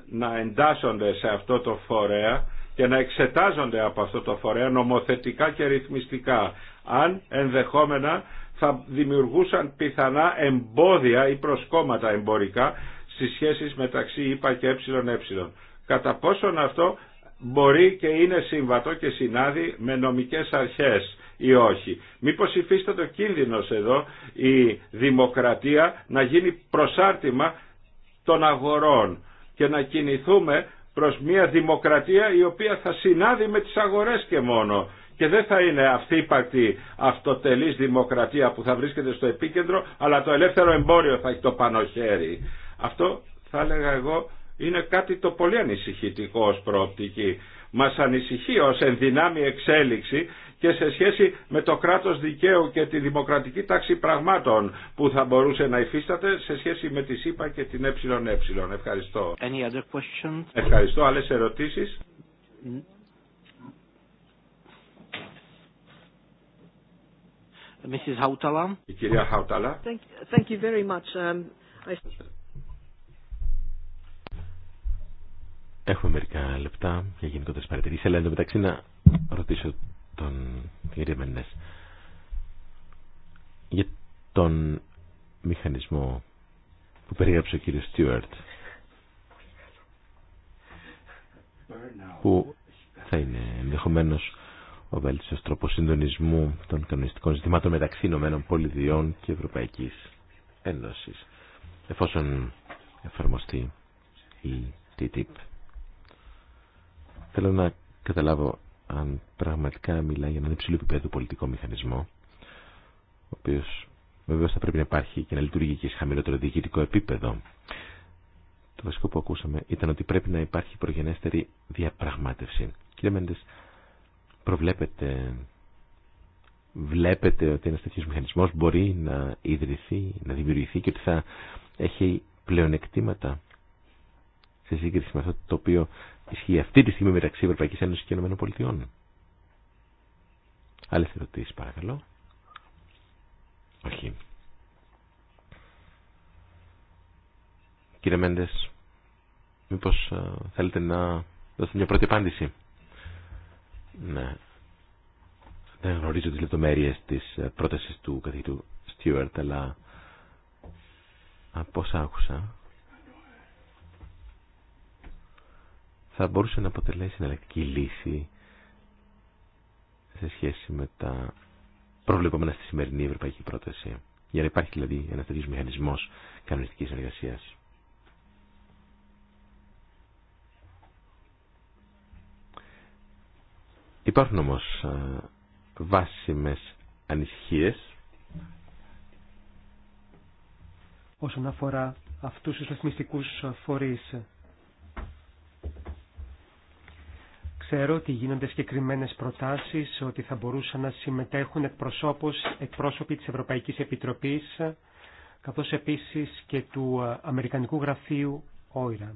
να εντάσσονται σε αυτό το φορέα και να εξετάζονται από αυτό το φορέα νομοθετικά και ρυθμιστικά αν ενδεχόμενα θα δημιουργούσαν πιθανά εμπόδια ή προσκόμματα εμπορικά στις σχέσεις μεταξύ ΙΠΑ και ΕΕ. Κατά πόσον αυτό μπορεί και είναι συμβατό και συνάδει με νομικές αρχές ή όχι. Μήπως υφίσταται ο κίνδυνος εδώ η δημοκρατία να γίνει προσάρτημα των αγορών και να κινηθούμε προς μια δημοκρατία η οποία θα συνάδει με τις αγορές και μόνο και δεν θα είναι αυθύπαρτη αυτοτελής δημοκρατία που θα βρίσκεται στο επίκεντρο αλλά το ελεύθερο εμπόριο θα έχει το πάνω Αυτό θα έλεγα εγώ είναι κάτι το πολύ ανησυχητικό ως προοπτική. Μας ανησυχεί ως ενδυνάμει εξέλιξη και σε σχέση με το κράτος δικαίου και τη δημοκρατική τάξη πραγμάτων που θα μπορούσε να υφίσταται σε σχέση με τη ΣΥΠΑ και την ΕΕ. Ευχαριστώ. Any other questions? Ευχαριστώ. Άλλες ερωτήσεις. Mrs. Hautala. Η κυρία Χαουταλά. Um, Έχουμε μερικά λεπτά για γενικότερε παρατηρήσει, αλλά μεταξύ να ρωτήσω των Για τον μηχανισμό που περιέγραψε ο κύριος Στιούαρτ που θα είναι ενδεχομένω ο βέλτιστος τρόπος συντονισμού των κανονιστικών ζητημάτων μεταξύ Ηνωμένων Πολιτειών και Ευρωπαϊκής Ένωσης εφόσον εφαρμοστεί η TTIP. Θέλω να καταλάβω αν πραγματικά μιλάει για έναν υψηλό επίπεδο πολιτικό μηχανισμό, ο οποίο βεβαίω θα πρέπει να υπάρχει και να λειτουργεί και σε χαμηλότερο διοικητικό επίπεδο. Το βασικό που ακούσαμε ήταν ότι πρέπει να υπάρχει προγενέστερη διαπραγμάτευση. Κύριε Μέντε, προβλέπετε, βλέπετε ότι ένα τέτοιο μηχανισμό μπορεί να ιδρυθεί, να δημιουργηθεί και ότι θα έχει πλεονεκτήματα σε σύγκριση με αυτό το οποίο ισχύει αυτή τη στιγμή μεταξύ Ευρωπαϊκή Ένωση και ΗΠΑ. Άλλε ερωτήσει, παρακαλώ. Όχι. Κύριε Μέντε, μήπω ε, θέλετε να δώσετε μια πρώτη απάντηση. Ναι. Δεν γνωρίζω τι λεπτομέρειε τη ε, πρόταση του καθηγητού Στιούαρτ, αλλά από όσα άκουσα θα μπορούσε να αποτελέσει εναλλακτική λύση σε σχέση με τα προβλεπόμενα στη σημερινή ευρωπαϊκή πρόταση. Για να υπάρχει δηλαδή ένα τέτοιο μηχανισμό κανονιστική εργασία. Υπάρχουν όμω βάσιμε ανησυχίε όσον αφορά αυτού του ρυθμιστικού φορεί. Ξέρω ότι γίνονται συγκεκριμένε προτάσει ότι θα μπορούσαν να συμμετέχουν εκπρόσωποι τη Ευρωπαϊκή Επιτροπή, καθώ επίση και του ε, Αμερικανικού Γραφείου ΟΙΡΑ.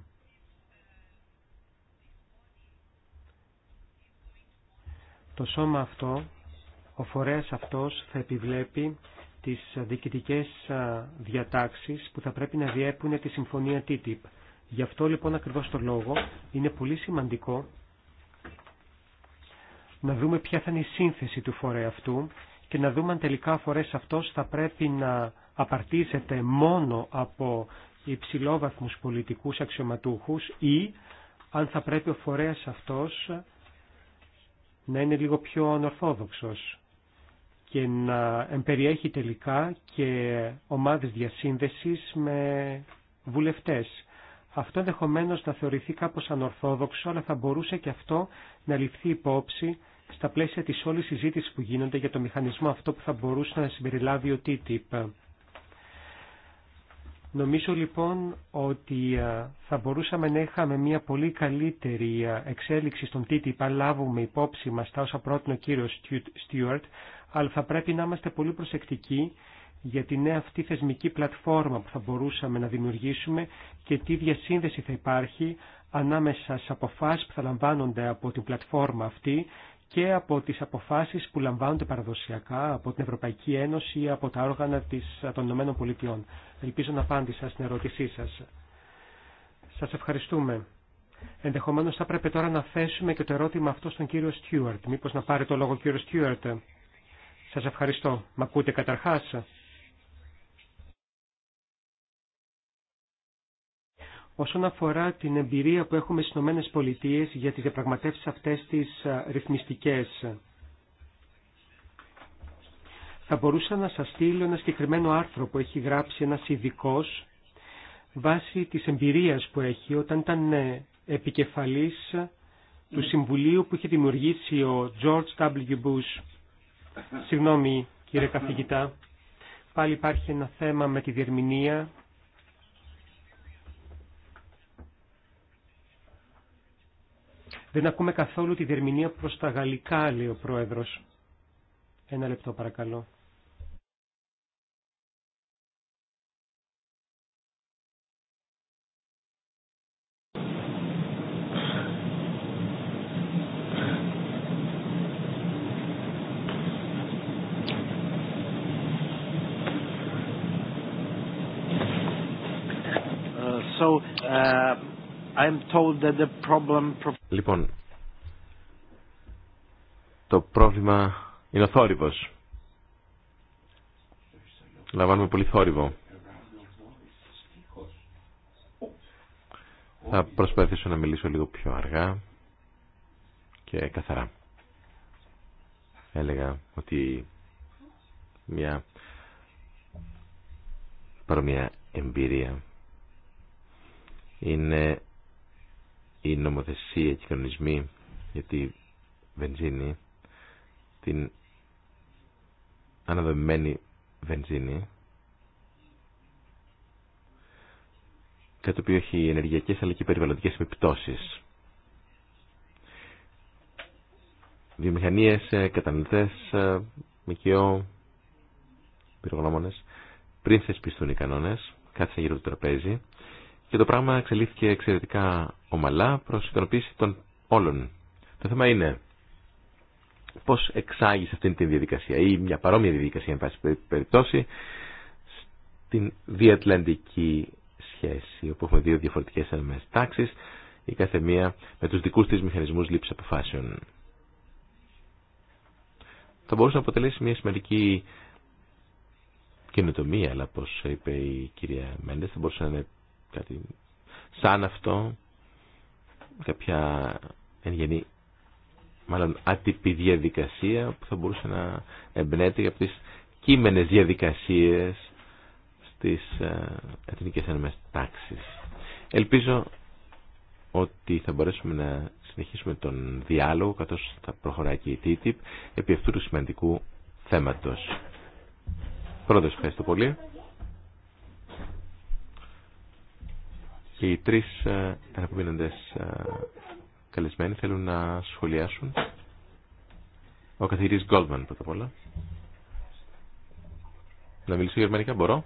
Το σώμα αυτό, ο φορέας αυτός θα επιβλέπει τις διοικητικές ε, διατάξεις που θα πρέπει να διέπουν τη συμφωνία TTIP. Γι' αυτό λοιπόν ακριβώς το λόγο είναι πολύ σημαντικό να δούμε ποια θα είναι η σύνθεση του φορέα αυτού και να δούμε αν τελικά ο φορέας αυτός θα πρέπει να απαρτίζεται μόνο από υψηλόβαθμους πολιτικούς αξιωματούχους ή αν θα πρέπει ο φορέας αυτός να είναι λίγο πιο ανορθόδοξος και να εμπεριέχει τελικά και ομάδες διασύνδεσης με βουλευτές. Αυτό ενδεχομένω να θεωρηθεί κάπως ανορθόδοξο, αλλά θα μπορούσε και αυτό να ληφθεί υπόψη στα πλαίσια της όλης συζήτηση που γίνονται για το μηχανισμό αυτό που θα μπορούσε να συμπεριλάβει ο TTIP. Νομίζω λοιπόν ότι ε, θα μπορούσαμε να είχαμε μια πολύ καλύτερη ε, εξέλιξη στον TTIP αν λάβουμε υπόψη μας τα όσα πρότεινε ο κύριος Στιούαρτ, αλλά θα πρέπει να είμαστε πολύ προσεκτικοί για τη νέα αυτή θεσμική πλατφόρμα που θα μπορούσαμε να δημιουργήσουμε και τι διασύνδεση θα υπάρχει ανάμεσα σε αποφάσεις που θα λαμβάνονται από την πλατφόρμα αυτή και από τις αποφάσεις που λαμβάνονται παραδοσιακά από την Ευρωπαϊκή Ένωση ή από τα όργανα της, των Ηνωμένων Πολιτειών. Ελπίζω να απάντησα στην ερώτησή σας. Σας ευχαριστούμε. Ενδεχομένως θα πρέπει τώρα να θέσουμε και το ερώτημα αυτό στον κύριο Στιούαρτ. Μήπως να πάρει το λόγο ο κύριο Στιούαρτ. Σας ευχαριστώ. Μ' ακούτε καταρχάς. όσον αφορά την εμπειρία που έχουμε στι Πολιτείε για τι διαπραγματεύσει αυτές τις ρυθμιστικές. Θα μπορούσα να σας στείλω ένα συγκεκριμένο άρθρο που έχει γράψει ένας ειδικό βάσει της εμπειρίας που έχει όταν ήταν ε, επικεφαλής του ναι. Συμβουλίου που είχε δημιουργήσει ο George W. Bush. Συγγνώμη κύριε καθηγητά, ναι. πάλι υπάρχει ένα θέμα με τη διερμηνία. Δεν ακούμε καθόλου τη δερμηνία προς τα γαλλικά, λέει ο Πρόεδρος. Ένα λεπτό παρακαλώ. Uh, so, uh, Λοιπόν, το πρόβλημα είναι ο θόρυβος. Λαμβάνουμε πολύ θόρυβο. Θα προσπαθήσω να μιλήσω λίγο πιο αργά και καθαρά. Έλεγα ότι μια παρόμοια εμπειρία είναι η νομοθεσία και οι κανονισμοί για τη βενζίνη, την αναδομημένη βενζίνη, κάτι το οποίο έχει ενεργειακές αλλά και περιβαλλοντικές επιπτώσεις. Βιομηχανίες, ε, κατανοητές, ε, μικιό, πυρογνώμονες, πριν θεσπιστούν οι κανόνες, κάθισαν γύρω του τραπέζι και το πράγμα εξελίχθηκε εξαιρετικά ομαλά προς ικανοποίηση των όλων. Το θέμα είναι πώς εξάγει αυτήν την διαδικασία ή μια παρόμοια διαδικασία, εν πάση περιπτώσει, στην διατλαντική σχέση, όπου έχουμε δύο διαφορετικές ένωμες τάξεις, η μια παρομοια διαδικασια εν παση περιπτωσει στην διατλαντικη σχεση οπου εχουμε δυο διαφορετικες ενωμες ταξεις η μία με τους δικούς της μηχανισμούς λήψη αποφάσεων. Θα μπορούσε να αποτελέσει μια σημαντική καινοτομία, αλλά όπως είπε η κυρία Μέντε. θα μπορούσε να είναι κάτι σαν αυτό κάποια εν μάλλον άτυπη διαδικασία που θα μπορούσε να εμπνέεται από τις κείμενες διαδικασίες στις ε, εθνικές ένωμες τάξεις. Ελπίζω ότι θα μπορέσουμε να συνεχίσουμε τον διάλογο καθώς θα προχωράει και η TTIP επί αυτού του σημαντικού θέματος. Πρώτος, ευχαριστώ πολύ. Και οι τρεις ε, αναπομείνοντες ε, καλεσμένοι θέλουν να σχολιάσουν. Ο καθηγητής Γκόλμαν πρώτα απ' όλα. Να μιλήσω γερμανικά μπορώ.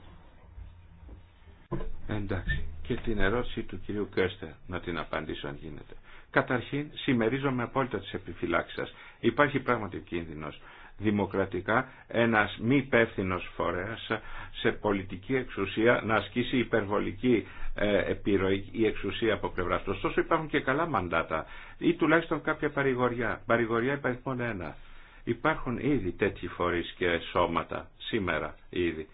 Εντάξει. Και την ερώτηση του κυρίου Κέστερ να την απαντήσω αν γίνεται. Καταρχήν, συμμερίζομαι απόλυτα τις επιφυλάξεις σας. Υπάρχει πράγματι κίνδυνος δημοκρατικά ένας μη υπεύθυνο φορέας σε πολιτική εξουσία να ασκήσει υπερβολική ε, επιρροή ή εξουσία από πλευρά του. Ωστόσο υπάρχουν και καλά μαντάτα ή τουλάχιστον κάποια παρηγοριά. Παρηγοριά μόνο ένα. Υπάρχουν ήδη τέτοιοι φορείς και σώματα σήμερα ήδη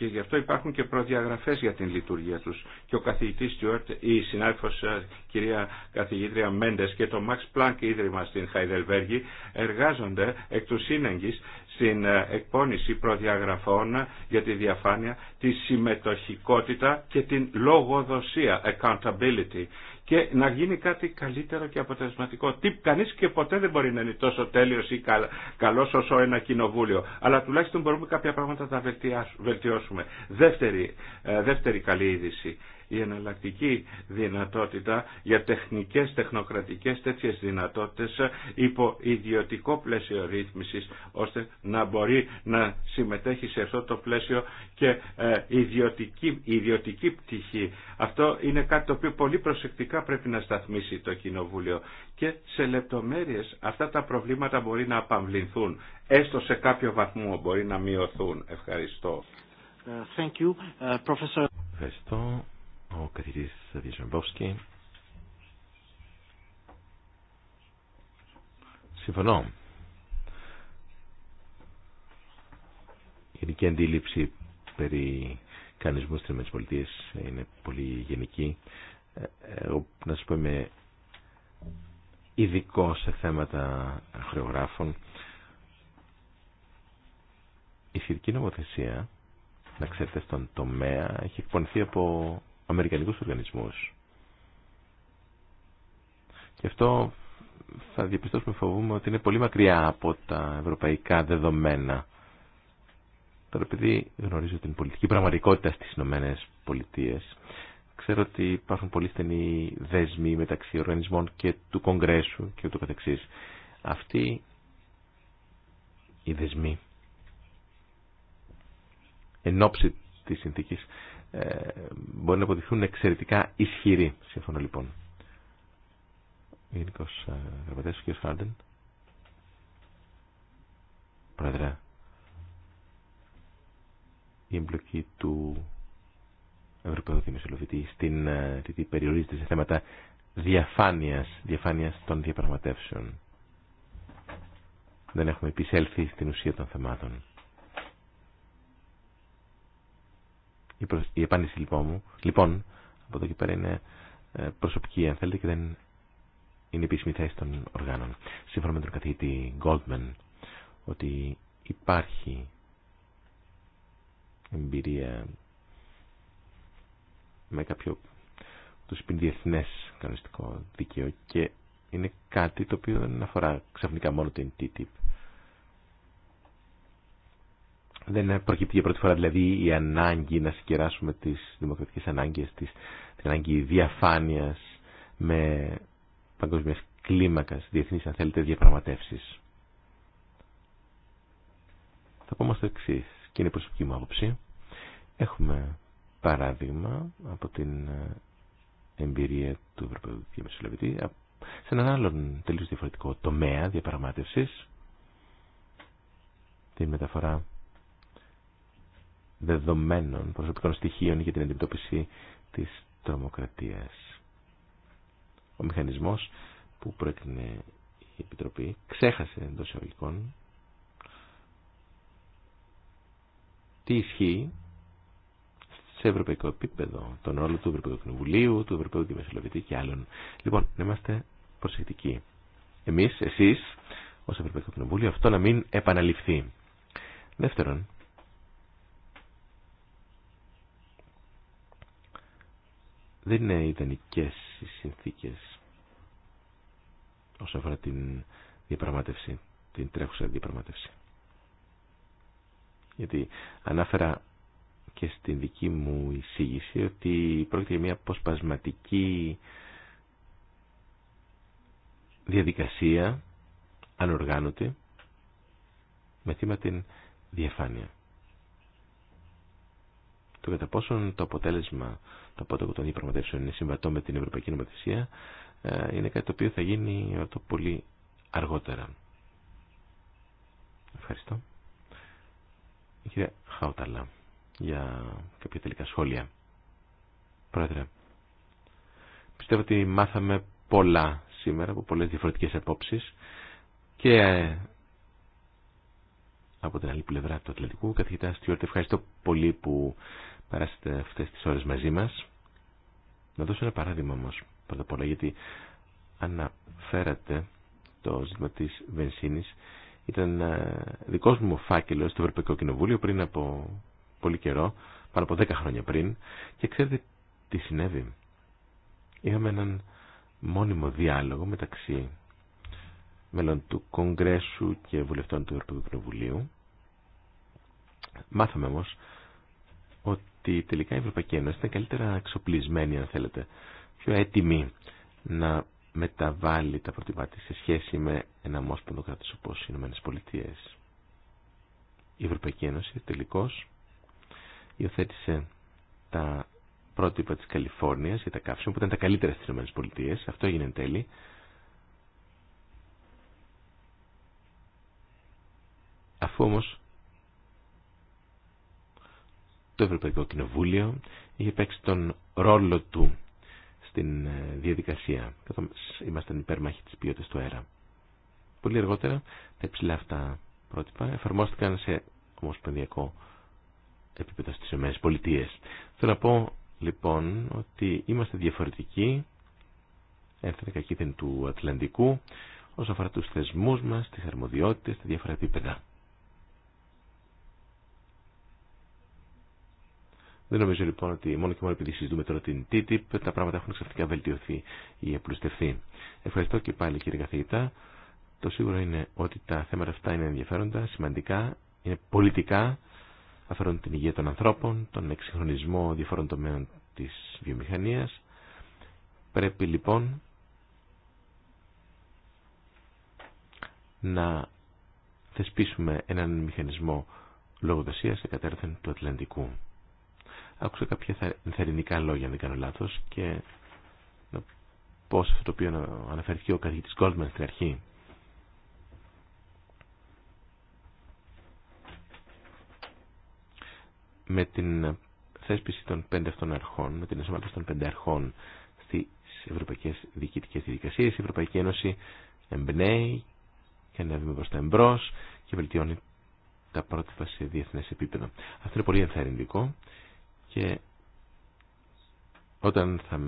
και γι' αυτό υπάρχουν και προδιαγραφές για την λειτουργία τους. Και ο καθηγητής Στιουαρτ, η συνάδελφος ε, κυρία καθηγήτρια Μέντες και το Max Planck Ίδρυμα στην Χαϊδελβέργη εργάζονται εκ του σύνεγγης στην ε, εκπόνηση προδιαγραφών για τη διαφάνεια, τη συμμετοχικότητα και την λογοδοσία, accountability και να γίνει κάτι καλύτερο και αποτελεσματικό. Τι κανείς και ποτέ δεν μπορεί να είναι τόσο τέλειος ή καλός όσο ένα κοινοβούλιο. Αλλά τουλάχιστον μπορούμε κάποια πράγματα να τα βελτιώσουμε. Δεύτερη, ε, δεύτερη καλή είδηση η εναλλακτική δυνατότητα για τεχνικές, τεχνοκρατικές τέτοιες δυνατότητες υπό ιδιωτικό πλαίσιο ρύθμισης ώστε να μπορεί να συμμετέχει σε αυτό το πλαίσιο και ε, ιδιωτική, ιδιωτική πτυχή. Αυτό είναι κάτι το οποίο πολύ προσεκτικά πρέπει να σταθμίσει το Κοινοβούλιο και σε λεπτομέρειες αυτά τα προβλήματα μπορεί να απαμβληθούν. Έστω σε κάποιο βαθμό μπορεί να μειωθούν. Ευχαριστώ. Uh, uh, Ευχαριστώ ο καθηγητής Διασμεμπόφσκι. Συμφωνώ. Η γενική αντίληψη περί κανονισμού στις πολιτείες είναι πολύ γενική. να σας πω είμαι ειδικό σε θέματα χρεογράφων. Η σχετική νομοθεσία, να ξέρετε, στον τομέα έχει εκπονηθεί από αμερικανικούς οργανισμούς. Και αυτό θα διαπιστώσουμε φοβούμε ότι είναι πολύ μακριά από τα ευρωπαϊκά δεδομένα. Τώρα επειδή γνωρίζω την πολιτική πραγματικότητα στις Ηνωμένε Πολιτείες, ξέρω ότι υπάρχουν πολύ στενοί δέσμοι μεταξύ οργανισμών και του Κογκρέσου και ούτω καθεξής. Αυτοί οι δεσμοί εν της συνθήκης ε, μπορεί να αποδειχθούν εξαιρετικά ισχυροί. Συμφωνώ λοιπόν. Γενικό ε, Γραμματέα, ο κ. Χάρντεν. Πρόεδρε, η εμπλοκή του Ευρωπαίου Δημοσιολογητή στην ε, περιορίζεται σε θέματα διαφάνειας, διαφάνειας των διαπραγματεύσεων. Δεν έχουμε επισέλθει στην ουσία των θεμάτων. Η, προ... επάνηση λοιπόν, μου, λοιπόν, από εδώ και πέρα είναι ε, προσωπική, αν θέλετε, και δεν είναι επίσημη θέση των οργάνων. Σύμφωνα με τον καθηγητή Goldman, ότι υπάρχει εμπειρία με κάποιο του διεθνέ κανονιστικό δίκαιο και είναι κάτι το οποίο δεν αφορά ξαφνικά μόνο την TTIP. Δεν προκύπτει για πρώτη φορά δηλαδή η ανάγκη να συγκεράσουμε τις δημοκρατικές ανάγκες, τις, την ανάγκη διαφάνειας με παγκόσμια κλίμακα διεθνής αν θέλετε διαπραγματεύσεις. Θα πω μας το εξή και είναι προσωπική μου άποψη. Έχουμε παράδειγμα από την ε, εμπειρία του Ευρωπαϊκού Διαμεσολαβητή σε έναν άλλον τελείως διαφορετικό τομέα διαπραγμάτευσης τη μεταφορά δεδομένων, προσωπικών στοιχείων για την αντιμετώπιση της τρομοκρατίας. Ο μηχανισμός που προέκρινε η Επιτροπή ξέχασε εντό εισαγωγικών τι ισχύει σε ευρωπαϊκό επίπεδο, τον ρόλο του Ευρωπαϊκού Κοινοβουλίου, του Ευρωπαϊκού Δημοσιολογητή και άλλων. Λοιπόν, να είμαστε προσεκτικοί. Εμείς, εσείς, ως Ευρωπαϊκό Κοινοβούλιο, αυτό να μην επαναληφθεί. Δεύτερον, δεν είναι ιδανικές οι συνθήκες όσον αφορά την διαπραγμάτευση, την τρέχουσα διαπραγμάτευση. Γιατί ανάφερα και στην δική μου εισήγηση ότι πρόκειται για μια αποσπασματική διαδικασία ανοργάνωτη με θύμα την διαφάνεια. Το κατά πόσον το αποτέλεσμα το απότοκο των διαπραγματεύσεων είναι συμβατό με την Ευρωπαϊκή Νομοθεσία, ε, είναι κάτι το οποίο θα γίνει το πολύ αργότερα. Ευχαριστώ. Η κυρία Χάουταλα για κάποια τελικά σχόλια. Πρόεδρε, πιστεύω ότι μάθαμε πολλά σήμερα από πολλές διαφορετικές απόψεις και ε, από την άλλη πλευρά του Ατλαντικού. Καθηγητά ευχαριστώ πολύ που περάσετε αυτέ τι ώρε μαζί μα Να δώσω ένα παράδειγμα όμω πρώτα απ' όλα, γιατί αναφέρατε το ζήτημα τη βενσίνης. Ήταν ε, δικός μου φάκελο στο Ευρωπαϊκό Κοινοβούλιο πριν από πολύ καιρό, πάνω από 10 χρόνια πριν, και ξέρετε τι συνέβη. Είχαμε έναν μόνιμο διάλογο μεταξύ μέλων του Κογκρέσου και βουλευτών του Ευρωπαϊκού Κοινοβουλίου. Μάθαμε όμως ότι τελικά η Ευρωπαϊκή Ένωση ήταν καλύτερα εξοπλισμένη, αν θέλετε, πιο έτοιμη να μεταβάλει τα πρότυπά σε σχέση με ένα μόσπονδο κράτος όπως οι Ηνωμένες Πολιτείες. Η Ευρωπαϊκή Ένωση τελικώς υιοθέτησε τα πρότυπα της Καλιφόρνιας για τα καύσιμα που ήταν τα καλύτερα στις Ηνωμένες Πολιτείες. Αυτό έγινε εν τέλει. Αφού όμως το Ευρωπαϊκό Κοινοβούλιο είχε παίξει τον ρόλο του στην ε, διαδικασία, καθώς ήμασταν υπέρμαχοι της ποιότητας του αέρα. Πολύ αργότερα τα υψηλά αυτά πρότυπα εφαρμόστηκαν σε ομοσπονδιακό επίπεδο στις ΗΠΑ. Θέλω να πω λοιπόν ότι είμαστε διαφορετικοί, έρθανε κακήθεν του Ατλαντικού, όσον αφορά τους θεσμούς μας, τις αρμοδιότητες, τα διάφορα επίπεδα. Δεν νομίζω λοιπόν ότι μόνο και μόνο επειδή συζητούμε τώρα την TTIP τα πράγματα έχουν ξαφνικά βελτιωθεί ή απλουστευθεί. Ευχαριστώ και πάλι κύριε καθηγητά. Το σίγουρο είναι ότι τα θέματα αυτά είναι ενδιαφέροντα, σημαντικά, είναι πολιτικά, αφορούν την υγεία των ανθρώπων, τον εξυγχρονισμό διαφόρων τομέων τη βιομηχανία. Πρέπει λοιπόν να θεσπίσουμε έναν μηχανισμό λογοδοσίας κατέρθεν του Ατλαντικού άκουσα κάποια ενθαρρυντικά λόγια, αν δεν κάνω λάθο και να πω σε αυτό το οποίο αναφέρθηκε ο καθηγητή Goldman στην αρχή. Με την θέσπιση των πέντε αυτών αρχών, με την ενσωμάτωση των πέντε αρχών στι ευρωπαϊκέ διοικητικέ διαδικασίε. η Ευρωπαϊκή Ένωση εμπνέει και ανέβει προ τα εμπρό και βελτιώνει τα πρότυπα σε διεθνέ επίπεδο. Αυτό είναι πολύ ενθαρρυντικό και όταν θα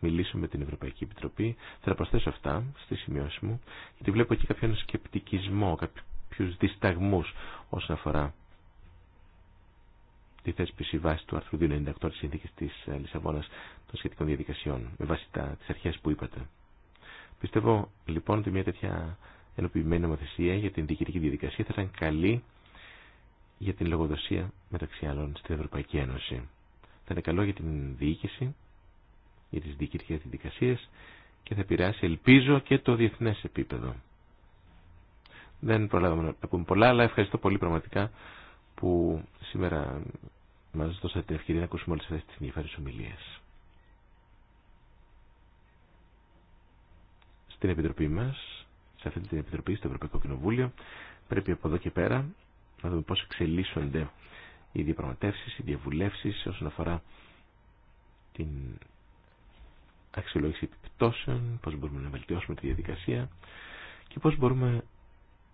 μιλήσω με την Ευρωπαϊκή Επιτροπή θα προσθέσω αυτά στη σημειώση μου γιατί βλέπω εκεί κάποιον σκεπτικισμό, κάποιους δισταγμούς όσον αφορά τη θέσπιση βάση του άρθρου 298 της συνθήκης της Λισαβόνας των σχετικών διαδικασιών με βάση τα, τις αρχές που είπατε. Πιστεύω λοιπόν ότι μια τέτοια ενοποιημένη νομοθεσία για την διοικητική διαδικασία θα ήταν καλή για την λογοδοσία μεταξύ άλλων στην Ευρωπαϊκή Ένωση. Θα είναι καλό για την διοίκηση, για τι διοικητικές διαδικασίε και θα επηρεάσει, ελπίζω, και το διεθνέ επίπεδο. Δεν προλάβαμε να πούμε πολλά, αλλά ευχαριστώ πολύ πραγματικά που σήμερα μας δώσατε την ευκαιρία να ακούσουμε όλες αυτές τις ομιλίες. Στην Επιτροπή μας, σε αυτή την Επιτροπή, στο Ευρωπαϊκό Κοινοβούλιο, πρέπει από εδώ και πέρα να δούμε πώς εξελίσσονται οι διαπραγματεύσει, οι διαβουλεύσει όσον αφορά την αξιολόγηση επιπτώσεων, πώς μπορούμε να βελτιώσουμε τη διαδικασία και πώς μπορούμε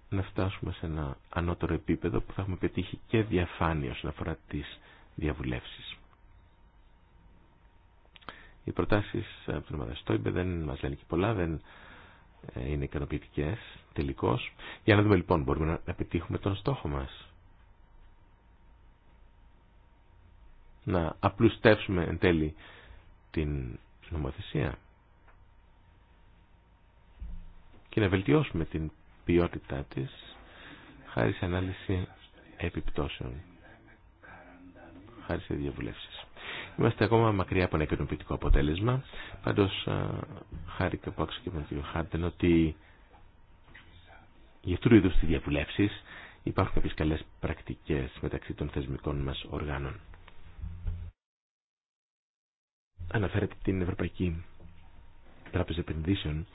να φτάσουμε σε ένα ανώτερο επίπεδο που θα έχουμε πετύχει και διαφάνεια όσον αφορά τις διαβουλεύσει. Οι προτάσεις από την ομάδα δεν μας λένε και πολλά, δεν ε, είναι ικανοποιητικέ τελικώ. Για να δούμε λοιπόν, μπορούμε να επιτύχουμε τον στόχο μα. Να απλουστεύσουμε εν τέλει την νομοθεσία και να βελτιώσουμε την ποιότητά της χάρη σε ανάλυση επιπτώσεων, χάρη σε διαβουλεύσει. Είμαστε ακόμα μακριά από ένα ικανοποιητικό αποτέλεσμα. Πάντως, χάρηκα που άκουσα και με τον κύριο Χάρτεν ότι για αυτού του είδου τι διαβουλεύσει υπάρχουν κάποιες καλέ πρακτικέ μεταξύ των θεσμικών μας οργάνων. Αναφέρεται την Ευρωπαϊκή Τράπεζα Επενδύσεων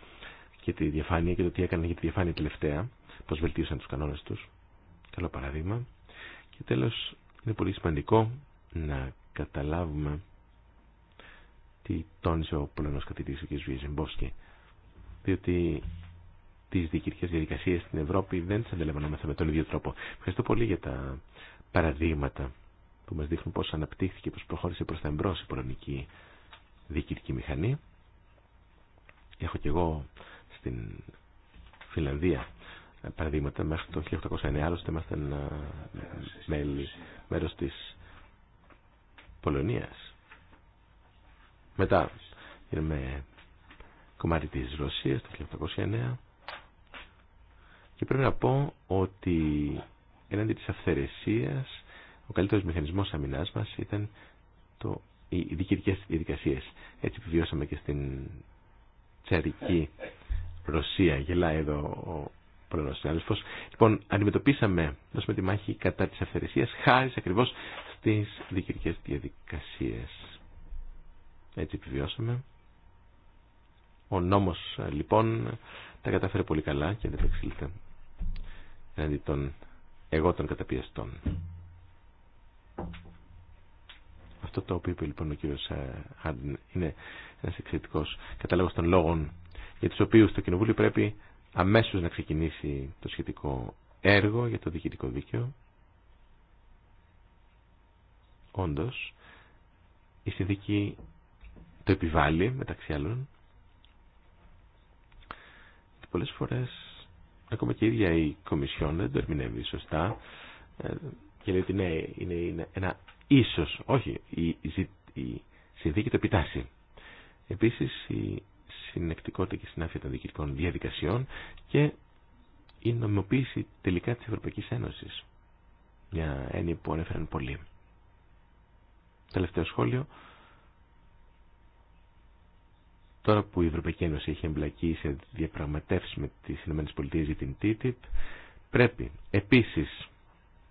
και τη διαφάνεια και το τι έκαναν για τη διαφάνεια τελευταία, πω βελτίωσαν του κανόνε του. Καλό παράδειγμα. Και τέλο είναι πολύ σημαντικό να καταλάβουμε τι τόνισε ο Πολωνός καθηγητής ο κ. Βιεζεμπόσκη. Διότι τις διοικητικές διαδικασίες στην Ευρώπη δεν τις αντιλαμβανόμαστε με τον ίδιο τρόπο. Ευχαριστώ πολύ για τα παραδείγματα που μας δείχνουν πώς αναπτύχθηκε, πώς προχώρησε προς τα εμπρός η πολωνική διοικητική μηχανή. Έχω και εγώ στην Φιλανδία παραδείγματα μέχρι το 1809, άλλωστε ένα ε, μέλη, μέρος της Πολωνίας. Μετά γίναμε κομμάτι της Ρωσίας το 1809 και πρέπει να πω ότι έναντι της αυθαιρεσίας ο καλύτερος μηχανισμός αμυνάς μας ήταν το, οι διοικητικές διαδικασίες. Έτσι επιβιώσαμε και στην τσαρική Ρωσία. Γελάει εδώ ο Πολωνός Λοιπόν, αντιμετωπίσαμε, δώσαμε τη μάχη κατά της αυθαιρεσίας, χάρη ακριβώς στις δικαιωτικές διαδικασίες. Έτσι επιβιώσαμε. Ο νόμος λοιπόν τα κατάφερε πολύ καλά και δεν επεξήλθε εναντί των εγώ των καταπιεστών. Αυτό το οποίο είπε λοιπόν ο κύριος ε, Χάντιν είναι ένας εξαιρετικός καταλόγος των λόγων για τους οποίους το Κοινοβούλιο πρέπει αμέσως να ξεκινήσει το σχετικό έργο για το διοικητικό δίκαιο Όντως, η συνθήκη το επιβάλλει, μεταξύ άλλων, πολλές φορές, ακόμα και η ίδια η Κομισιόν δεν το ερμηνεύει σωστά, ε, και λέει ότι ναι, είναι ένα ίσως, όχι, η, η συνθήκη το επιτάσσει. Επίσης, η συνεκτικότητα και συνάφεια των διοικητικών διαδικασιών και η νομιμοποίηση τελικά της Ευρωπαϊκής Ένωσης. Μια έννοια που ανέφεραν πολλοί. Τελευταίο σχόλιο. Τώρα που η Ευρωπαϊκή Ένωση έχει εμπλακεί σε διαπραγματεύσει με τις ΗΠΑ για την TTIP, πρέπει επίσης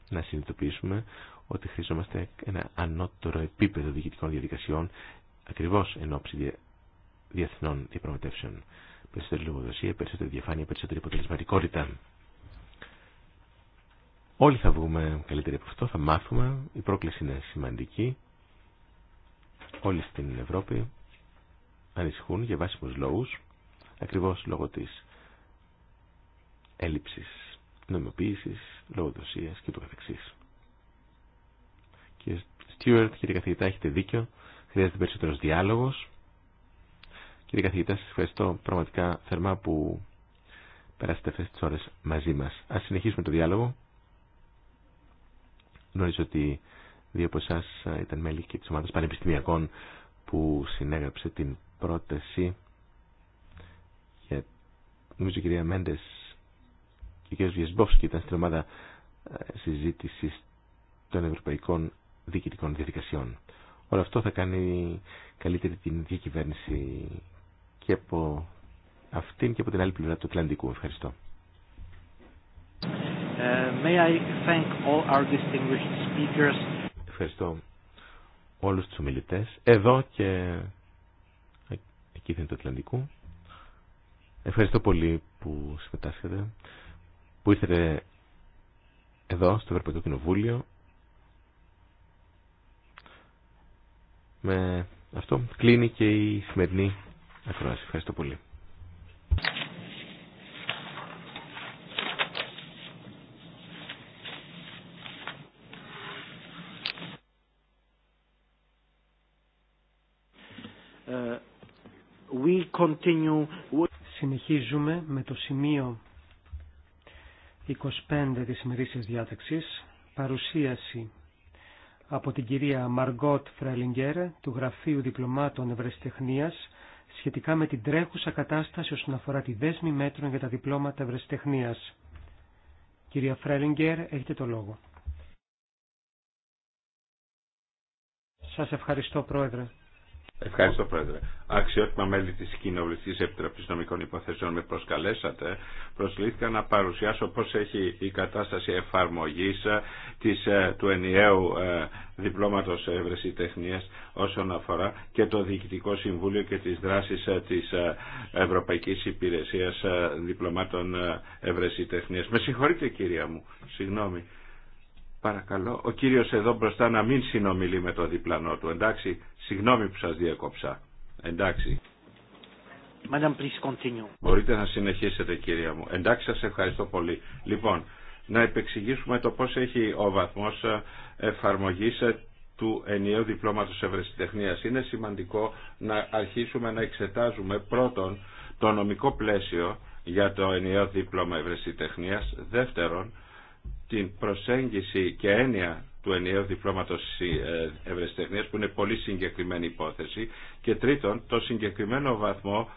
να συνειδητοποιήσουμε ότι χρειαζόμαστε ένα ανώτερο επίπεδο διοικητικών διαδικασιών ακριβώς εν ώψη διεθνών διαπραγματεύσεων. Περισσότερη λογοδοσία, περισσότερη διαφάνεια, περισσότερη αποτελεσματικότητα. Όλοι θα βγούμε καλύτεροι από αυτό, θα μάθουμε. Η πρόκληση είναι σημαντική. Όλοι στην Ευρώπη ανησυχούν για βάσιμους λόγους, ακριβώς λόγω της έλλειψης νομιμοποίησης, λογοδοσίας και του καθεξής. Κύριε Στιούαρτ, κύριε καθηγητά, έχετε δίκιο. Χρειάζεται περισσότερο διάλογος. Κύριε καθηγητά, σας ευχαριστώ πραγματικά θερμά που περάσετε αυτέ τι ώρες μαζί μας. Ας συνεχίσουμε το διάλογο. Γνωρίζω ότι Δύο από εσά ε, ήταν μέλη και της ομάδας πανεπιστημιακών που συνέγραψε την πρόταση για νομίζω η κυρία Μέντες και ο κ. Βιεσμπόφσκι ήταν στην ομάδα ε, συζήτησης των ευρωπαϊκών διοικητικών διαδικασιών. Όλο αυτό θα κάνει καλύτερη την διακυβέρνηση και από αυτήν και από την άλλη πλευρά του Ατλαντικού. Ευχαριστώ. Ε, may I thank all our distinguished speakers. Ευχαριστώ όλους τους ομιλητές. Εδώ και εκεί δεν είναι το Ατλαντικού. Ευχαριστώ πολύ που συμμετάσχετε, που ήρθατε εδώ στο Ευρωπαϊκό Κοινοβούλιο. Με αυτό κλείνει και η σημερινή ακρόαση. Ευχαριστώ πολύ. Συνεχίζουμε με το σημείο 25 της ημερήσιας διάταξης, παρουσίαση από την κυρία Μαργκότ Φρέλιγκερ του Γραφείου Διπλωμάτων Ευρεσιτεχνίας σχετικά με την τρέχουσα κατάσταση όσον αφορά τη δέσμη μέτρων για τα διπλώματα ευρεσιτεχνίας. Κυρία Φρέλιγκερ, έχετε το λόγο. Σας ευχαριστώ, Πρόεδρε. Ευχαριστώ, Πρόεδρε. Αξιότιμα μέλη τη Κοινοβουλευτική Επιτροπή Νομικών Υποθέσεων με προσκαλέσατε. Προσλήθηκα να παρουσιάσω πώ έχει η κατάσταση εφαρμογή ε, ε, του ενιαίου ε, διπλώματο ευρεσιτεχνία όσον αφορά και το Διοικητικό Συμβούλιο και τι δράσει τη Ευρωπαϊκή Υπηρεσία Διπλωμάτων Ευρεσιτεχνία. Με συγχωρείτε, κυρία μου. Συγγνώμη. Παρακαλώ, ο κύριος εδώ μπροστά να μην συνομιλεί με το διπλανό του. Εντάξει, συγγνώμη που σας διέκοψα. Εντάξει. Madame, please Μπορείτε να συνεχίσετε κυρία μου. Εντάξει, σας ευχαριστώ πολύ. Λοιπόν, να επεξηγήσουμε το πώς έχει ο βαθμός ε, εφαρμογής ε, του ενιαίου διπλώματος ευρεσιτεχνίας. Είναι σημαντικό να αρχίσουμε να εξετάζουμε πρώτον το νομικό πλαίσιο για το ενιαίο δίπλωμα ευρεσιτεχνίας, δεύτερον την προσέγγιση και έννοια του ενιαίου διπλώματος ε, ευρεσιτεχνίας που είναι πολύ συγκεκριμένη υπόθεση και τρίτον το συγκεκριμένο βαθμό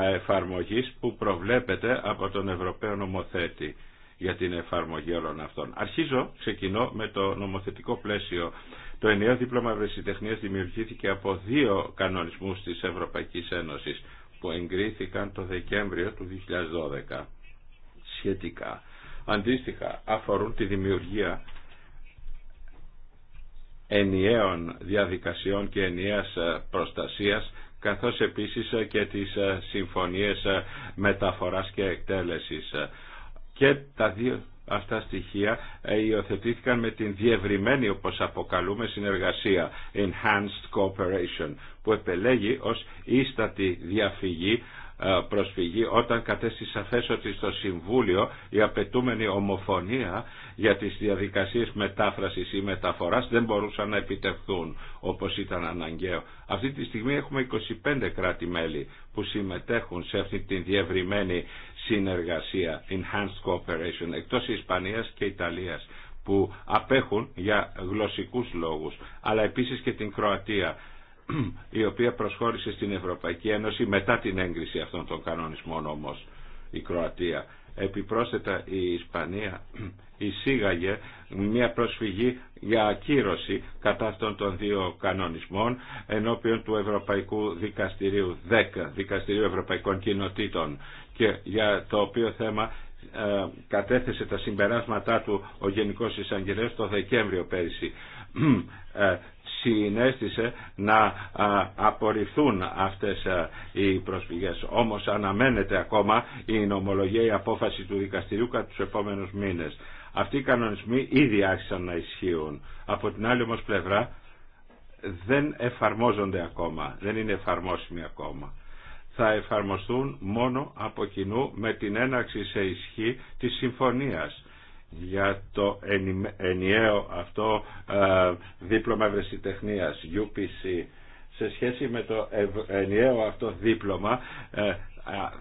ε, εφαρμογής που προβλέπεται από τον Ευρωπαίο Νομοθέτη για την εφαρμογή όλων αυτών. Αρχίζω, ξεκινώ με το νομοθετικό πλαίσιο. Το ενιαίο δίπλωμα ευρεσιτεχνίας δημιουργήθηκε από δύο κανονισμούς της Ευρωπαϊκής Ένωσης που εγκρίθηκαν το Δεκέμβριο του 2012 σχετικά αντίστοιχα αφορούν τη δημιουργία ενιαίων διαδικασιών και ενιαίας ε, προστασίας καθώς επίσης ε, και τις ε, συμφωνίες μεταφοράς και εκτέλεσης. Και τα δύο αυτά στοιχεία υιοθετήθηκαν με την διευρυμένη όπως αποκαλούμε συνεργασία Enhanced Cooperation που επελέγει ως ίστατη διαφυγή ε, προσφυγή όταν κατέστη σαφές ότι στο Συμβούλιο η απαιτούμενη ομοφωνία για τις διαδικασίες μετάφρασης ή μεταφοράς δεν μπορούσαν να επιτευχθούν όπως ήταν αναγκαίο. Αυτή τη στιγμή έχουμε 25 κράτη-μέλη που συμμετέχουν σε αυτή την διευρυμένη συνεργασία, enhanced cooperation, εκτός Ισπανίας και Ιταλίας που απέχουν για γλωσσικούς λόγους, αλλά επίσης και την Κροατία η οποία προσχώρησε στην Ευρωπαϊκή Ένωση μετά την έγκριση αυτών των κανονισμών όμως η Κροατία. Επιπρόσθετα η Ισπανία εισήγαγε μια προσφυγή για ακύρωση κατά αυτών των δύο κανονισμών ενώπιον του Ευρωπαϊκού Δικαστηρίου 10, Δικαστηρίου Ευρωπαϊκών Κοινοτήτων και για το οποίο θέμα ε, κατέθεσε τα συμπεράσματά του ο Γενικός Εισαγγελέας το Δεκέμβριο πέρυσι. Ε, συνέστησε να απορριφθούν αυτές οι προσφυγές. Όμως αναμένεται ακόμα η νομολογία, η απόφαση του δικαστηρίου κατά τους επόμενους μήνες. Αυτοί οι κανονισμοί ήδη άρχισαν να ισχύουν. Από την άλλη όμως πλευρά δεν εφαρμόζονται ακόμα, δεν είναι εφαρμόσιμοι ακόμα. Θα εφαρμοστούν μόνο από κοινού με την έναρξη σε ισχύ της συμφωνίας για το ενιαίο αυτό ε, δίπλωμα ευρεσιτεχνίας, UPC. Σε σχέση με το ενιαίο αυτό δίπλωμα ε,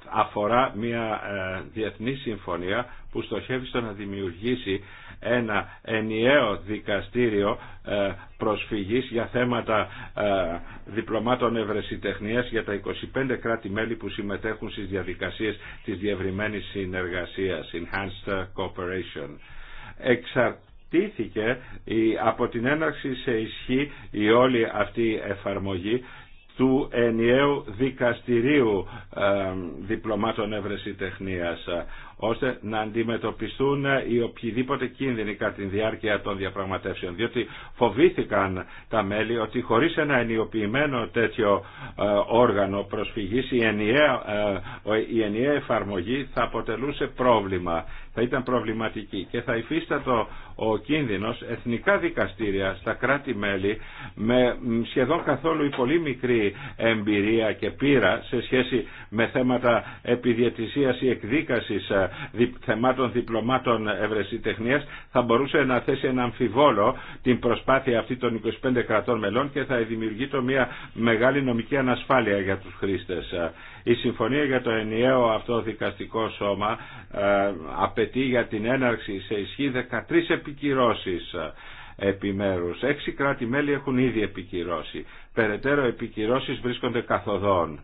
αφορά μια ε, διεθνή συμφωνία που στοχεύει στο να δημιουργήσει ένα ενιαίο δικαστήριο ε, προσφυγής για θέματα ε, διπλωμάτων ευρεσιτεχνίας για τα 25 κράτη-μέλη που συμμετέχουν στις διαδικασίες της διευρυμένης συνεργασίας, Enhanced Cooperation. Εξαρτήθηκε από την έναρξη σε ισχύ η όλη αυτή εφαρμογή του ενιαίου δικαστηρίου ε, διπλωμάτων τεχνίας, ε, ώστε να αντιμετωπιστούν οι οποιοδήποτε κίνδυνοι κατά τη διάρκεια των διαπραγματεύσεων. Διότι φοβήθηκαν τα μέλη ότι χωρίς ένα ενιοποιημένο τέτοιο ε, όργανο προσφυγής η ενιαία, η ενιαία εφαρμογή θα αποτελούσε πρόβλημα θα ήταν προβληματική και θα υφίστατο ο κίνδυνος εθνικά δικαστήρια στα κράτη-μέλη με σχεδόν καθόλου ή πολύ μικρή εμπειρία και πείρα σε σχέση με θέματα επιδιαιτησίας ή εκδίκασης ε, θεμάτων διπλωμάτων ευρεσιτεχνίας θα μπορούσε να θέσει ένα αμφιβόλο την προσπάθεια αυτή των 25 κρατών μελών και θα δημιουργεί το μια μεγάλη νομική ανασφάλεια για τους χρήστες. Η συμφωνία για το ενιαίο αυτό δικαστικό σώμα ε, απαιτεί για την έναρξη σε ισχύ 13 επικυρώσεις ε, επιμέρους. Έξι κράτη-μέλη έχουν ήδη επικυρώσει. Περαιτέρω επικυρώσεις βρίσκονται καθοδόν.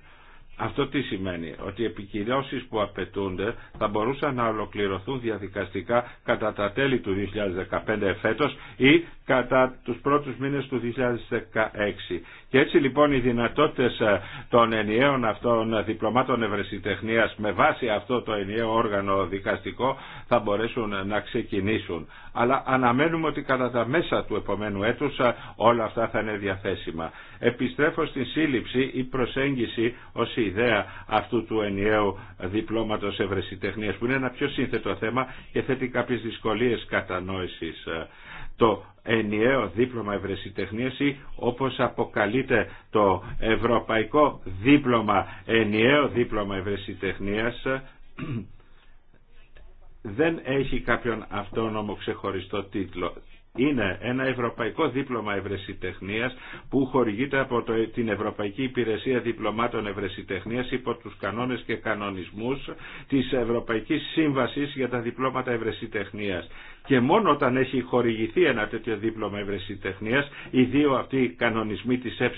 Αυτό τι σημαίνει, ότι οι επικυρώσεις που απαιτούνται θα μπορούσαν να ολοκληρωθούν διαδικαστικά κατά τα τέλη του 2015 εφέτος ή κατά τους πρώτους μήνες του 2016 και έτσι λοιπόν οι δυνατότητες ε, των ενιαίων αυτών διπλωμάτων ευρεσιτεχνίας με βάση αυτό το ενιαίο όργανο δικαστικό θα μπορέσουν να ξεκινήσουν. Αλλά αναμένουμε ότι κατά τα μέσα του επομένου έτους ε, όλα αυτά θα είναι διαθέσιμα. Επιστρέφω στην σύλληψη ή προσέγγιση ως ιδέα αυτού του ενιαίου διπλώματος ευρεσιτεχνίας που είναι ένα πιο σύνθετο θέμα και θέτει κάποιες δυσκολίες κατανόησης. Ε, το ενιαίο δίπλωμα ευρεσιτεχνίας ή όπως αποκαλείται το ευρωπαϊκό δίπλωμα, ενιαίο δίπλωμα ευρεσιτεχνίας (clears throat) δεν έχει κάποιον αυτόνομο ξεχωριστό τίτλο είναι ένα ευρωπαϊκό δίπλωμα ευρεσιτεχνίας που χορηγείται από την Ευρωπαϊκή Υπηρεσία Διπλωμάτων Ευρεσιτεχνίας υπό τους κανόνες και κανονισμούς της Ευρωπαϊκής Σύμβασης για τα Διπλώματα Ευρεσιτεχνίας. Και μόνο όταν έχει χορηγηθεί ένα τέτοιο δίπλωμα ευρεσιτεχνίας, οι δύο αυτοί οι κανονισμοί της ΕΕ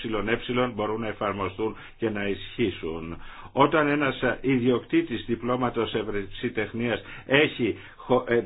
μπορούν να εφαρμοστούν και να ισχύσουν. Όταν ένας ιδιοκτήτης διπλώματος ευρεσιτεχνίας έχει ε,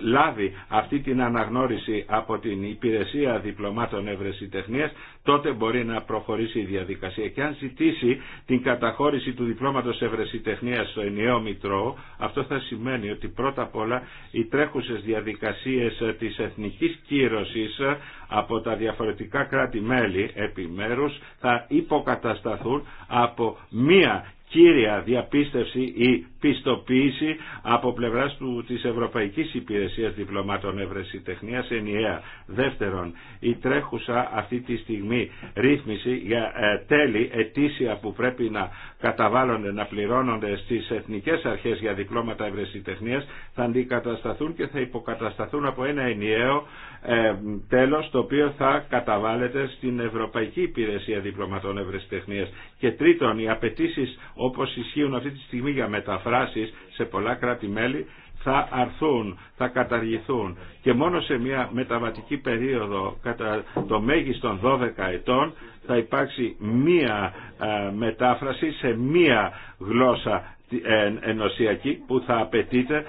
λάβει αυτή την αναγνώριση από την υπηρεσία διπλωμάτων ευρεσιτεχνίας, τότε μπορεί να προχωρήσει η διαδικασία. Και αν ζητήσει την καταχώρηση του διπλώματος ευρεσιτεχνίας στο ενιαίο Μητρό, αυτό θα σημαίνει ότι πρώτα απ' όλα οι τρέχουσες διαδικασίες ε, της εθνικής κύρωσης ε, από τα διαφορετικά κράτη-μέλη επιμέρους θα υποκατασταθούν από μία κύρια διαπίστευση ή πιστοποίηση από πλευράς του, της Ευρωπαϊκής Υπηρεσίας Διπλωμάτων Ευρεσιτεχνίας ενιαία. Δεύτερον, η τρέχουσα αυτή τη στιγμή ρύθμιση για ε, τέλη ετήσια που πρέπει να καταβάλλονται, να πληρώνονται στις εθνικές αρχές για διπλώματα ευρεσιτεχνίας θα αντικατασταθούν και θα υποκατασταθούν από ένα ενιαίο ε, τέλος το οποίο θα καταβάλλεται στην Ευρωπαϊκή Υπηρεσία Διπλωματών Ευρεσιτεχνίας. Και τρίτον, οι απαιτήσει όπως ισχύουν αυτή τη στιγμή για μεταφράσεις σε πολλά κράτη-μέλη θα αρθούν, θα καταργηθούν και μόνο σε μια μεταβατική περίοδο κατά το μέγιστον 12 ετών θα υπάρξει μία ε, μετάφραση σε μία γλώσσα ε, ενωσιακή που θα απαιτείται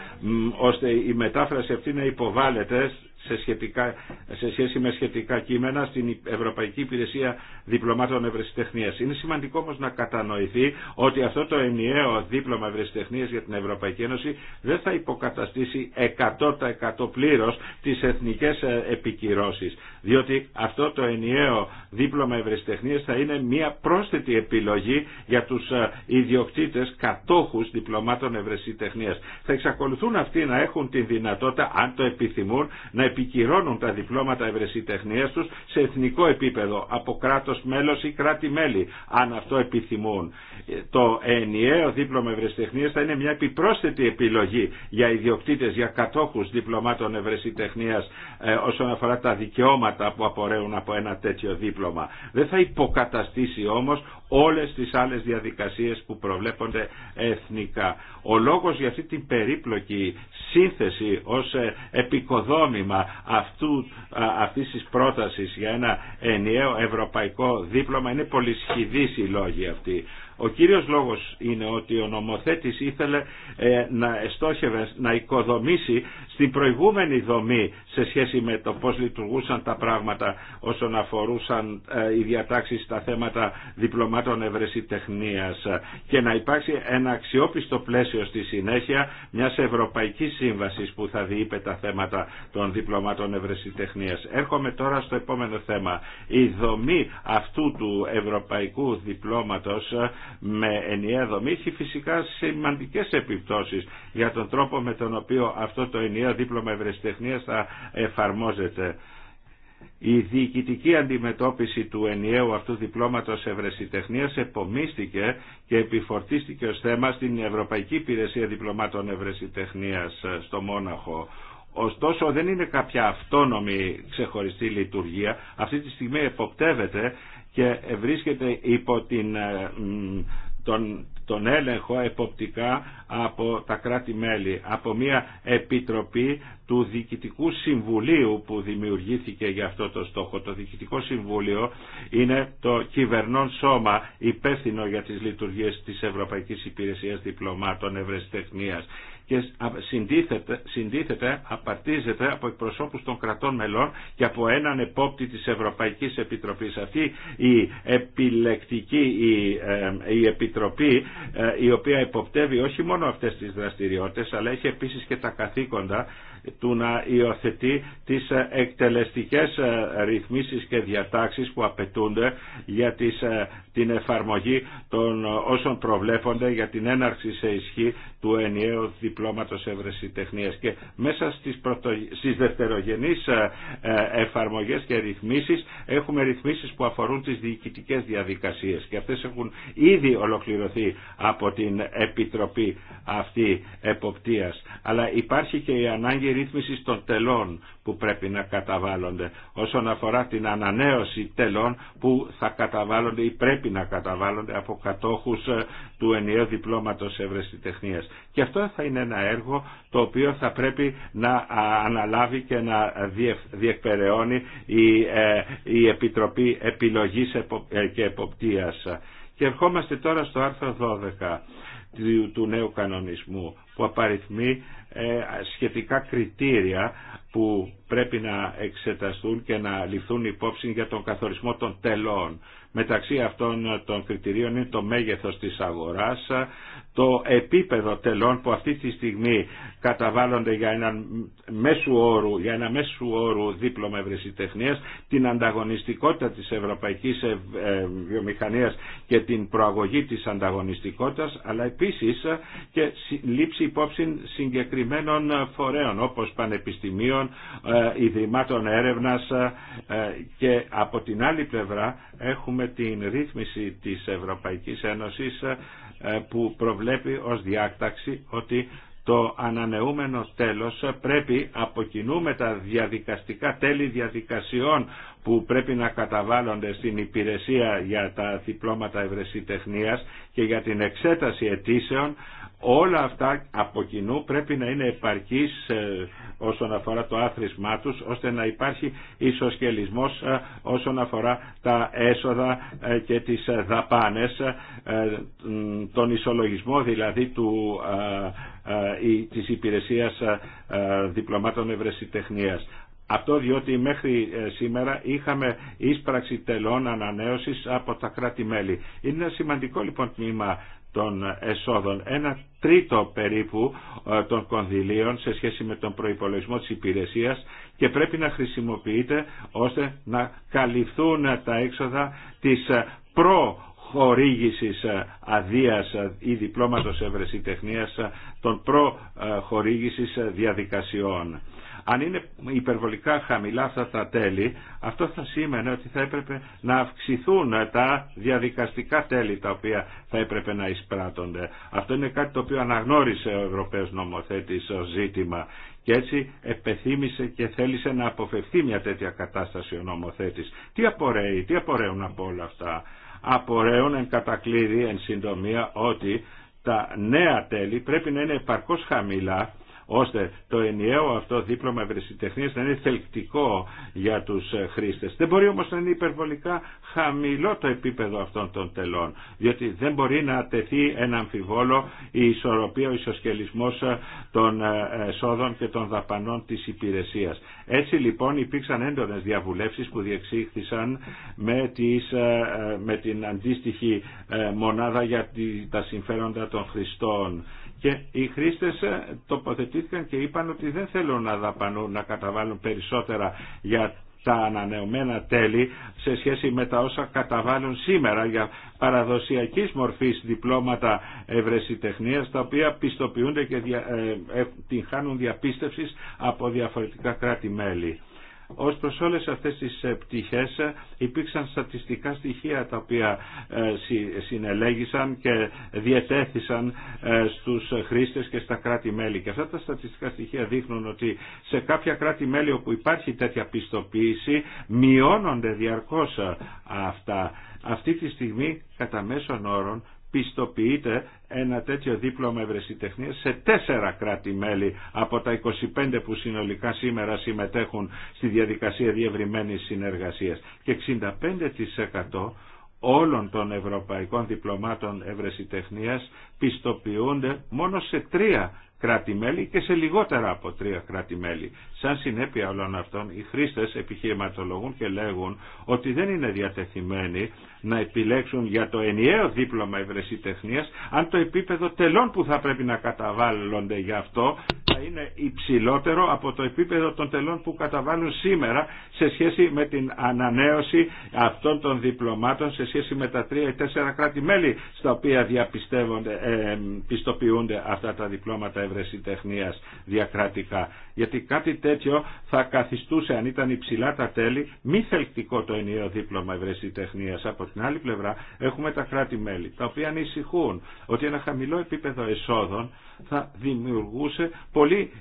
ώστε η μετάφραση αυτή να υποβάλλεται σε, σχετικά, σε σχέση με σχετικά κείμενα στην Ευρωπαϊκή Υπηρεσία Διπλωμάτων Ευρεσιτεχνίας. Είναι σημαντικό όμως να κατανοηθεί ότι αυτό το ενιαίο δίπλωμα ευρεσιτεχνίας για την Ευρωπαϊκή Ένωση δεν θα υποκαταστήσει 100% πλήρως τις εθνικές ε, επικυρώσεις. Διότι αυτό το ενιαίο δίπλωμα ευρεσιτεχνίας θα είναι μια πρόσθετη επιλογή για τους ε, ιδιοκτήτες κατόχους διπλωμάτων ευρεσιτεχνίας. Θα εξακολουθούν αυτοί να έχουν την δυνατότητα, αν το επιθυμούν, να επικυρώνουν τα διπλώματα ευρεσιτεχνία τους σε εθνικό επίπεδο κράτο, κράτος μέλος ή κράτη-μέλη αν αυτό επιθυμούν. Ε, το ενιαίο δίπλωμα ευρεσιτεχνία θα είναι μια επιπρόσθετη επιλογή για ιδιοκτήτες, για κατόχους διπλωμάτων ευρεσιτεχνίας ε, όσον αφορά τα δικαιώματα που απορρέουν από ένα τέτοιο δίπλωμα. Δεν θα υποκαταστήσει όμω όλες τις άλλες διαδικασίες που προβλέπονται εθνικά. Ο λόγος για αυτή την περίπλοκη σύνθεση ως ε, επικοδόμημα αυτού, αυτής της πρότασης για ένα ενιαίο ευρωπαϊκό δίπλωμα είναι πολυσχηδής η λόγη αυτή. Ο κύριος λόγος είναι ότι ο νομοθέτης ήθελε ε, να εστόχευε, να οικοδομήσει στην προηγούμενη δομή σε σχέση με το πώς λειτουργούσαν τα πράγματα όσον αφορούσαν ε, οι διατάξεις στα θέματα διπλωμάτων ευρεσιτεχνίας και να υπάρξει ένα αξιόπιστο πλαίσιο στη συνέχεια μιας Ευρωπαϊκής Σύμβασης που θα διείπε τα θέματα των διπλωμάτων ευρεσιτεχνίας. Έρχομαι τώρα στο επόμενο θέμα. Η δομή αυτού του Ευρωπαϊκού Διπλώματος με ενιαία δομή έχει φυσικά σημαντικές επιπτώσεις για τον τρόπο με τον οποίο αυτό το ενιαίο δίπλωμα ευρεσιτεχνίας θα εφαρμόζεται. Η διοικητική αντιμετώπιση του ενιαίου αυτού διπλώματος ευρεσιτεχνίας επομίστηκε και επιφορτίστηκε ως θέμα στην Ευρωπαϊκή Υπηρεσία Διπλωμάτων Ευρεσιτεχνίας στο Μόναχο. Ωστόσο δεν είναι κάποια αυτόνομη ξεχωριστή λειτουργία. Αυτή τη στιγμή εποπτεύεται και βρίσκεται υπό την, ε, τον, τον έλεγχο εποπτικά από τα κράτη-μέλη, από μια επιτροπή του Διοικητικού Συμβουλίου που δημιουργήθηκε για αυτό το στόχο. Το Διοικητικό Συμβούλιο είναι το κυβερνών σώμα υπεύθυνο για τις λειτουργίες της Ευρωπαϊκής Υπηρεσίας Διπλωμάτων Ευρεσιτεχνίας και συντίθεται, συντίθεται, απαρτίζεται από εκπροσώπους των κρατών μελών και από έναν επόπτη της Ευρωπαϊκής Επιτροπής. Αυτή η επιλεκτική η, ε, η επιτροπή ε, η οποία υποπτεύει όχι μόνο αυτές τις δραστηριότητες αλλά έχει επίσης και τα καθήκοντα του να υιοθετεί τις ε, εκτελεστικές ε, ρυθμίσεις και διατάξεις που απαιτούνται για τις, ε, την εφαρμογή των όσων προβλέπονται για την έναρξη σε ισχύ του ενιαίου διπλώματος ευρεσιτεχνίας και μέσα στις, πρωτο, στις δευτερογενείς εφαρμογές και ρυθμίσεις έχουμε ρυθμίσεις που αφορούν τις διοικητικές διαδικασίες και αυτές έχουν ήδη ολοκληρωθεί από την Επιτροπή αυτή εποπτείας αλλά υπάρχει και η ανάγκη των τελών που πρέπει να καταβάλλονται όσον αφορά την ανανέωση τελών που θα καταβάλλονται ή πρέπει να καταβάλλονται από κατόχους ε, του ενιαίου διπλώματος ευρεσιτεχνίας. Και αυτό θα είναι ένα έργο το οποίο θα πρέπει να αναλάβει και να διεκπεραιώνει ε, η Επιτροπή Επιλογής ε, και Εποπτείας. Και ερχόμαστε τώρα στο άρθρο 12 του νέου κανονισμού που απαριθμεί ε, σχετικά κριτήρια που πρέπει να εξεταστούν και να ληφθούν υπόψη για τον καθορισμό των τελών. Μεταξύ αυτών των κριτηρίων είναι το μέγεθος της αγοράς, το επίπεδο τελών που αυτή τη στιγμή καταβάλλονται για ένα μέσου όρου, για ένα μέσου όρου δίπλωμα ευρεσιτεχνίας, την ανταγωνιστικότητα της ευρωπαϊκής ε, βιομηχανίας και την προαγωγή της ανταγωνιστικότητας, αλλά επίσης και λήψη υπόψη συγκεκριμένων φορέων όπως πανεπιστημίων, ε, ιδρυμάτων έρευνας ε, και από την άλλη πλευρά έχουμε την ρύθμιση της Ευρωπαϊκής Ένωσης ε, που προβλέπει ως διάκταξη ότι το ανανεούμενο τέλος πρέπει από με τα διαδικαστικά τέλη διαδικασιών που πρέπει να καταβάλλονται στην υπηρεσία για τα διπλώματα ευρεσιτεχνίας και για την εξέταση αιτήσεων Όλα αυτά από κοινού πρέπει να είναι επαρκής ε, όσον αφορά το άθροισμά τους, ώστε να υπάρχει ισοσκελισμός ε, όσον αφορά τα έσοδα ε, και τις δαπάνες, τον ισολογισμό δηλαδή του, της υπηρεσίας διπλωμάτων ευρεσιτεχνίας. Αυτό διότι μέχρι σήμερα είχαμε ίσπραξη τελών ανανέωσης από τα κράτη-μέλη. Είναι ένα σημαντικό λοιπόν τμήμα των εσόδων. Ένα τρίτο περίπου ε, των κονδυλίων σε σχέση με τον προϋπολογισμό της υπηρεσίας και πρέπει να χρησιμοποιείται ώστε να καλυφθούν τα έξοδα της ε, χορήγησης ε, αδείας ή διπλώματος ευρεσιτεχνίας των προχορήγησης διαδικασιών. Αν είναι υπερβολικά χαμηλά αυτά τα τέλη, αυτό θα σήμαινε ότι θα έπρεπε να αυξηθούν τα διαδικαστικά τέλη τα οποία θα έπρεπε να εισπράττονται. Αυτό είναι κάτι το οποίο αναγνώρισε ο Ευρωπαίος νομοθέτης ως ζήτημα και έτσι επεθύμησε και θέλησε να αποφευθεί μια τέτοια κατάσταση ο νομοθέτης. Τι απορρέει, τι απορρέουν από όλα αυτά. Απορρέουν εν κατακλείδη, εν συντομία, ότι τα νέα τέλη πρέπει να είναι επαρκώς χαμηλά ώστε το ενιαίο αυτό δίπλωμα ευρεσιτεχνίας να είναι θελκτικό για τους χρήστες. Δεν μπορεί όμως να είναι υπερβολικά χαμηλό το επίπεδο αυτών των τελών, διότι δεν μπορεί να τεθεί ένα αμφιβόλο η ισορροπία, ο ισοσκελισμός των εσόδων και των δαπανών της υπηρεσίας. Έτσι λοιπόν υπήρξαν έντονες διαβουλεύσεις που διεξήχθησαν με, τις, ε, με την αντίστοιχη ε, μονάδα για τα συμφέροντα των χρηστών και οι χρήστε ε, τοποθετήθηκαν και είπαν ότι δεν θέλουν να δαπανούν, να καταβάλουν περισσότερα για τα ανανεωμένα τέλη σε σχέση με τα όσα καταβάλουν σήμερα για παραδοσιακής μορφής διπλώματα ευρεσιτεχνίας τα οποία πιστοποιούνται και δια, ε, ε, την χάνουν διαπίστευσης από διαφορετικά κράτη-μέλη. Ως προς όλες αυτές τις ε, πτυχές ε, υπήρξαν στατιστικά στοιχεία τα οποία ε, συνελέγησαν και διετέθησαν στους χρήστες και στα κράτη-μέλη. Και αυτά τα στατιστικά στοιχεία δείχνουν ότι σε κάποια κράτη-μέλη όπου υπάρχει τέτοια πιστοποίηση μειώνονται διαρκώς αυτά. Αυτή τη στιγμή κατά μέσον όρον πιστοποιείται ένα τέτοιο δίπλωμα ευρεσιτεχνίας σε τέσσερα κράτη-μέλη από τα 25 που συνολικά σήμερα συμμετέχουν στη διαδικασία διευρυμένης συνεργασίας και 65% όλων των ευρωπαϊκών διπλωμάτων ευρεσιτεχνίας πιστοποιούνται μόνο σε τρία κράτη-μέλη και σε λιγότερα από τρία κράτη-μέλη. Σαν συνέπεια όλων αυτών, οι χρήστε επιχειρηματολογούν και λέγουν ότι δεν είναι διατεθειμένοι να επιλέξουν για το ενιαίο δίπλωμα ευρεσιτεχνίας αν το επίπεδο τελών που θα πρέπει να καταβάλλονται γι' αυτό θα είναι υψηλότερο από το επίπεδο των τελών που καταβάλουν σήμερα σε σχέση με την ανανέωση αυτών των διπλωμάτων σε σχέση με τα τρία ή τέσσερα κράτη-μέλη στα οποία διαπιστεύονται, ε, πιστοποιούνται αυτά τα διπλώματα ευρεσιτεχνίας διακρατικά. Γιατί κάτι τέτοιο θα καθιστούσε, αν ήταν υψηλά τα τέλη, μη θελκτικό το ενιαίο δίπλωμα ευρεσιτεχνία. Από την άλλη πλευρά έχουμε τα κράτη-μέλη, τα οποία ανησυχούν ότι ένα χαμηλό επίπεδο εσόδων θα δημιουργούσε πολύ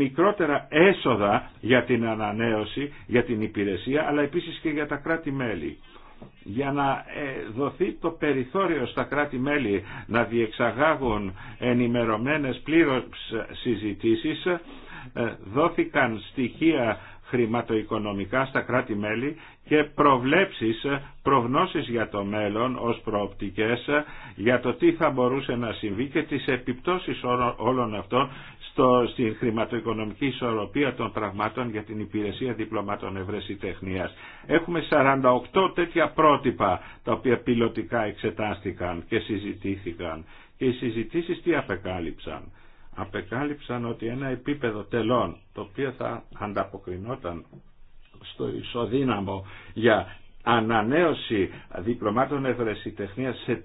μικρότερα έσοδα για την ανανέωση, για την υπηρεσία, αλλά επίσης και για τα κράτη-μέλη για να ε, δοθεί το περιθώριο στα κράτη-μέλη να διεξαγάγουν ενημερωμένες πλήρως συζητήσεις ε, δόθηκαν στοιχεία χρηματοοικονομικά στα κράτη-μέλη και προβλέψεις, ε, προγνώσεις για το μέλλον ως προοπτικές ε, για το τι θα μπορούσε να συμβεί και τις επιπτώσεις όλων αυτών στο, στην χρηματοοικονομική ισορροπία των πραγμάτων για την υπηρεσία διπλωμάτων ευρεσιτεχνίας. Έχουμε 48 τέτοια πρότυπα τα οποία πιλωτικά εξετάστηκαν και συζητήθηκαν και οι συζητήσεις τι απεκάλυψαν απεκάλυψαν ότι ένα επίπεδο τελών το οποίο θα ανταποκρινόταν στο ισοδύναμο για ανανέωση διπλωμάτων ευρεσιτεχνίας σε,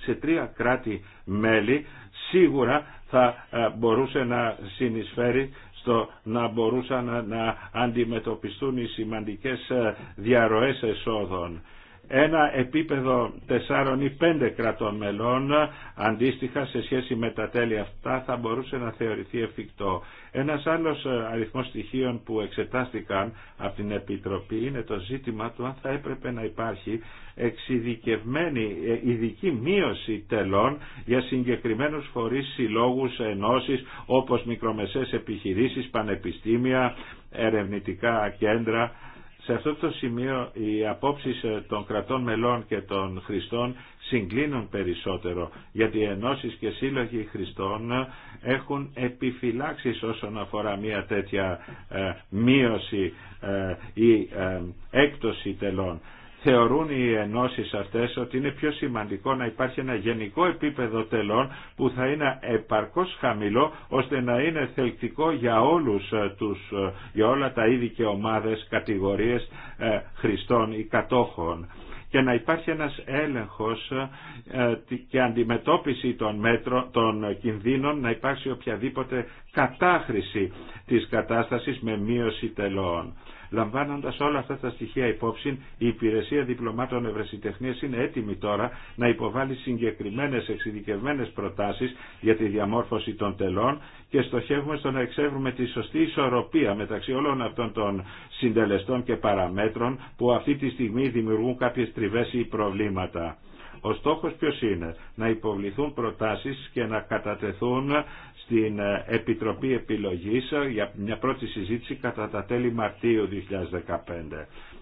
σε τρία κράτη-μέλη σίγουρα θα ε, μπορούσε να συνεισφέρει στο να μπορούσαν να αντιμετωπιστούν οι σημαντικές ε, διαρροές εσόδων ένα επίπεδο τεσσάρων ή πέντε κρατών μελών αντίστοιχα σε σχέση με τα τέλη αυτά θα μπορούσε να θεωρηθεί εφικτό. Ένας άλλος ε, αριθμός στοιχείων που εξετάστηκαν από την Επιτροπή είναι το ζήτημα του αν θα έπρεπε να υπάρχει εξειδικευμένη ε, ειδική μείωση τελών για συγκεκριμένους φορείς συλλόγου ενώσεις όπως μικρομεσαίες επιχειρήσεις, πανεπιστήμια, ερευνητικά κέντρα σε αυτό το σημείο οι απόψεις ε, των κρατών μελών και των χριστών συγκλίνουν περισσότερο, γιατί οι ενώσεις και σύλλογοι χριστών ε, έχουν επιφυλάξεις όσον αφορά μια τέτοια ε, μείωση ή έκπτωση τελών θεωρούν οι ενώσεις αυτές ότι είναι πιο σημαντικό να υπάρχει ένα γενικό επίπεδο τελών που θα είναι επαρκώς χαμηλό ώστε να είναι θελκτικό για, όλους ε, τους, ε, για όλα τα είδη και ομάδες κατηγορίες ε, χρηστών ή κατόχων και να υπάρχει ένας έλεγχος και αντιμετώπιση των, μέτρων, των κινδύνων να υπάρξει οποιαδήποτε κατάχρηση της κατάστασης με μείωση τελών. Λαμβάνοντας όλα αυτά τα στοιχεία υπόψη, η Υπηρεσία Διπλωμάτων ευρεσιτεχνία είναι έτοιμη τώρα να υποβάλει συγκεκριμένε, εξειδικευμένε προτάσεις για τη διαμόρφωση των τελών και στοχεύουμε στο να εξεύρουμε τη σωστή ισορροπία μεταξύ όλων αυτών των συντελεστών και παραμέτρων που αυτή τη στιγμή δημιουργούν κάποιε τριβέ ή προβλήματα. Ο στόχος ποιος είναι, να υποβληθούν προτάσεις και να κατατεθούν στην ε, Επιτροπή Επιλογής ε, για μια πρώτη συζήτηση κατά τα τέλη Μαρτίου 2015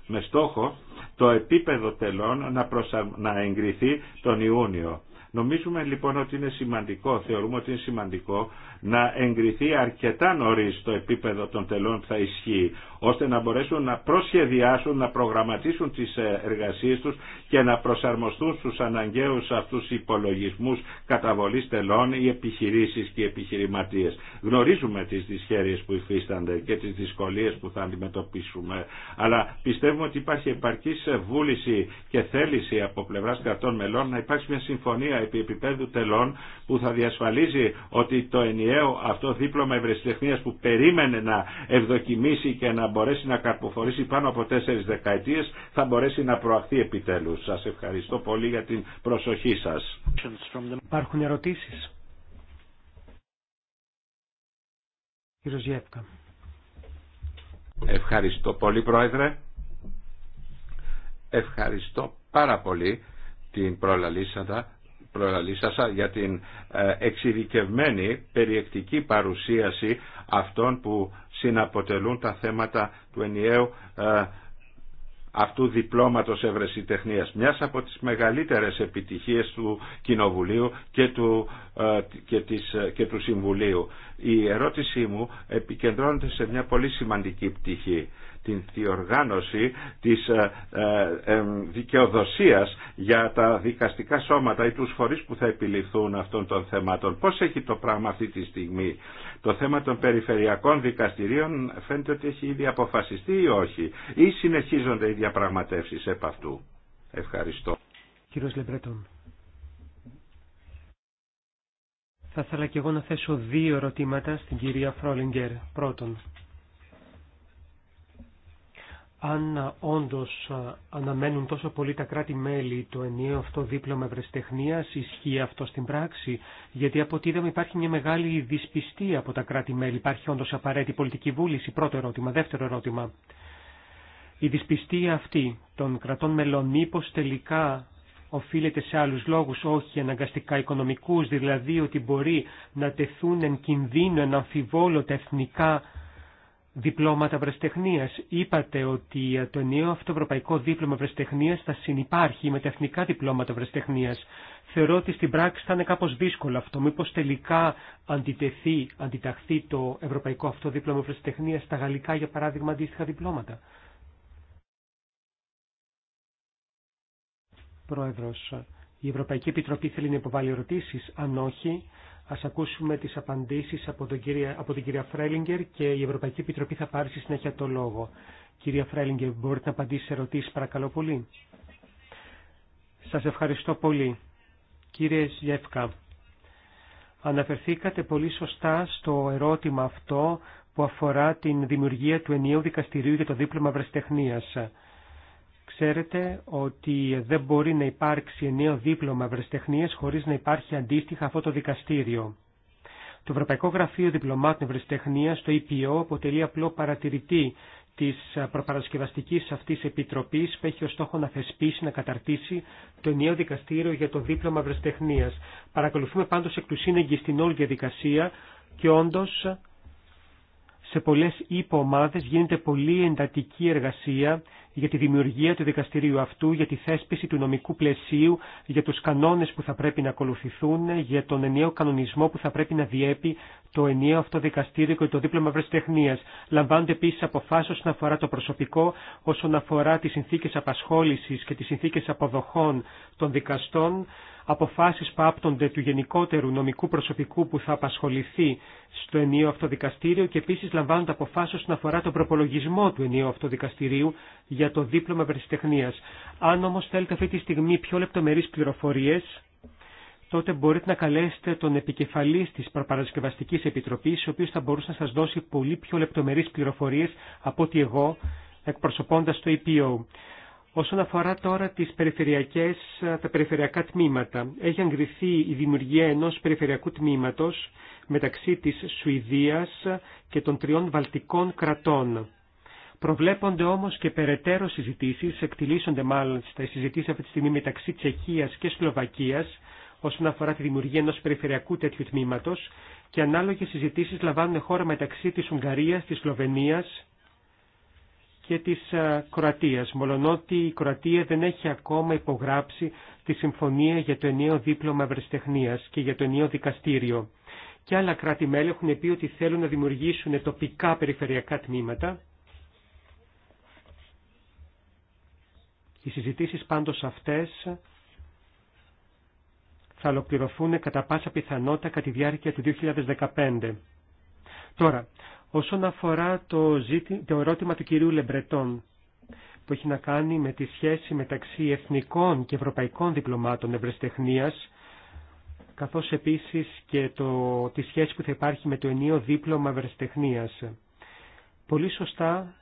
με στόχο το επίπεδο τελών να, να εγκριθεί τον Ιούνιο. Νομίζουμε λοιπόν ότι είναι σημαντικό, θεωρούμε ότι είναι σημαντικό να εγκριθεί αρκετά νωρί το επίπεδο των τελών που θα ισχύει, ώστε να μπορέσουν να προσχεδιάσουν, να προγραμματίσουν τι ε, εργασίε του και να προσαρμοστούν στου αναγκαίου αυτούς υπολογισμού καταβολή τελών οι επιχειρήσει και οι επιχειρηματίες. Γνωρίζουμε τι δυσχέρειες που υφίστανται και τι δυσκολίε που θα αντιμετωπίσουμε, αλλά πιστεύουμε ότι υπάρχει επαρκή βούληση και θέληση από πλευρά κρατών μελών να υπάρξει μια συμφωνία επί επίπεδου τελών που θα διασφαλίζει ότι το ενιαίο αυτό δίπλωμα ευρεσιτεχνίας που περίμενε να ευδοκιμήσει και να μπορέσει να καρποφορήσει πάνω από τέσσερις δεκαετίες θα μπορέσει να προαχθεί επιτέλους. Σας ευχαριστώ πολύ για την προσοχή σας. Υπάρχουν ερωτήσεις. Ευχαριστώ πολύ Πρόεδρε. Ευχαριστώ πάρα πολύ την προλαλήσαντα προλαλήσασα για την ε, εξειδικευμένη περιεκτική παρουσίαση αυτών που συναποτελούν τα θέματα του ενιαίου ε, αυτού διπλώματος ευρεσιτεχνίας. Μιας από τις μεγαλύτερες επιτυχίες του Κοινοβουλίου και του, ε, και του Συμβουλίου. Η ερώτησή μου επικεντρώνεται σε μια πολύ σημαντική πτυχή την διοργάνωση της ε, ε, ε, δικαιοδοσίας για τα δικαστικά σώματα ή τους φορείς που θα επιληφθούν αυτών των θεμάτων. Πώς έχει το πράγμα αυτή τη στιγμή. Το θέμα των περιφερειακών δικαστηρίων φαίνεται ότι έχει ήδη αποφασιστεί ή όχι. Ή συνεχίζονται οι διαπραγματεύσεις επ' αυτού. Ευχαριστώ. Κύριος Λεμπρέτον. Θα ήθελα και εγώ να θέσω δύο ερωτήματα στην κυρία Φρόλιγκερ. Πρώτον, αν όντω αναμένουν τόσο πολύ τα κράτη-μέλη το ενιαίο αυτό δίπλωμα ευρεσιτεχνία, ισχύει αυτό στην πράξη, γιατί από ό,τι είδαμε υπάρχει μια μεγάλη δυσπιστία από τα κράτη-μέλη, υπάρχει όντω απαραίτητη πολιτική βούληση, πρώτο ερώτημα, δεύτερο ερώτημα. Η δυσπιστία αυτή των κρατών μελών μήπως τελικά οφείλεται σε άλλου λόγου, όχι αναγκαστικά οικονομικούς, δηλαδή ότι μπορεί να τεθούν εν κινδύνο, εν αμφιβόλωτα εθνικά διπλώματα βρεστεχνίας. Είπατε ότι το νέο αυτό δίπλωμα βρεστεχνίας θα συνεπάρχει με τα εθνικά διπλώματα βρεστεχνίας. Θεωρώ ότι στην πράξη θα είναι κάπως δύσκολο αυτό. μήπω τελικά αντιτεθεί, αντιταχθεί το ευρωπαϊκό αυτό δίπλωμα βρεστεχνίας στα γαλλικά, για παράδειγμα, αντίστοιχα διπλώματα. Πρόεδρος, η Ευρωπαϊκή Επιτροπή θέλει να υποβάλει ερωτήσει, Αν όχι, Ας ακούσουμε τις απαντήσεις από, τον από την κυρία Φρέλιγκερ και η Ευρωπαϊκή Επιτροπή θα πάρει στη συνέχεια το λόγο. Κυρία Φρέλιγκερ, μπορείτε να απαντήσετε σε ερωτήσεις παρακαλώ πολύ. Σας ευχαριστώ πολύ. Κύριε Ζιεύκα, αναφερθήκατε πολύ σωστά στο ερώτημα αυτό που αφορά την δημιουργία του ενιαίου δικαστηρίου για το δίπλωμα βρεστεχνίας. Ξέρετε ότι δεν μπορεί να υπάρξει νέο δίπλωμα ευρεσιτεχνίας χωρίς να υπάρχει αντίστοιχα αυτό το δικαστήριο. Το Ευρωπαϊκό Γραφείο Διπλωμάτων Ευρεσιτεχνίας, το EPO, αποτελεί απλό παρατηρητή της προπαρασκευαστικής αυτής επιτροπής που έχει ως στόχο να θεσπίσει, να καταρτήσει το νέο δικαστήριο για το δίπλωμα ευρεσιτεχνίας. Παρακολουθούμε πάντως εκ του σύνεγγυ στην όλη διαδικασία και όντω, σε πολλές υπομάδες γίνεται πολύ εντατική εργασία για τη δημιουργία του δικαστηρίου αυτού, για τη θέσπιση του νομικού πλαισίου, για τους κανόνες που θα πρέπει να ακολουθηθούν, για τον ενιαίο κανονισμό που θα πρέπει να διέπει το ενιαίο αυτό δικαστήριο και το δίπλωμα βρεστεχνίας. Λαμβάνονται επίση αποφάσεις όσον αφορά το προσωπικό, όσον αφορά τις συνθήκες απασχόλησης και τις συνθήκες αποδοχών των δικαστών, αποφάσεις που άπτονται του γενικότερου νομικού προσωπικού που θα απασχοληθεί στο ενίο αυτοδικαστήριο, και επίσης λαμβάνονται αποφάσεις όσον αφορά τον προπολογισμό του ενίου αυτοδικαστηρίου για το δίπλωμα ευρεσιτεχνίας. Αν όμω θέλετε αυτή τη στιγμή πιο λεπτομερεί πληροφορίε, τότε μπορείτε να καλέσετε τον επικεφαλής της Προπαρασκευαστικής επιτροπή, ο οποίος θα μπορούσε να σας δώσει πολύ πιο λεπτομερεί πληροφορίε από ότι εγώ, εκπροσωπώντας το EPO. Όσον αφορά τώρα τις περιφερειακές, τα περιφερειακά τμήματα, έχει αγκριθεί η δημιουργία ενός περιφερειακού τμήματος μεταξύ της Σουηδίας και των τριών βαλτικών κρατών. Προβλέπονται όμω και περαιτέρω συζητήσεις, εκτιλήσονται μάλιστα οι συζητήσει αυτή τη στιγμή μεταξύ Τσεχίας και Σλοβακία όσον αφορά τη δημιουργία ενό περιφερειακού τέτοιου τμήματο, και ανάλογες συζητήσει λαμβάνουν χώρα μεταξύ τη Ουγγαρία, τη Σλοβενία και της Κροατίας, μολονότι η Κροατία δεν έχει ακόμα υπογράψει τη συμφωνία για το ενιαίο δίπλωμα ευρεσιτεχνία και για το ενιαίο δικαστήριο. Και άλλα κράτη-μέλη έχουν πει ότι θέλουν να δημιουργήσουν τοπικά περιφερειακά τμήματα, Οι συζητήσεις πάντως αυτές θα ολοκληρωθούν κατά πάσα πιθανότητα κατά τη διάρκεια του 2015. Τώρα, όσον αφορά το, ζήτη, το ερώτημα του κυρίου Λεμπρετών, που έχει να κάνει με τη σχέση μεταξύ εθνικών και ευρωπαϊκών διπλωμάτων ευρεσιτεχνίας, καθώς επίσης και το, τη σχέση που θα υπάρχει με το ενίο δίπλωμα ευρεσιτεχνία, Πολύ σωστά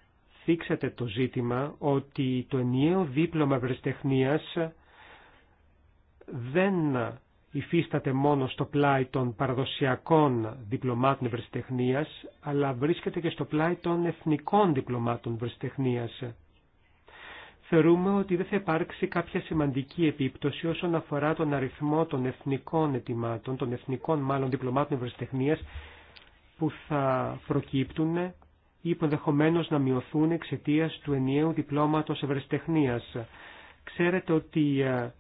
θίξατε το ζήτημα ότι το ενιαίο δίπλωμα ευρεσιτεχνίας δεν υφίσταται μόνο στο πλάι των παραδοσιακών διπλωμάτων βριστεχνίας, αλλά βρίσκεται και στο πλάι των εθνικών διπλωμάτων ευρεσιτεχνίας. Θεωρούμε ότι δεν θα υπάρξει κάποια σημαντική επίπτωση όσον αφορά τον αριθμό των εθνικών ετοιμάτων, των εθνικών μάλλον διπλωμάτων ευρεσιτεχνίας, που θα προκύπτουν ή ενδεχομένω να μειωθούν εξαιτία του ενιαίου διπλώματος ευρεσιτεχνίας. Ξέρετε ότι ε,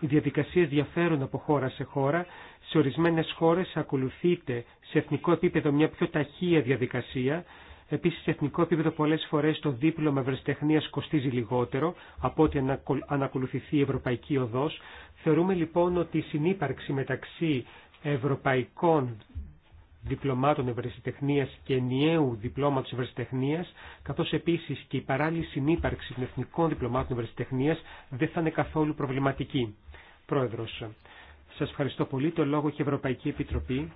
οι διαδικασίες διαφέρουν από χώρα σε χώρα. Σε ορισμένες χώρες ακολουθείται σε εθνικό επίπεδο μια πιο ταχεία διαδικασία. Επίσης, σε εθνικό επίπεδο πολλές φορές το δίπλωμα ευρεσιτεχνίας κοστίζει λιγότερο από ό,τι αν ακολουθηθεί η ευρωπαϊκή οδός. Θεωρούμε λοιπόν ότι η συνύπαρξη μεταξύ ευρωπαϊκών διπλωμάτων ευρεσιτεχνία και ενιαίου διπλώματο ευρεσιτεχνία, καθώ επίση και η παράλληλη συνύπαρξη των εθνικών διπλωμάτων ευρεσιτεχνία δεν θα είναι καθόλου προβληματική. Πρόεδρο, σα ευχαριστώ πολύ. Το λόγο και η Ευρωπαϊκή Επιτροπή.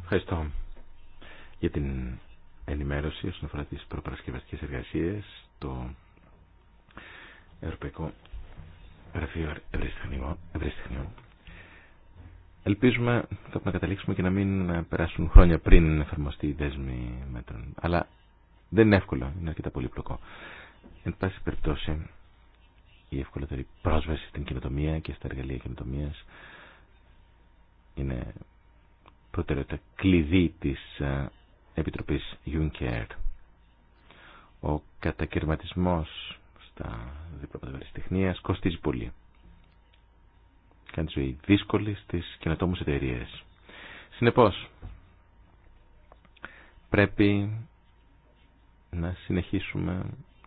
Ευχαριστώ για την ενημέρωση όσον αφορά τι προπαρασκευαστικέ εργασίε, το Ευρωπαϊκό Γραφείο Ευρεσιτεχνιών Ελπίζουμε θα να καταλήξουμε και να μην περάσουν χρόνια πριν εφαρμοστεί η δέσμη μέτρων. Αλλά δεν είναι εύκολο, είναι αρκετά πολύπλοκο. Εν πάση περιπτώσει, η ευκολότερη πρόσβαση στην κοινοτομία και στα εργαλεία κοινοτομία είναι προτεραιότητα κλειδί της ε, Επιτροπής Juncker. Ο κατακαιρματισμό στα διπλοπαταβέρες τεχνίας κοστίζει πολύ κάνει τη ζωή δύσκολη στις καινοτόμους εταιρείε. Συνεπώς, πρέπει να συνεχίσουμε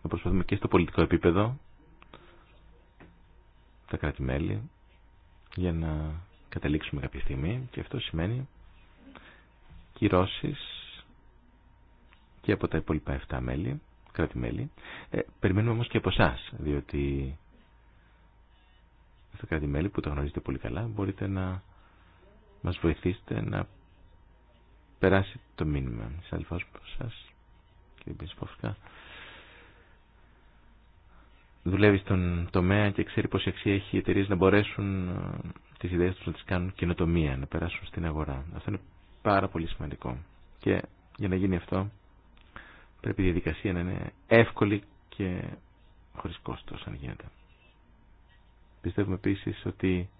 να προσπαθούμε και στο πολιτικό επίπεδο τα κράτη-μέλη για να καταλήξουμε κάποια στιγμή και αυτό σημαίνει κυρώσεις και από τα υπόλοιπα 7 μέλη, κράτη-μέλη. Ε, περιμένουμε όμως και από εσά, διότι στο κράτη-μέλη που τα γνωρίζετε πολύ καλά μπορείτε να μας βοηθήσετε να περάσει το μήνυμα. Σας αλφάς που σα κύριε Δουλεύει στον τομέα και ξέρει πόση αξία έχει οι εταιρείε να μπορέσουν ε, τις ιδέες τους να τις κάνουν καινοτομία, να περάσουν στην αγορά. Αυτό είναι πάρα πολύ σημαντικό. Και για να γίνει αυτό πρέπει η διαδικασία να είναι εύκολη και χωρίς κόστος αν γίνεται. Πιστεύουμε επίσης ότι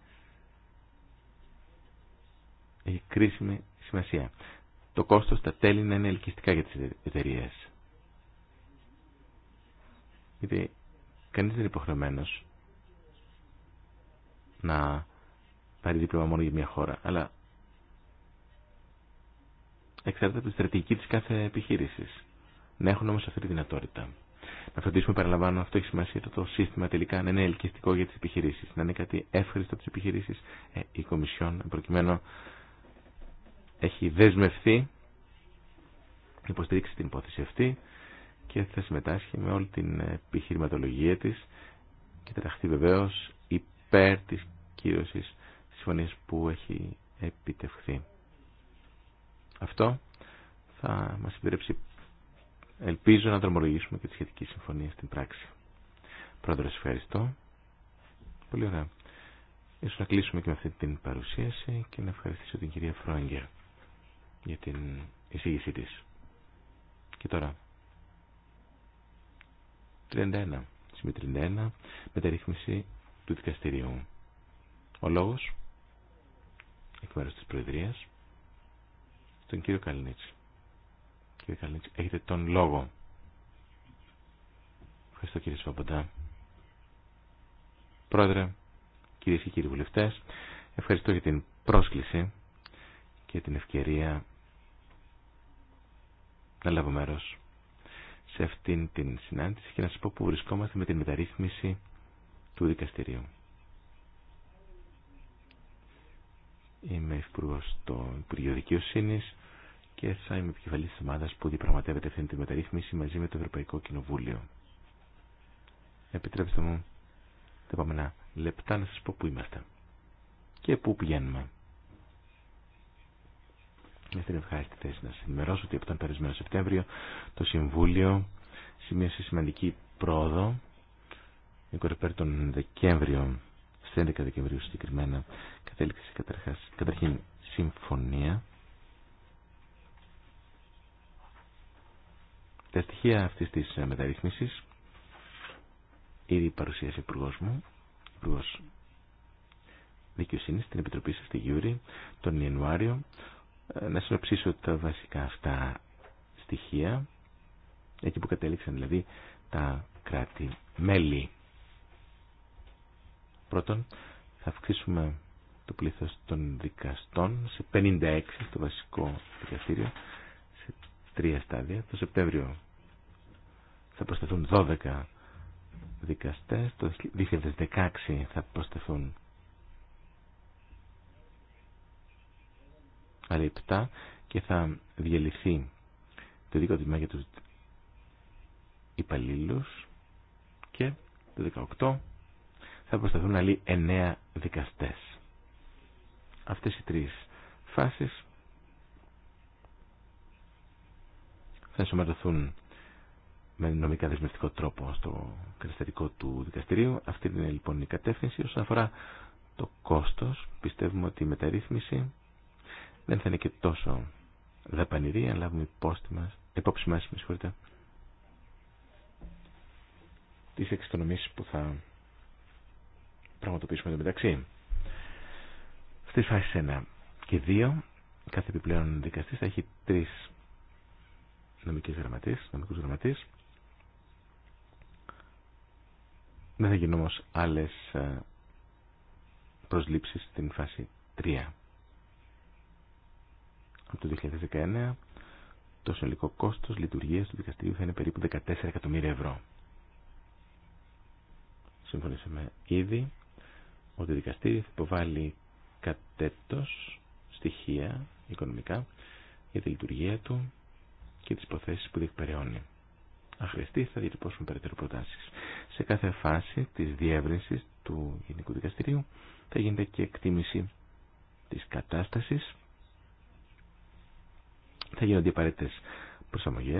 έχει κρίσιμη σημασία. Το κόστος τα τέλη να είναι ελκυστικά για τις εταιρείε. Γιατί κανείς δεν είναι υποχρεωμένος να πάρει δίπλωμα μόνο για μια χώρα, αλλά εξαρτάται από τη στρατηγική της κάθε επιχείρησης. Να έχουν όμως αυτή τη δυνατότητα να φροντίσουμε, παραλαμβάνω, αυτό έχει σημασία, το, το σύστημα τελικά να είναι ελκυστικό για τις επιχειρήσει. να είναι κάτι εύχριστο από τις επιχειρήσεις. Ε, η Κομισιόν, προκειμένου, έχει δεσμευθεί, υποστηρίξει την υπόθεση αυτή και θα συμμετάσχει με όλη την επιχειρηματολογία της και θα ταχθεί βεβαίω υπέρ κύρωση τη συμφωνία που έχει επιτευχθεί. Αυτό θα μας επιτρέψει ελπίζω να δρομολογήσουμε και τη σχετική συμφωνία στην πράξη. Πρόεδρε, ευχαριστώ. Πολύ ωραία. Ίσως να κλείσουμε και με αυτή την παρουσίαση και να ευχαριστήσω την κυρία Φρόγκερ για την εισήγησή της. Και τώρα. 31. Σημείο 31. Μεταρρύθμιση του δικαστηρίου. Ο λόγος εκ μέρους της Προεδρίας τον κύριο Καλνίτσι. Κύριε Καλίντς, έχετε τον λόγο. Ευχαριστώ κύριε Σφαμποντά. Πρόεδρε, κυρίε και κύριοι βουλευτέ, ευχαριστώ για την πρόσκληση και την ευκαιρία να λάβω μέρο σε αυτήν την συνάντηση και να σα πω που βρισκόμαστε με την μεταρρύθμιση του δικαστηρίου. Είμαι υπουργό του Υπουργείο Δικαιοσύνη και θα είμαι επικεφαλή τη ομάδα που διαπραγματεύεται αυτήν τη μεταρρύθμιση μαζί με το Ευρωπαϊκό Κοινοβούλιο. Επιτρέψτε μου τα επόμενα λεπτά να σα πω πού είμαστε και πού πηγαίνουμε. Είμαι στην ευχάριστη θέση να σα ενημερώσω ότι από τον περασμένο Σεπτέμβριο το Συμβούλιο σημείωσε σημαντική πρόοδο. Η τον Δεκέμβριο, στι 11 Δεκεμβρίου συγκεκριμένα, κατέληξε καταρχήν συμφωνία Τα στοιχεία αυτής της ε, μεταρρύθμισης ήδη παρουσίασε ο Υπουργός μου, Υπουργός Δικαιοσύνης, την Επιτροπή σας στη Γιούρη, τον Ιανουάριο. Ε, να συνοψίσω τα βασικά αυτά στοιχεία, εκεί που κατέληξαν δηλαδή τα κράτη-μέλη. Πρώτον, θα αυξήσουμε το πλήθος των δικαστών σε 56 στο βασικό δικαστήριο τρία στάδια. Το Σεπτέμβριο θα προσθεθούν 12 δικαστές. Το 2016 θα προσθεθούν άλλοι 7 και θα διαλυθεί το ειδικό τμήμα για τους υπαλλήλους και το 2018 θα προσθεθούν άλλοι 9 δικαστές. Αυτές οι τρεις φάσεις θα ενσωματωθούν με νομικά δεσμευτικό τρόπο στο καταστατικό του δικαστηρίου. Αυτή είναι λοιπόν η κατεύθυνση. Όσον αφορά το κόστος, πιστεύουμε ότι η μεταρρύθμιση δεν θα είναι και τόσο δαπανηρή, αν λάβουμε υπόψη μας, με τις εξοικονομήσεις που θα πραγματοποιήσουμε το μεταξύ. Στις φάσεις 1 και 2, κάθε επιπλέον δικαστής θα έχει τρεις νομικής γραμματής, νομικούς γραμματείς. Δεν θα γίνουν όμως άλλες ε, προσλήψεις στην φάση 3. Από το 2019 το συνολικό κόστος λειτουργίας του δικαστηρίου θα είναι περίπου 14 εκατομμύρια ευρώ. Συμφωνήσαμε ήδη ότι το δικαστήριο θα υποβάλει κατέτος στοιχεία οικονομικά για τη λειτουργία του και τις υποθέσεις που διεκπεραιώνει. Αν χρειαστεί θα διατυπώσουν περαιτέρω προτάσεις. Σε κάθε φάση της διεύρυνσης του Γενικού Δικαστηρίου θα γίνεται και εκτίμηση της κατάστασης. Θα γίνονται απαραίτητες του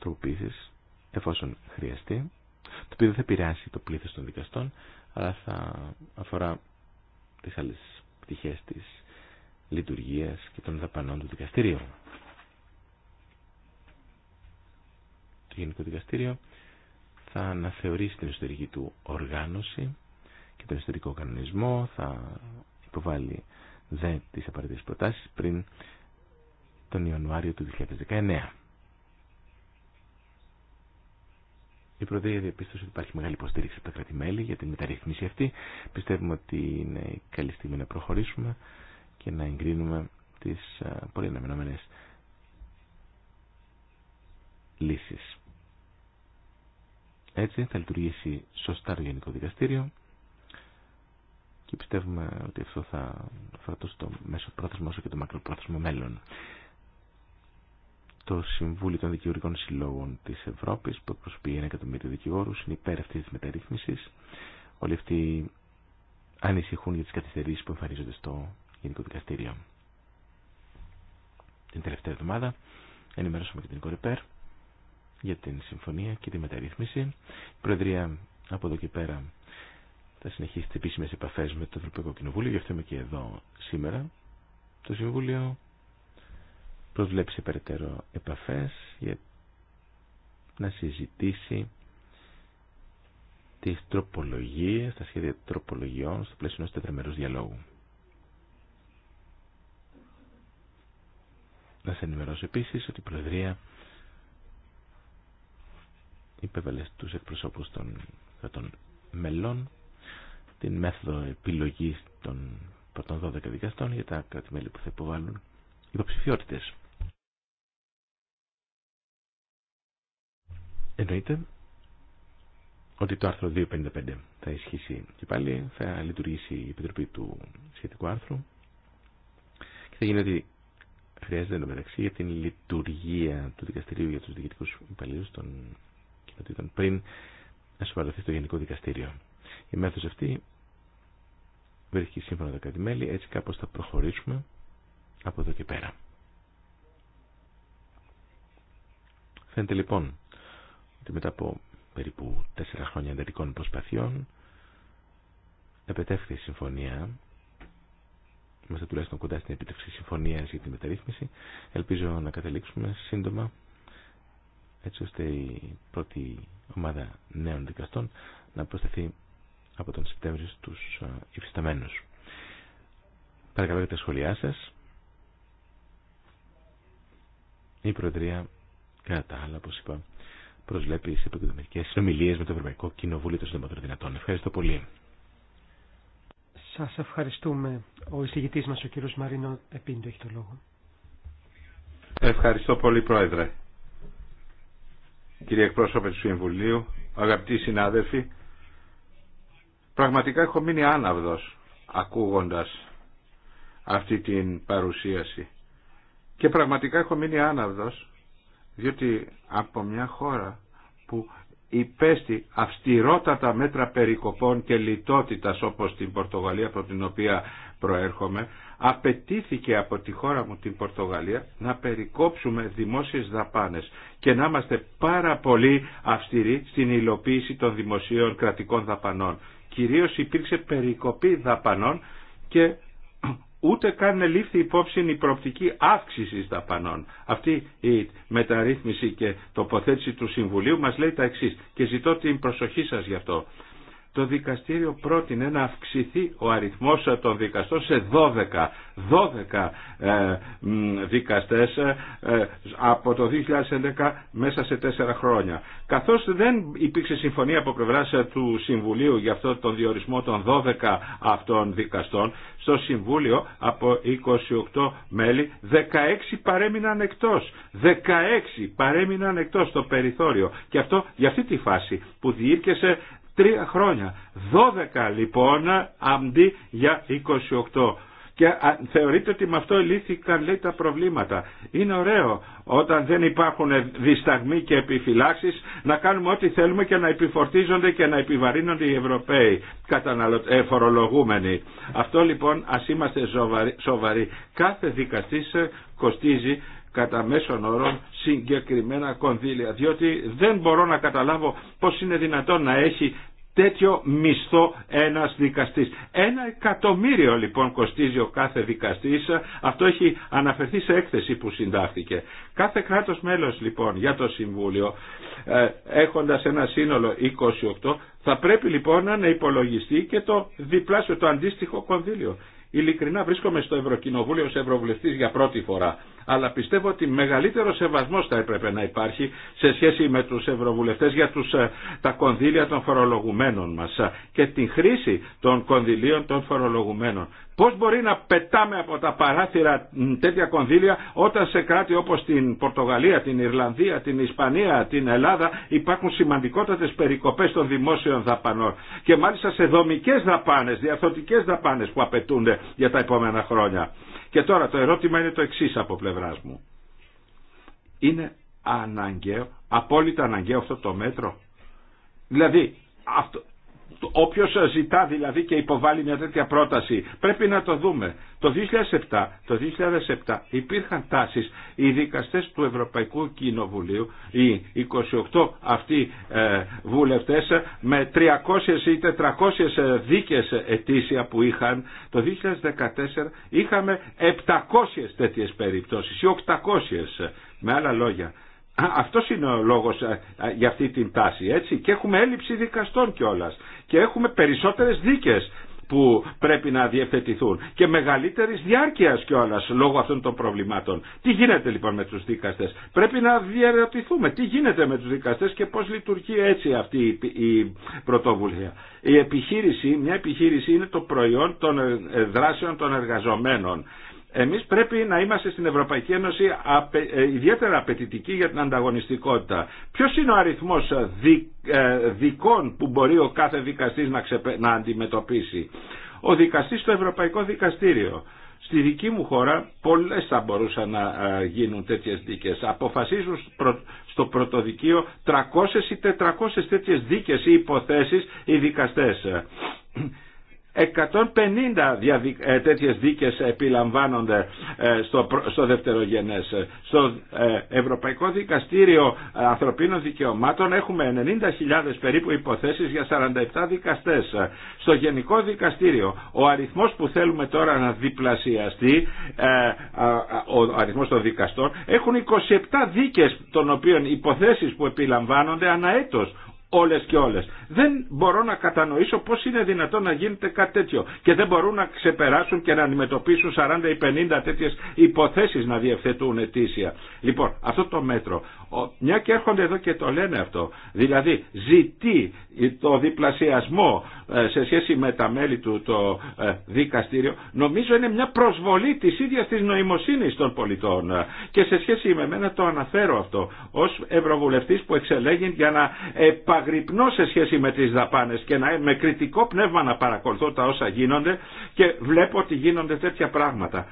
τροποποίησεις, εφόσον χρειαστεί, το οποίο δεν θα επηρεάσει το πλήθος των δικαστών, αλλά θα αφορά τις άλλες πτυχές της λειτουργίας και των δαπανών του δικαστηρίου. Γενικό Δικαστήριο θα αναθεωρήσει την εσωτερική του οργάνωση και τον εσωτερικό κανονισμό, θα υποβάλει δε τις απαραίτητες προτάσεις πριν τον Ιανουάριο του 2019. Η Προεδρία διαπίστωσε ότι υπάρχει μεγάλη υποστήριξη από τα κράτη-μέλη για την μεταρρύθμιση αυτή. Πιστεύουμε ότι είναι η καλή στιγμή να προχωρήσουμε και να εγκρίνουμε τις ε, πολύ αναμενόμενες λύσεις. Έτσι θα λειτουργήσει σωστά το Γενικό Δικαστήριο και πιστεύουμε ότι αυτό θα φρατώσει το μέσο πρόθεσμο όσο και το μακροπρόθεσμο μέλλον. Το Συμβούλιο των Δικαιωρικών Συλλόγων τη Ευρώπη, που εκπροσωπεί ένα εκατομμύριο δικηγόρου, είναι υπέρ αυτή τη μεταρρύθμιση. Όλοι αυτοί ανησυχούν για τι καθυστερήσει που εμφανίζονται στο Γενικό Δικαστήριο. Την τελευταία εβδομάδα ενημερώσαμε και την Κορυπέρ για την συμφωνία και τη μεταρρύθμιση. Η Προεδρία από εδώ και πέρα θα συνεχίσει τι επίσημε επαφέ με το Ευρωπαϊκό Κοινοβούλιο, γι' αυτό είμαι και εδώ σήμερα. Το Συμβούλιο προβλέψει περαιτέρω επαφέ για να συζητήσει τι τροπολογίε, τα σχέδια τροπολογιών στο πλαίσιο ενός τετραμερούς διαλόγου. Να σα ενημερώσω επίση ότι η Προεδρία υπέβαλε στους εκπροσώπους των των μελών την μέθοδο επιλογής των πρώτων 12 δικαστών για τα κρατη που θα υποβάλουν υποψηφιότητες. Εννοείται ότι το άρθρο 255 θα ισχύσει και πάλι, θα λειτουργήσει η επιτροπή του σχετικού άρθρου και θα γίνει ότι χρειάζεται μεταξύ για την λειτουργία του δικαστηρίου για τους διοικητικούς υπαλλήλους των ότι ήταν πριν να στο Γενικό Δικαστήριο. Η μέθοδος αυτή βρίσκει σύμφωνα τα κράτη-μέλη, έτσι κάπως θα προχωρήσουμε από εδώ και πέρα. Φαίνεται λοιπόν ότι μετά από περίπου τέσσερα χρόνια εντατικών προσπαθειών επετεύχθη η συμφωνία είμαστε τουλάχιστον κοντά στην επίτευξη συμφωνίας για τη μεταρρύθμιση ελπίζω να καταλήξουμε σύντομα έτσι ώστε η πρώτη ομάδα νέων δικαστών να προσθεθεί από τον Σεπτέμβριο στους υφισταμένους. Παρακαλώ για τα σχόλιά σας. Η Προεδρία, κατά τα άλλα, όπως είπα, προσβλέπει σε επικοινωνικέ συνομιλίες με το Ευρωπαϊκό Κοινοβούλιο των Συντομότερων Δυνατών. Ευχαριστώ πολύ. Σας ευχαριστούμε. Ο εισηγητής μας, ο κύριος Μαρίνο Επίντο, έχει το λόγο. Ευχαριστώ πολύ, Πρόεδρε κύριε εκπρόσωπε του Συμβουλίου, αγαπητοί συνάδελφοι, πραγματικά έχω μείνει άναυδος ακούγοντας αυτή την παρουσίαση. Και πραγματικά έχω μείνει άναυδος, διότι από μια χώρα που υπέστη αυστηρότατα μέτρα περικοπών και λιτότητας όπως την Πορτογαλία από την οποία προέρχομαι απαιτήθηκε από τη χώρα μου την Πορτογαλία να περικόψουμε δημόσιες δαπάνες και να είμαστε πάρα πολύ αυστηροί στην υλοποίηση των δημοσίων κρατικών δαπανών. Κυρίως υπήρξε περικοπή δαπανών και ούτε καν λήφθη υπόψη η προοπτική αύξησης δαπανών. Αυτή η μεταρρύθμιση και τοποθέτηση του Συμβουλίου μας λέει τα εξής και ζητώ την προσοχή σας γι' αυτό το δικαστήριο πρότεινε να αυξηθεί ο αριθμός των δικαστών σε 12, 12 ε, δικαστές ε, από το 2011 μέσα σε 4 χρόνια. Καθώς δεν υπήρξε συμφωνία από πλευράς ε, του Συμβουλίου για αυτό τον διορισμό των 12 αυτών δικαστών, στο Συμβούλιο από 28 μέλη 16 παρέμειναν εκτός. 16 παρέμειναν εκτός στο περιθώριο. Και αυτό για αυτή τη φάση που διήρκεσε τρία χρόνια. Δώδεκα λοιπόν αντί για 28. Και θεωρείτε ότι με αυτό λύθηκαν λέει τα προβλήματα. Είναι ωραίο όταν δεν υπάρχουν δισταγμοί και επιφυλάξεις να κάνουμε ό,τι θέλουμε και να επιφορτίζονται και να επιβαρύνονται οι Ευρωπαίοι καταναλω... Ε, φορολογούμενοι. Αυτό λοιπόν ας είμαστε σοβαροί. Κάθε δικαστή ε, κοστίζει κατά μέσον όρων συγκεκριμένα κονδύλια διότι δεν μπορώ να καταλάβω πως είναι δυνατόν να έχει τέτοιο μισθό ένας δικαστής. Ένα εκατομμύριο λοιπόν κοστίζει ο κάθε δικαστής. Αυτό έχει αναφερθεί σε έκθεση που συντάχθηκε. Κάθε κράτος μέλος λοιπόν για το Συμβούλιο ε, έχοντας ένα σύνολο 28 θα πρέπει λοιπόν να υπολογιστεί και το διπλάσιο, το αντίστοιχο κονδύλιο. Ειλικρινά βρίσκομαι στο Ευρωκοινοβούλιο ως Ευρωβουλευτής για πρώτη φορά, αλλά πιστεύω ότι μεγαλύτερο σεβασμός θα έπρεπε να υπάρχει σε σχέση με τους Ευρωβουλευτές για τους, ε, τα κονδύλια των φορολογουμένων μας ε, και την χρήση των κονδυλίων των φορολογουμένων. Πώς μπορεί να πετάμε από τα παράθυρα τέτοια κονδύλια όταν σε κράτη όπως την Πορτογαλία, την Ιρλανδία, την Ισπανία, την Ελλάδα υπάρχουν σημαντικότατες περικοπές των δημόσιων δαπανών και μάλιστα σε δομικές δαπάνες, διαρθωτικές δαπάνες που απαιτούνται για τα επόμενα χρόνια. Και τώρα το ερώτημα είναι το εξής από πλευράς μου. Είναι αναγκαίο, απόλυτα αναγκαίο αυτό το μέτρο. Δηλαδή αυτό, όποιος ζητά δηλαδή και υποβάλλει μια τέτοια πρόταση πρέπει να το δούμε. Το 2007, το 2007 υπήρχαν τάσεις οι δικαστές του Ευρωπαϊκού Κοινοβουλίου οι 28 αυτοί ε, με 300 ή 400 ε, δίκες ετήσια που είχαν το 2014 είχαμε 700 τέτοιες περιπτώσεις ή 800 με άλλα λόγια αυτός είναι ο λόγος για αυτή την τάση, έτσι. Και έχουμε έλλειψη δικαστών κιόλας. Και έχουμε περισσότερες δίκες που πρέπει να διευθετηθούν και μεγαλύτερη διάρκεια κιόλα λόγω αυτών των προβλημάτων. Τι γίνεται λοιπόν με του δικαστέ, Πρέπει να διαρωτηθούμε τι γίνεται με του δικαστέ και πώ λειτουργεί έτσι αυτή η πρωτοβουλία. Η επιχείρηση, μια επιχείρηση είναι το προϊόν των ε, ε, δράσεων των εργαζομένων εμείς πρέπει να είμαστε στην Ευρωπαϊκή Ένωση ε, ιδιαίτερα απαιτητικοί για την ανταγωνιστικότητα. Ποιος είναι ο αριθμός ε, ε, δικών που μπορεί ο κάθε δικαστής να αντιμετωπίσει. Ο δικαστής στο Ευρωπαϊκό Δικαστήριο. Στη δική μου χώρα πολλές θα μπορούσαν να γίνουν τέτοιες δίκες. Αποφασίζουν στο πρωτοδικείο 300 ή 400 τέτοιες δίκες ή υποθέσεις οι δικαστές. 150 ε, τέτοιες δίκες επιλαμβάνονται ε, στο δευτερογενές. Στο ε, Ευρωπαϊκό Δικαστήριο Ανθρωπίνων Δικαιωμάτων έχουμε 90.000 περίπου υποθέσεις για 47 δικαστές. Στο Γενικό Δικαστήριο ο αριθμός που θέλουμε τώρα να διπλασιαστεί, ο αριθμός των δικαστών, έχουν 27 δίκες των οποίων υποθέσεις που επιλαμβάνονται έτος όλες και όλες. Δεν μπορώ να κατανοήσω πώς είναι δυνατόν να γίνεται κάτι τέτοιο και δεν μπορούν να ξεπεράσουν και να αντιμετωπίσουν 40 ή 50 τέτοιες υποθέσεις να διευθετούν αιτήσια. Λοιπόν, αυτό το μέτρο, μια και έρχονται εδώ και το λένε αυτό, δηλαδή ζητεί το διπλασιασμό ε, σε σχέση με τα μέλη του το ε, δικαστήριο, νομίζω είναι μια προσβολή της ίδιας της νοημοσύνης των πολιτών ε, και σε σχέση με μένα το αναφέρω αυτό ως Ευρωβουλευτής που εξελέγει για να επα επαγρυπνώ σε σχέση με τις δαπάνες και να, με κριτικό πνεύμα να παρακολουθώ τα όσα γίνονται και βλέπω ότι γίνονται τέτοια πράγματα.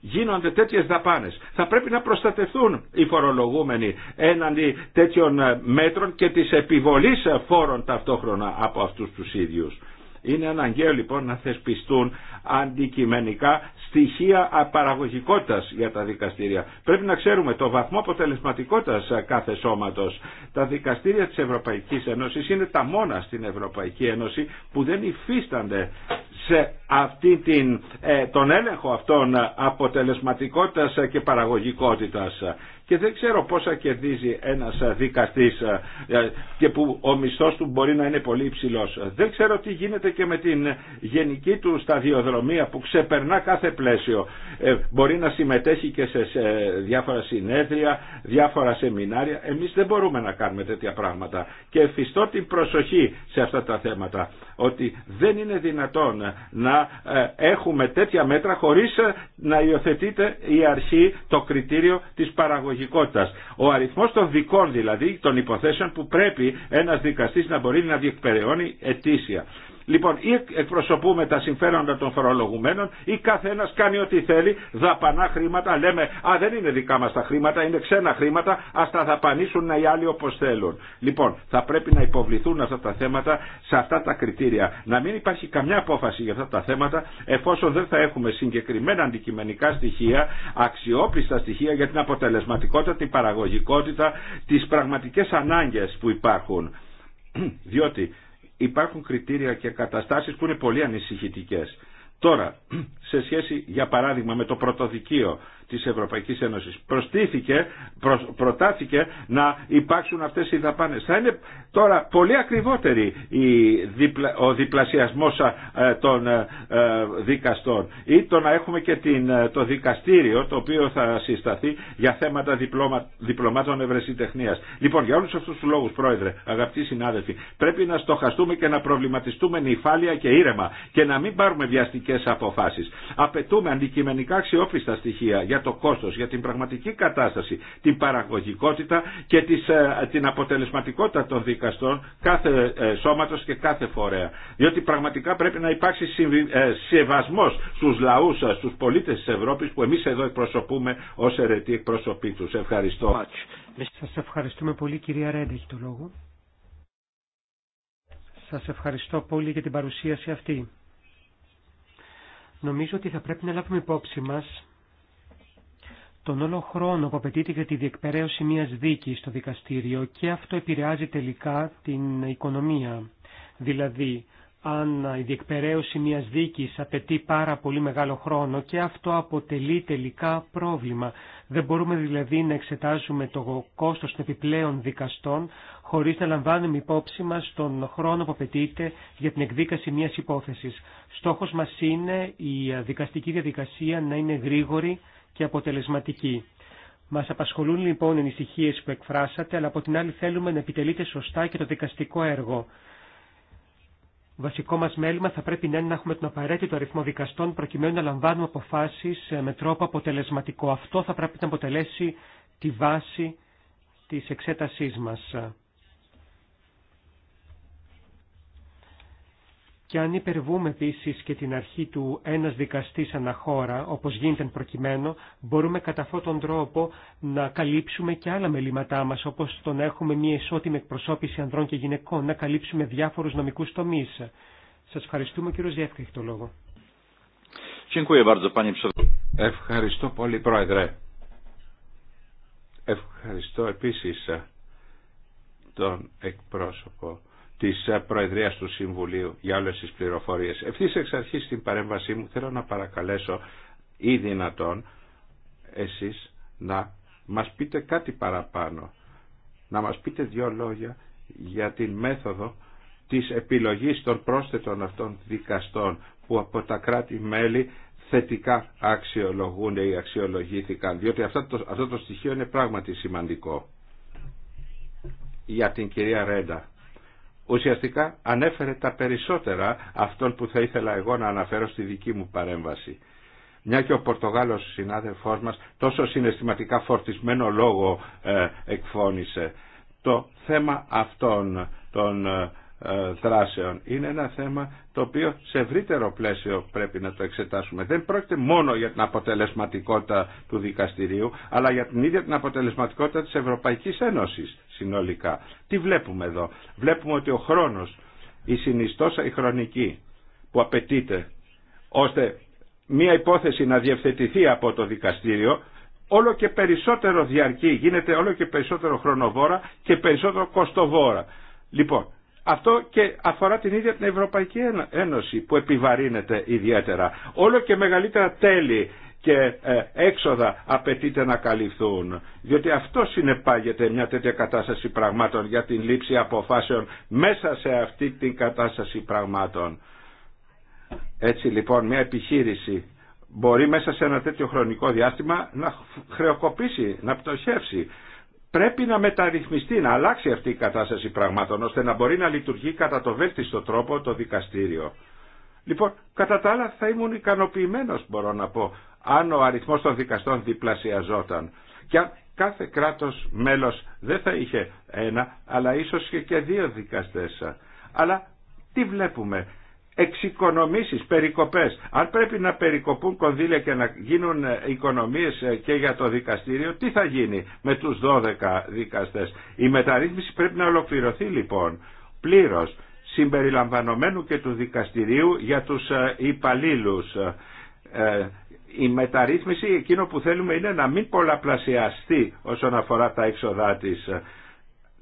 Γίνονται τέτοιες δαπάνες. Θα πρέπει να προστατευτούν οι φορολογούμενοι έναντι τέτοιων ε, μέτρων και της επιβολής ε, φόρων ταυτόχρονα από αυτούς τους ίδιους. Είναι αναγκαίο λοιπόν να θεσπιστούν αντικειμενικά στοιχεία παραγωγικότητας για τα δικαστήρια. Πρέπει να ξέρουμε το βαθμό αποτελεσματικότητας κάθε σώματος. Τα δικαστήρια της Ευρωπαϊκής Ένωσης είναι τα μόνα στην Ευρωπαϊκή Ένωση που δεν υφίστανται σε αυτή την, ε, τον έλεγχο αυτών αποτελεσματικότητας και παραγωγικότητας και δεν ξέρω πόσα κερδίζει ένας ε, δικαστής ε, ε, και που ο μισθός του μπορεί να είναι πολύ υψηλός. Δεν ξέρω τι γίνεται και με την γενική του σταδιοδρομία που ξεπερνά κάθε πλαίσιο. Μπορεί να συμμετέχει και σε διάφορα συνέδρια, διάφορα σεμινάρια. Εμείς δεν μπορούμε να κάνουμε τέτοια πράγματα και εφιστώ την προσοχή σε αυτά τα θέματα ότι δεν είναι δυνατόν να έχουμε τέτοια μέτρα χωρίς να υιοθετείται η αρχή, το κριτήριο της παραγωγής ο αριθμός των δικών δηλαδή των υποθέσεων που πρέπει ένας δικαστής να μπορεί να διεκπεραιώνει ετήσια. Λοιπόν, ή εκπροσωπούμε τα συμφέροντα των φορολογουμένων ή κάθε ένα κάνει ό,τι θέλει, δαπανά χρήματα, λέμε Α, δεν είναι δικά μα τα χρήματα, είναι ξένα χρήματα, α τα δαπανίσουν οι άλλοι όπω θέλουν. Λοιπόν, θα πρέπει να υποβληθούν αυτά τα θέματα σε αυτά τα κριτήρια. Να μην υπάρχει καμιά απόφαση για αυτά τα θέματα, εφόσον δεν θα έχουμε συγκεκριμένα αντικειμενικά στοιχεία, αξιόπιστα στοιχεία για την αποτελεσματικότητα, την παραγωγικότητα, τι πραγματικέ ανάγκε που υπάρχουν. (clears throat) Διότι υπάρχουν κριτήρια και καταστάσεις που είναι πολύ ανησυχητικές. Τώρα, (clears throat) σε σχέση για παράδειγμα με το πρωτοδικείο, της Ευρωπαϊκής Ένωσης. Προστήθηκε, προτάθηκε να υπάρξουν αυτές οι δαπάνες. Θα είναι τώρα πολύ ακριβότερη η, ο διπλασιασμός ε, των ε, δικαστών ή το να έχουμε και την, ε, το δικαστήριο το οποίο θα συσταθεί για θέματα διπλωμα, διπλωμάτων ευρεσιτεχνίας. Λοιπόν, για όλους αυτούς τους λόγους, Πρόεδρε, αγαπητοί συνάδελφοι, πρέπει να στοχαστούμε και να προβληματιστούμε νυφάλια και ήρεμα και να μην πάρουμε βιαστικές αποφάσεις. Απαιτούμε αντικειμενικά αξιόπιστα στοιχεία για το κόστος, για την πραγματική κατάσταση, την παραγωγικότητα και ε, την αποτελεσματικότητα των δικαστών κάθε ε, σώματος και κάθε φορέα. Διότι πραγματικά πρέπει να υπάρξει ε, σεβασμός στους λαούς, στους πολίτες της Ευρώπης που εμείς εδώ εκπροσωπούμε ως αιρετή εκπροσωπή τους. Ευχαριστώ. Σας ευχαριστούμε πολύ κυρία Ρέντε, έχει το λόγο. Σας ευχαριστώ πολύ για την παρουσίαση αυτή. Νομίζω ότι θα πρέπει να λάβουμε υπόψη μας τον όλο χρόνο που απαιτείται για τη διεκπαιρέωση μια δίκη στο δικαστήριο και αυτό επηρεάζει τελικά την οικονομία. Δηλαδή, αν η διεκπαιρέωση μια δίκη απαιτεί πάρα πολύ μεγάλο χρόνο και αυτό αποτελεί τελικά πρόβλημα. Δεν μπορούμε δηλαδή να εξετάζουμε το κόστο των επιπλέον δικαστών χωρί να λαμβάνουμε υπόψη μα τον χρόνο που απαιτείται για την εκδίκαση μια υπόθεση. Στόχο μα είναι η δικαστική διαδικασία να είναι γρήγορη, και αποτελεσματική. Μα απασχολούν λοιπόν οι ανησυχίε που εκφράσατε, αλλά από την άλλη θέλουμε να επιτελείτε σωστά και το δικαστικό έργο. Βασικό μα μέλημα θα πρέπει να είναι να έχουμε τον απαραίτητο αριθμό δικαστών προκειμένου να λαμβάνουμε αποφάσει ε, με τρόπο αποτελεσματικό. Αυτό θα πρέπει να αποτελέσει τη βάση τη εξέτασή μα. και αν υπερβούμε επίση και την αρχή του ένας δικαστής αναχώρα, όπως γίνεται προκειμένο, μπορούμε κατά αυτόν τον τρόπο να καλύψουμε και άλλα μελήματά μας, όπως το να έχουμε μια ισότιμη εκπροσώπηση ανδρών και γυναικών, να καλύψουμε διάφορους νομικούς τομείς. Σας ευχαριστούμε κύριο Ζεύκα, έχει το λόγο. Ευχαριστώ πολύ πρόεδρε. Ευχαριστώ επίσης τον εκπρόσωπο της ε, Προεδρίας του Συμβουλίου για όλες τις πληροφορίες. Ευθύς εξ αρχής στην παρέμβασή μου θέλω να παρακαλέσω ή δυνατόν εσείς να μας πείτε κάτι παραπάνω, να μας πείτε δύο λόγια για την μέθοδο της επιλογής των πρόσθετων αυτών δικαστών που από τα κράτη-μέλη θετικά αξιολογούν ή αξιολογήθηκαν, διότι αυτό το, αυτό το στοιχείο είναι πράγματι σημαντικό. Για την κυρία Ρέντα, ουσιαστικά ανέφερε τα περισσότερα αυτών που θα ήθελα εγώ να αναφέρω στη δική μου παρέμβαση. Μια και ο Πορτογάλος συνάδελφός μας τόσο συναισθηματικά φορτισμένο λόγο ε, εκφώνησε. Το θέμα αυτών των ε, ε, δράσεων είναι ένα θέμα το οποίο σε ευρύτερο πλαίσιο πρέπει να το εξετάσουμε. Δεν πρόκειται μόνο για την αποτελεσματικότητα του δικαστηρίου, αλλά για την ίδια την αποτελεσματικότητα της Ευρωπαϊκής Ένωσης συνολικά. Τι βλέπουμε εδώ. Βλέπουμε ότι ο χρόνος, η συνιστόσα η χρονική που απαιτείται ώστε μία υπόθεση να διευθετηθεί από το δικαστήριο όλο και περισσότερο διαρκεί, γίνεται όλο και περισσότερο χρονοβόρα και περισσότερο κοστοβόρα. Λοιπόν, αυτό και αφορά την ίδια την Ευρωπαϊκή Ένωση που επιβαρύνεται ιδιαίτερα. Όλο και μεγαλύτερα τέλη και ε, έξοδα απαιτείται να καλυφθούν. Διότι αυτό συνεπάγεται μια τέτοια κατάσταση πραγμάτων για την λήψη αποφάσεων μέσα σε αυτή την κατάσταση πραγμάτων. Έτσι λοιπόν μια επιχείρηση μπορεί μέσα σε ένα τέτοιο χρονικό διάστημα να χρεοκοπήσει, να πτωχεύσει. Πρέπει να μεταρρυθμιστεί, να αλλάξει αυτή η κατάσταση πραγμάτων, ώστε να μπορεί να λειτουργεί κατά το βέλτιστο τρόπο το δικαστήριο. Λοιπόν, κατά τα άλλα θα ήμουν ικανοποιημένος μπορώ να πω αν ο αριθμός των δικαστών διπλασιαζόταν. Και αν κάθε κράτος μέλος δεν θα είχε ένα, αλλά ίσως και δύο δικαστές. Αλλά τι βλέπουμε, εξοικονομήσεις, περικοπές. Αν πρέπει να περικοπούν κονδύλια και να γίνουν οικονομίες ε, και για το δικαστήριο, τι θα γίνει με τους 12 δικαστές. Η μεταρρύθμιση πρέπει να ολοκληρωθεί λοιπόν πλήρως συμπεριλαμβανομένου και του δικαστηρίου για τους ε, υπαλλήλους ε, η μεταρρύθμιση εκείνο που θέλουμε είναι να μην πολλαπλασιαστεί όσον αφορά τα έξοδά της.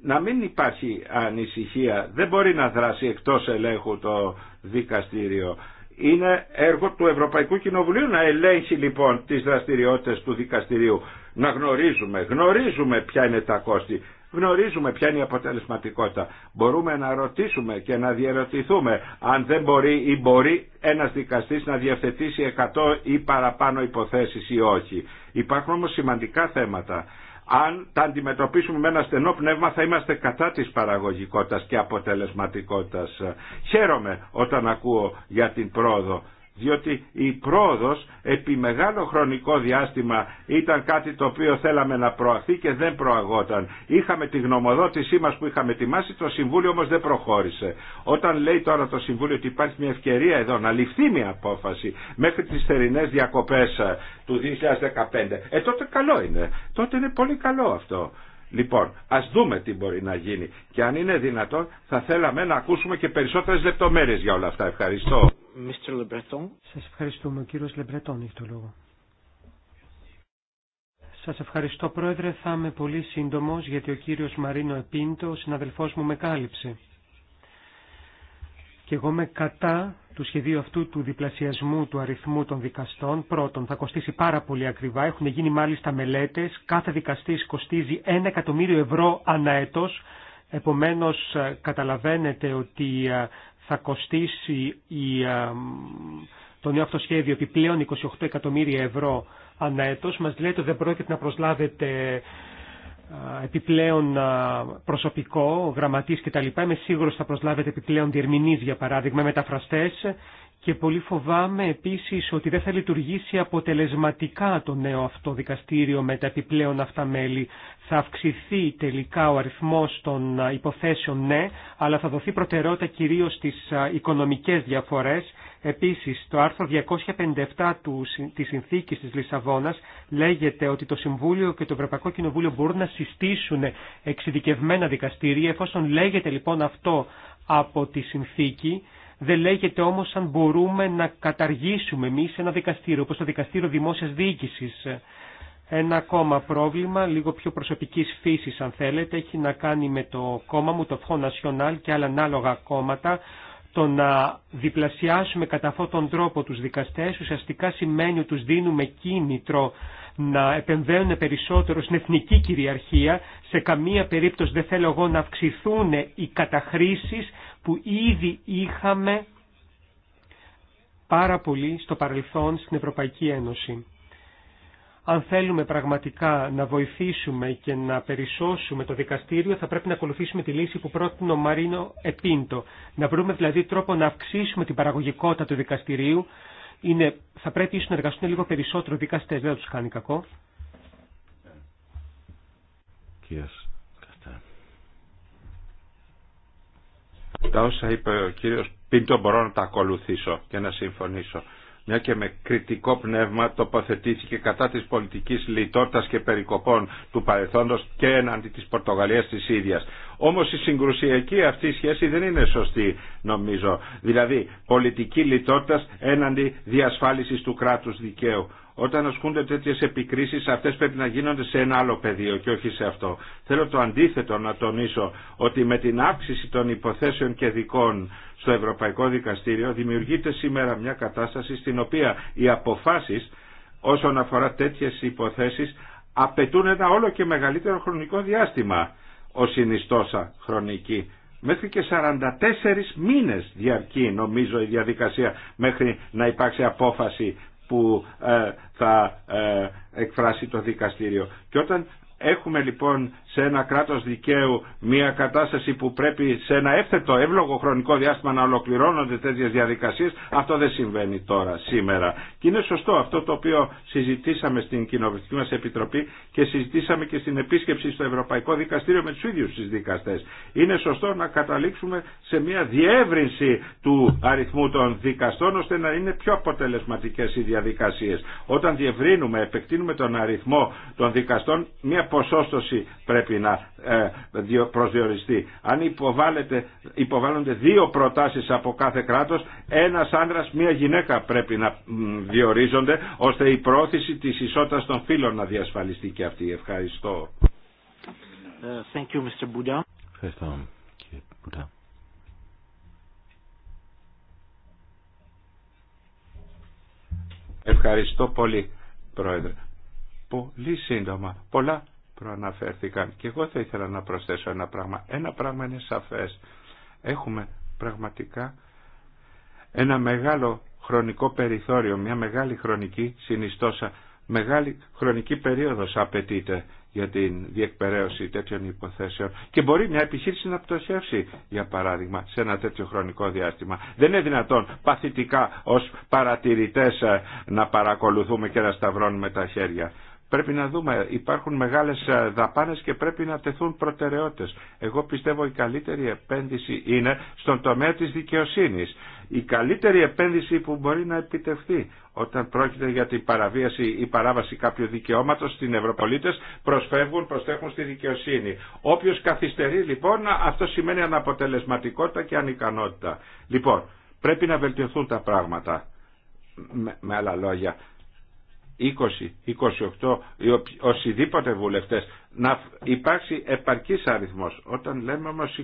Να μην υπάρχει ανησυχία, δεν μπορεί να δράσει εκτός ελέγχου το δικαστήριο. Είναι έργο του Ευρωπαϊκού Κοινοβουλίου να ελέγχει λοιπόν τις δραστηριότητες του δικαστηρίου. Να γνωρίζουμε, γνωρίζουμε ποια είναι τα κόστη γνωρίζουμε ποια είναι η αποτελεσματικότητα. Μπορούμε να ρωτήσουμε και να διερωτηθούμε αν δεν μπορεί ή μπορεί ένας δικαστής να διευθετήσει 100 ή παραπάνω υποθέσεις ή όχι. Υπάρχουν όμως σημαντικά θέματα. Αν τα αντιμετωπίσουμε με ένα στενό πνεύμα θα είμαστε κατά της παραγωγικότητας και αποτελεσματικότητας. Χαίρομαι όταν ακούω για την πρόοδο διότι η πρόοδος επί μεγάλο χρονικό διάστημα ήταν κάτι το οποίο θέλαμε να προαθεί και δεν προαγόταν. Είχαμε τη γνωμοδότησή μας που είχαμε ετοιμάσει, το Συμβούλιο όμως δεν προχώρησε. Όταν λέει τώρα το Συμβούλιο ότι υπάρχει μια ευκαιρία εδώ να ληφθεί μια απόφαση μέχρι τις θερινές διακοπές ε, του 2015, ε τότε καλό είναι, τότε είναι πολύ καλό αυτό. Λοιπόν, ας δούμε τι μπορεί να γίνει και αν είναι δυνατόν θα θέλαμε να ακούσουμε και περισσότερες λεπτομέρειες για όλα αυτά. Ευχαριστώ. Mr. Le Breton. Σας ευχαριστούμε. Ο κύριος Λεμπρετών έχει το λόγο. Σας ευχαριστώ Πρόεδρε, θα είμαι πολύ σύντομος γιατί ο κύριος Μαρίνο Επίντο, ο συναδελφός μου, με κάλυψε. Και εγώ με κατά του σχεδίου αυτού του διπλασιασμού του αριθμού των δικαστών. Πρώτον, θα κοστίσει πάρα πολύ ακριβά. Έχουν γίνει μάλιστα μελέτες. Κάθε δικαστής κοστίζει 1 εκατομμύριο ευρώ ανά έτος. Επομένως, ε, καταλαβαίνετε ότι ε, θα κοστίσει η, το νέο αυτό σχέδιο επιπλέον 28 εκατομμύρια ευρώ ανά έτος. Μας λέει ότι δεν πρόκειται να προσλάβετε επιπλέον προσωπικό, γραμματής κτλ. Είμαι σίγουρος θα προσλάβετε επιπλέον διερμηνείς για παράδειγμα, μεταφραστές και πολύ φοβάμαι επίσης ότι δεν θα λειτουργήσει αποτελεσματικά το νέο αυτό δικαστήριο με τα επιπλέον αυτά μέλη. Θα αυξηθεί τελικά ο αριθμός των υποθέσεων, ναι, αλλά θα δοθεί προτεραιότητα κυρίως στις οικονομικές διαφορές. Επίσης, το άρθρο 257 του, της Συνθήκης της Λισαβόνας λέγεται ότι το Συμβούλιο και το Ευρωπαϊκό Κοινοβούλιο μπορούν να συστήσουν εξειδικευμένα δικαστήρια, εφόσον λέγεται λοιπόν αυτό από τη Συνθήκη, δεν λέγεται όμως αν μπορούμε να καταργήσουμε εμεί ένα δικαστήριο, όπω το Δικαστήριο Δημόσια Διοίκηση. Ένα ακόμα πρόβλημα, λίγο πιο προσωπική φύση, αν θέλετε, έχει να κάνει με το κόμμα μου, το Front και άλλα ανάλογα κόμματα. Το να διπλασιάσουμε κατά αυτόν τον τρόπο τους δικαστές ουσιαστικά σημαίνει ότι τους δίνουμε κίνητρο να επεμβαίνουν περισσότερο στην εθνική κυριαρχία. Σε καμία περίπτωση δεν θέλω εγώ να αυξηθούν οι καταχρήσεις που ήδη είχαμε πάρα πολύ στο παρελθόν στην Ευρωπαϊκή Ένωση. Αν θέλουμε πραγματικά να βοηθήσουμε και να περισσώσουμε το δικαστήριο, θα πρέπει να ακολουθήσουμε τη λύση που πρότεινε ο Μαρίνο Επίντο. Να βρούμε δηλαδή τρόπο να αυξήσουμε την παραγωγικότητα του δικαστηρίου. Είναι, θα πρέπει ίσως να εργαστούν λίγο περισσότερο δικαστές, δεν θα τους κάνει κακό. Τα όσα είπε ο κύριος Πίντο μπορώ να τα ακολουθήσω και να συμφωνήσω. Μια και με κριτικό πνεύμα τοποθετήθηκε κατά της πολιτικής λιτότητας και περικοπών του παρελθόντος και έναντι της Πορτογαλίας της ίδιας. Όμως η συγκρουσιακή αυτή σχέση δεν είναι σωστή νομίζω. Δηλαδή πολιτική λιτότητας έναντι διασφάλισης του κράτους δικαίου. Όταν ασκούνται τέτοιε επικρίσει, αυτέ πρέπει να γίνονται σε ένα άλλο πεδίο και όχι σε αυτό. Θέλω το αντίθετο να τονίσω ότι με την αύξηση των υποθέσεων και δικών στο Ευρωπαϊκό Δικαστήριο δημιουργείται σήμερα μια κατάσταση στην οποία οι αποφάσει όσον αφορά τέτοιε υποθέσει απαιτούν ένα όλο και μεγαλύτερο χρονικό διάστημα ω συνιστόσα χρονική. Μέχρι και 44 μήνες διαρκεί νομίζω η διαδικασία μέχρι να υπάρξει απόφαση που ε, θα ε, εκφράσει το δικαστήριο. Και όταν Έχουμε λοιπόν σε ένα κράτος δικαίου μια κατάσταση που πρέπει σε ένα εύθετο εύλογο χρονικό διάστημα να ολοκληρώνονται τέτοιες διαδικασίες. Αυτό δεν συμβαίνει τώρα, σήμερα. Και είναι σωστό αυτό το οποίο συζητήσαμε στην Κοινοβουλευτική μας Επιτροπή και συζητήσαμε και στην επίσκεψη στο Ευρωπαϊκό Δικαστήριο με τους ίδιους τους δικαστές. Είναι σωστό να καταλήξουμε σε μια διεύρυνση του αριθμού των δικαστών ώστε να είναι πιο αποτελεσματικές οι διαδικασίες. Όταν διευρύνουμε, επεκτείνουμε τον αριθμό των δικαστών, μια ποσόστοση πρέπει να ε, προσδιοριστεί. Αν υποβάλλονται δύο προτάσεις από κάθε κράτος, ένας άνδρας, μία γυναίκα πρέπει να διορίζονται, ώστε η πρόθεση της ισότητας των φίλων να διασφαλιστεί και αυτή. Ευχαριστώ. Ε, Ευχαριστώ, Ευχαριστώ πολύ, Πρόεδρε. Πολύ σύντομα. Πολλά προαναφέρθηκαν. Και εγώ θα ήθελα να προσθέσω ένα πράγμα. Ένα πράγμα είναι σαφές. Έχουμε πραγματικά ένα μεγάλο χρονικό περιθώριο, μια μεγάλη χρονική συνιστόσα, μεγάλη χρονική περίοδος απαιτείται για την διεκπαιρέωση τέτοιων υποθέσεων και μπορεί μια επιχείρηση να πτωχεύσει για παράδειγμα σε ένα τέτοιο χρονικό διάστημα. Δεν είναι δυνατόν παθητικά ως παρατηρητές ε, να παρακολουθούμε και να σταυρώνουμε τα χέρια. Πρέπει να δούμε, υπάρχουν μεγάλες ε, δαπάνες και πρέπει να τεθούν προτεραιότητες. Εγώ πιστεύω η καλύτερη επένδυση είναι στον τομέα της δικαιοσύνης. Η καλύτερη επένδυση που μπορεί να επιτευχθεί όταν πρόκειται για την παραβίαση ή παράβαση κάποιου δικαιώματος στην Ευρωπολίτες προσφεύγουν, προστέχουν στη δικαιοσύνη. Όποιος καθυστερεί λοιπόν αυτό σημαίνει αναποτελεσματικότητα και ανικανότητα. Λοιπόν, πρέπει να βελτιωθούν τα πράγματα με, με άλλα λόγια 20, 28 οσιδήποτε βουλευτές να υπάρξει επαρκής αριθμός. Όταν λέμε όμως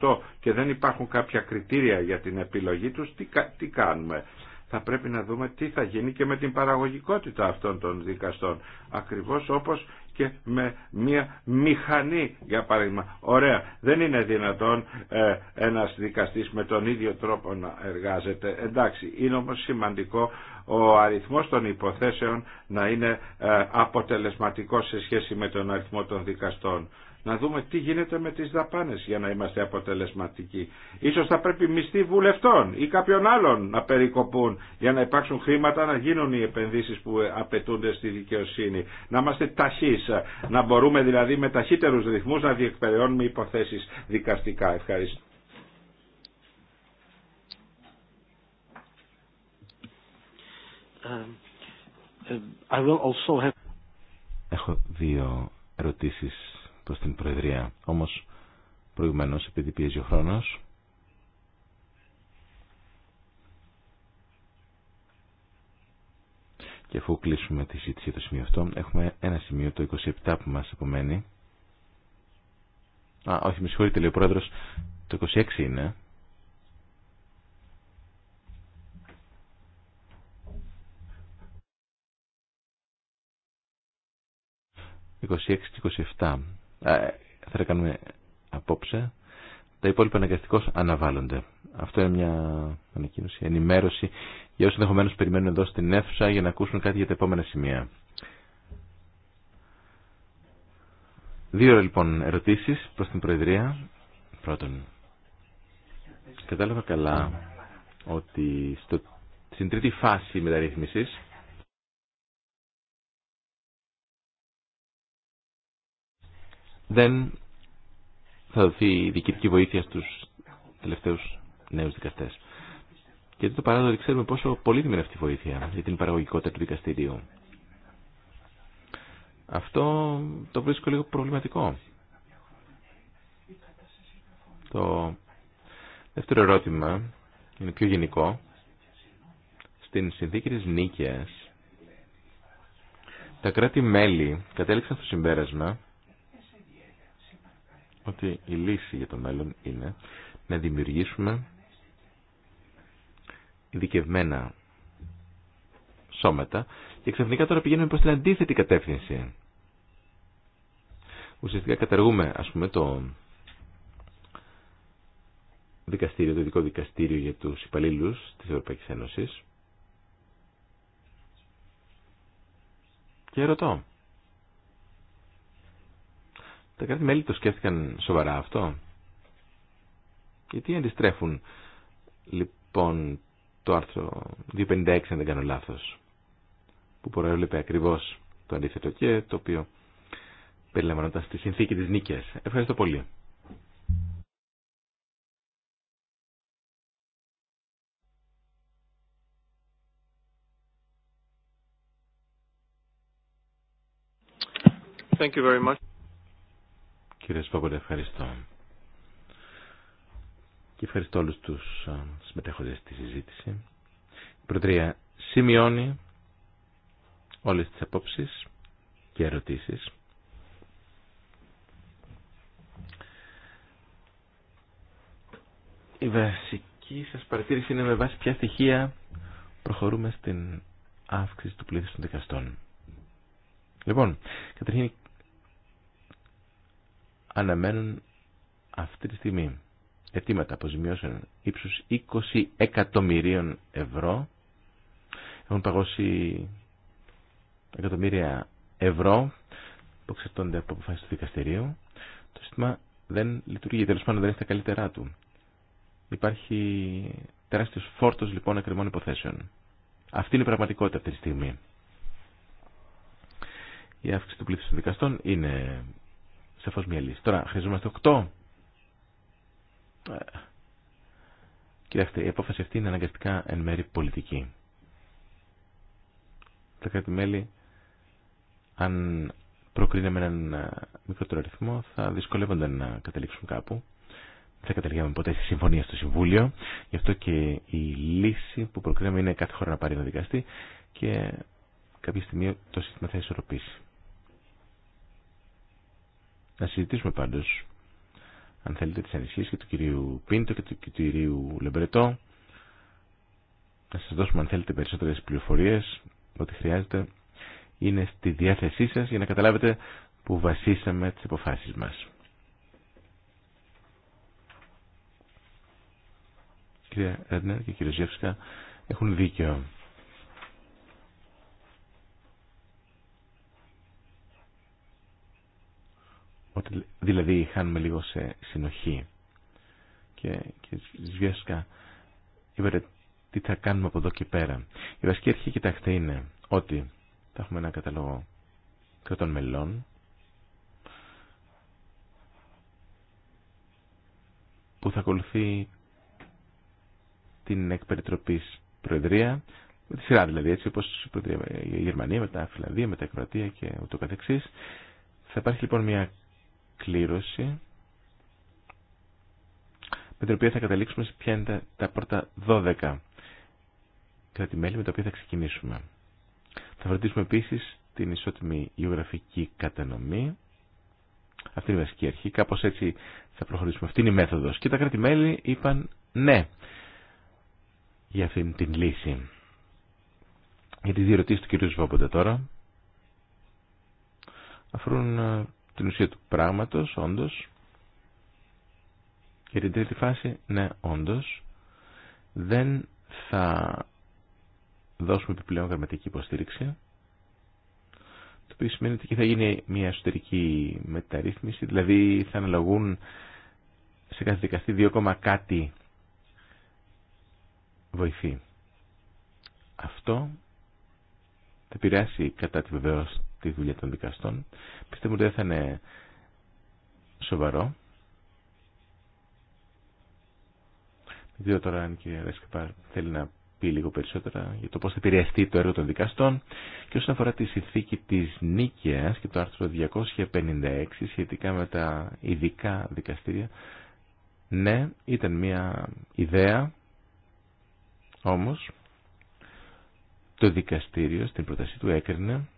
28 και δεν υπάρχουν κάποια κριτήρια για την επιλογή τους, τι, κάνουμε. Θα πρέπει να δούμε τι θα γίνει και με την παραγωγικότητα αυτών των δικαστών. Ακριβώς όπως και με μια μηχανή για παράδειγμα. Ωραία, δεν είναι δυνατόν ε, ένας δικαστής με τον ίδιο τρόπο να εργάζεται. Εντάξει, είναι όμως σημαντικό ο αριθμός των υποθέσεων να είναι ε, αποτελεσματικός σε σχέση με τον αριθμό των δικαστών. Να δούμε τι γίνεται με τις δαπάνες για να είμαστε αποτελεσματικοί. Ίσως θα πρέπει μισθοί βουλευτών ή κάποιων άλλων να περικοπούν για να υπάρξουν χρήματα να γίνουν οι επενδύσεις που ε, απαιτούνται στη δικαιοσύνη. Να είμαστε ταχείς, ε, να μπορούμε δηλαδή με ταχύτερους ρυθμούς να διεκπαιρεώνουμε υποθέσεις δικαστικά. Ευχαριστώ. Um, uh, Έχω δύο ερωτήσεις προς την Προεδρία. Όμως προηγουμένως επειδή πιέζει ο χρόνος και αφού κλείσουμε τη συζήτηση για το σημείο αυτό έχουμε ένα σημείο το 27 που μας απομένει. Α, όχι, με συγχωρείτε λέει ο Πρόεδρος, το 26 είναι. 26 και 27 ε, θα τα κάνουμε απόψε. Τα υπόλοιπα αναγκαστικώ αναβάλλονται. Αυτό είναι μια ανακοίνωση, ενημέρωση για όσου ενδεχομένω περιμένουν εδώ στην αίθουσα για να ακούσουν κάτι για τα επόμενα σημεία. Δύο λοιπόν ερωτήσει προ την Προεδρία. Πρώτον, κατάλαβα καλά ότι στο, στην τρίτη φάση μεταρρύθμιση δεν θα δοθεί διοικητική βοήθεια στους τελευταίους νέους δικαστές. Και το παράδειγμα ξέρουμε πόσο πολύτιμη είναι αυτή η βοήθεια για την παραγωγικότητα του δικαστηρίου. Αυτό το βρίσκω λίγο προβληματικό. Το δεύτερο ερώτημα είναι πιο γενικό. Στην συνθήκη της νίκης τα κράτη-μέλη κατέληξαν στο συμπέρασμα ότι η λύση για το μέλλον είναι να δημιουργήσουμε ειδικευμένα σώματα και ξαφνικά τώρα πηγαίνουμε προς την αντίθετη κατεύθυνση. Ουσιαστικά καταργούμε ας πούμε το δικαστήριο, το ειδικό δικαστήριο για τους υπαλλήλους της Ευρωπαϊκής Ένωσης και ρωτώ τα κράτη-μέλη το σκέφτηκαν σοβαρά αυτό. Γιατί αντιστρέφουν λοιπόν το άρθρο 256 αν δεν κάνω λάθος που προέβλεπε ακριβώς το αντίθετο και το οποίο περιλαμβανόταν στη συνθήκη της νίκης. Ευχαριστώ πολύ. Thank you very much. Κύριε Σπόπολε, ευχαριστώ. Και ευχαριστώ όλους τους συμμετέχοντες στη συζήτηση. Η Προτρία σημειώνει όλες τις απόψεις και ερωτήσεις. Η βασική σας παρατήρηση είναι με βάση ποια στοιχεία προχωρούμε στην αύξηση του πλήθους των δικαστών. Λοιπόν, καταρχήν αναμένουν αυτή τη στιγμή αιτήματα αποζημιώσεων ύψους 20 εκατομμυρίων ευρώ. Έχουν παγώσει εκατομμύρια ευρώ που εξαρτώνται από αποφάσεις του δικαστηρίου. Το σύστημα δεν λειτουργεί, τέλο πάντων δεν έχει τα καλύτερά του. Υπάρχει τεράστιος φόρτος λοιπόν ακριβών υποθέσεων. Αυτή είναι η πραγματικότητα αυτή τη στιγμή. Η αύξηση του πλήθους των δικαστών είναι σαφώ μια λύση. Τώρα, χρειαζόμαστε 8. Ε, κοιτάξτε, η απόφαση αυτή είναι αναγκαστικά εν μέρη πολιτική. Τα κράτη-μέλη, αν με έναν ε, μικρότερο αριθμό, θα δυσκολεύονταν να καταλήξουν κάπου. Δεν θα καταλήγαμε ποτέ στη συμφωνία στο Συμβούλιο. Γι' αυτό και η λύση που προκρίνουμε είναι κάθε χώρα να πάρει ένα δικαστή και κάποια στιγμή το σύστημα θα ισορροπήσει. Να συζητήσουμε πάντως, αν θέλετε, τι ανησυχίες και του κυρίου Πίντο και του κυρίου Λεμπρετό. Να σας δώσουμε, αν θέλετε, περισσότερες πληροφορίες, ό,τι χρειάζεται. Είναι στη διάθεσή σας για να καταλάβετε που βασίσαμε τις αποφάσει μας. Κυρία Ρέντνερ και κύριε έχουν δίκιο. Ότι δηλαδή χάνουμε λίγο σε συνοχή. Και, και Σβιέσκα είπε τι θα κάνουμε από εδώ και πέρα. Η βασική αρχή κοιτάξτε είναι ότι θα έχουμε ένα καταλόγο κρατών μελών που θα ακολουθεί την εκπεριτροπής προεδρία με τη σειρά δηλαδή έτσι όπως η Γερμανία, μετά η Φιλανδία, μετά η Κροατία και ούτω καθεξής. Θα υπάρχει λοιπόν μια κλήρωση με την οποία θα καταλήξουμε σε ποια είναι τα, πρώτα 12 κράτη-μέλη με τα οποία θα ξεκινήσουμε. Θα φροντίσουμε επίσης την ισότιμη γεωγραφική κατανομή. Αυτή είναι η βασική αρχή. Κάπως έτσι θα προχωρήσουμε. Αυτή είναι η μέθοδος. Και τα κρατη είπαν ναι για αυτήν την λύση. Για τις ερωτήσει του κ. Βόμποντα τώρα αφορούν ε, την ουσία του πράγματος, όντως. Και την τρίτη φάση, ναι, όντως, δεν θα δώσουμε επιπλέον γραμματική υποστήριξη, το οποίο σημαίνει ότι θα γίνει μια εσωτερική μεταρρύθμιση, δηλαδή θα αναλογούν σε κάθε δικαστή 2, κάτι βοηθή Αυτό θα επηρεάσει κατά τη βεβαίωση τη δουλειά των δικαστών. Πιστεύω ότι δεν θα είναι σοβαρό. Δεν τώρα αν η κυρία θέλει να πει λίγο περισσότερα για το πώς θα επηρεαστεί το έργο των δικαστών και όσον αφορά τη συνθήκη της νίκαιας και το άρθρο 256 σχετικά με τα ειδικά δικαστήρια ναι, ήταν μια ιδέα όμως το δικαστήριο στην πρότασή του έκρινε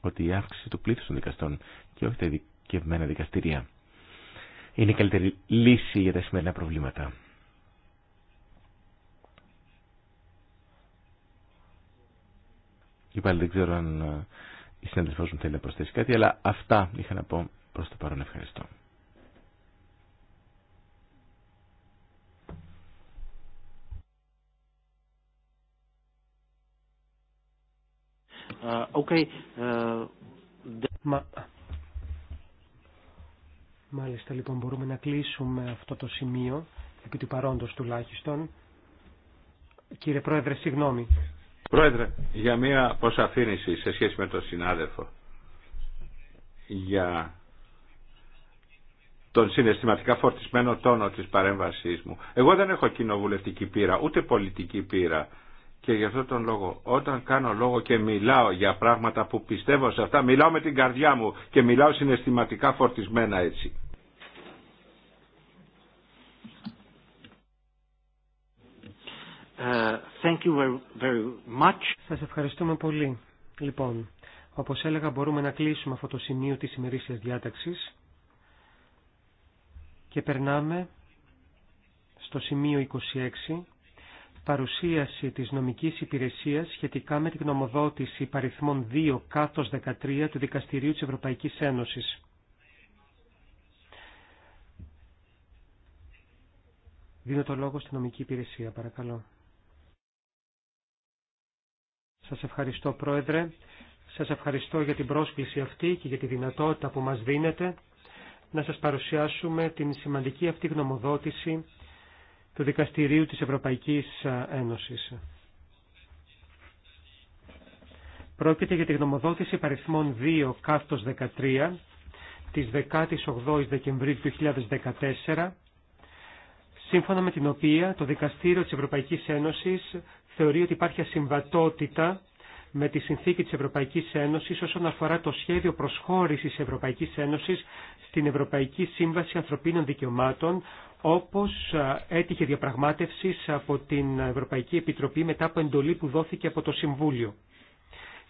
ότι η αύξηση του πλήθους των δικαστών και όχι τα ειδικευμένα δικαστηρία είναι η καλύτερη λύση για τα σημερινά προβλήματα. Και πάλι δεν ξέρω αν ε, η συνέντευξη μου θέλει να προσθέσει κάτι, αλλά αυτά είχα να πω προς το παρόν. Ευχαριστώ. okay, ε, ε, Μα... Μάλιστα λοιπόν μπορούμε να κλείσουμε αυτό το σημείο, επί του παρόντος τουλάχιστον. Κύριε Πρόεδρε, συγγνώμη. Πρόεδρε, για μία προσαφήνιση σε σχέση με τον συνάδελφο για τον συναισθηματικά φορτισμένο τόνο της παρέμβασής μου. Εγώ δεν έχω κοινοβουλευτική πείρα, ούτε πολιτική πείρα και γι' αυτό τον λόγο, όταν κάνω λόγο και μιλάω για πράγματα που πιστεύω σε αυτά, μιλάω με την καρδιά μου και μιλάω συναισθηματικά φορτισμένα έτσι. Ε, thank you very much. Σας ευχαριστούμε πολύ. Λοιπόν, όπως έλεγα μπορούμε να κλείσουμε αυτό το σημείο της ημερήσιας διάταξης και περνάμε στο σημείο 26 παρουσίαση της νομικής υπηρεσίας σχετικά με την γνωμοδότηση παριθμών 2 κάθος 13 του Δικαστηρίου της Ευρωπαϊκής Ένωσης. Δίνω το λόγο στην νομική υπηρεσία, παρακαλώ. Σας ευχαριστώ, Πρόεδρε. Σας ευχαριστώ για την πρόσκληση αυτή και για τη δυνατότητα που μας δίνετε να σας παρουσιάσουμε την σημαντική αυτή γνωμοδότηση του Δικαστηρίου της Ευρωπαϊκής ε, Ένωσης. Πρόκειται για τη γνωμοδότηση παριθμών 2 κάθος 13 της 18ης Δεκεμβρίου 2014 σύμφωνα με την οποία το Δικαστήριο της Ευρωπαϊκής Ένωσης θεωρεί ότι υπάρχει ασυμβατότητα με τη συνθήκη της Ευρωπαϊκής Ένωσης όσον αφορά το σχέδιο προσχώρησης Ευρωπαϊκής Ένωσης στην Ευρωπαϊκή Σύμβαση Ανθρωπίνων Δικαιωμάτων, όπως έτυχε διαπραγμάτευσης από την Ευρωπαϊκή Επιτροπή μετά από εντολή που δόθηκε από το Συμβούλιο.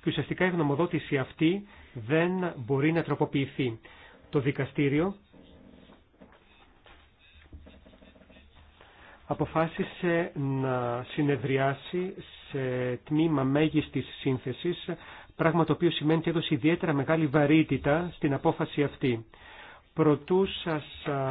Και ουσιαστικά η γνωμοδότηση αυτή δεν μπορεί να τροποποιηθεί. Το δικαστήριο αποφάσισε να συνεδριάσει σε τμήμα μέγιστης σύνθεσης, πράγμα το οποίο σημαίνει ότι έδωσε ιδιαίτερα μεγάλη βαρύτητα στην απόφαση αυτή. Πρωτού σας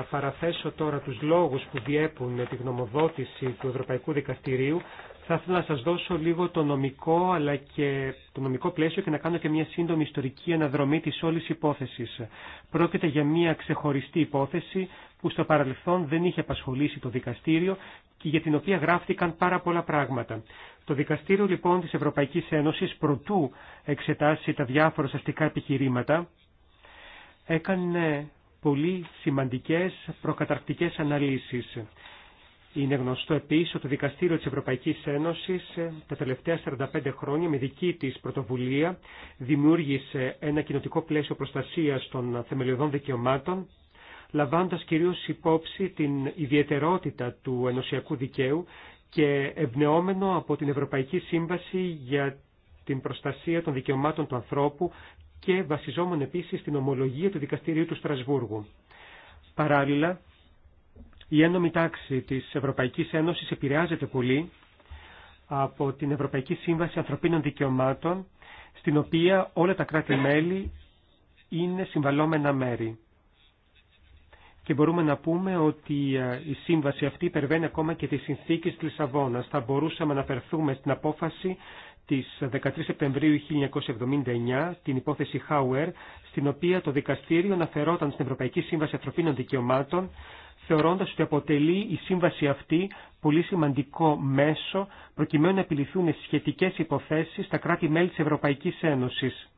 παραθέσω τώρα τους λόγους που διέπουν τη γνωμοδότηση του Ευρωπαϊκού Δικαστηρίου, θα ήθελα να σας δώσω λίγο το νομικό, αλλά και το νομικό πλαίσιο και να κάνω και μια σύντομη ιστορική αναδρομή της όλης υπόθεσης. Πρόκειται για μια ξεχωριστή υπόθεση που στο παρελθόν δεν είχε απασχολήσει το δικαστήριο και για την οποία γράφτηκαν πάρα πολλά πράγματα. Το δικαστήριο λοιπόν της Ευρωπαϊκής Ένωσης προτού εξετάσει τα διάφορα αστικά επιχειρήματα έκανε πολύ σημαντικές προκαταρκτικές αναλύσεις. Είναι γνωστό επίση ότι το Δικαστήριο της Ευρωπαϊκής Ένωσης ε, τα τελευταία 45 χρόνια με δική της πρωτοβουλία δημιούργησε ένα κοινοτικό πλαίσιο προστασίας των θεμελιωδών δικαιωμάτων λαμβάνοντα κυρίως υπόψη την ιδιαιτερότητα του ενωσιακού δικαίου και εμπνεόμενο από την Ευρωπαϊκή Σύμβαση για την προστασία των δικαιωμάτων του ανθρώπου και βασιζόμενο επίση στην ομολογία του Δικαστηρίου του Στρασβούργου. Παράλληλα, η ένωμη τάξη της Ευρωπαϊκής Ένωσης επηρεάζεται πολύ από την Ευρωπαϊκή Σύμβαση Ανθρωπίνων Δικαιωμάτων, στην οποία όλα τα κράτη-μέλη είναι συμβαλόμενα μέρη. Και μπορούμε να πούμε ότι ε, η σύμβαση αυτή υπερβαίνει ακόμα και τις συνθήκες της Λισαβόνας. Θα μπορούσαμε να περθούμε στην απόφαση της 13 Σεπτεμβρίου 1979, την υπόθεση Χάουερ, στην οποία το δικαστήριο αναφερόταν στην Ευρωπαϊκή Σύμβαση Ανθρωπίνων Δικαιωμάτων θεωρώντας ότι αποτελεί η σύμβαση αυτή πολύ σημαντικό μέσο προκειμένου να επιληθούν σχετικές υποθέσεις στα κράτη-μέλη της Ευρωπαϊκής Ένωσης.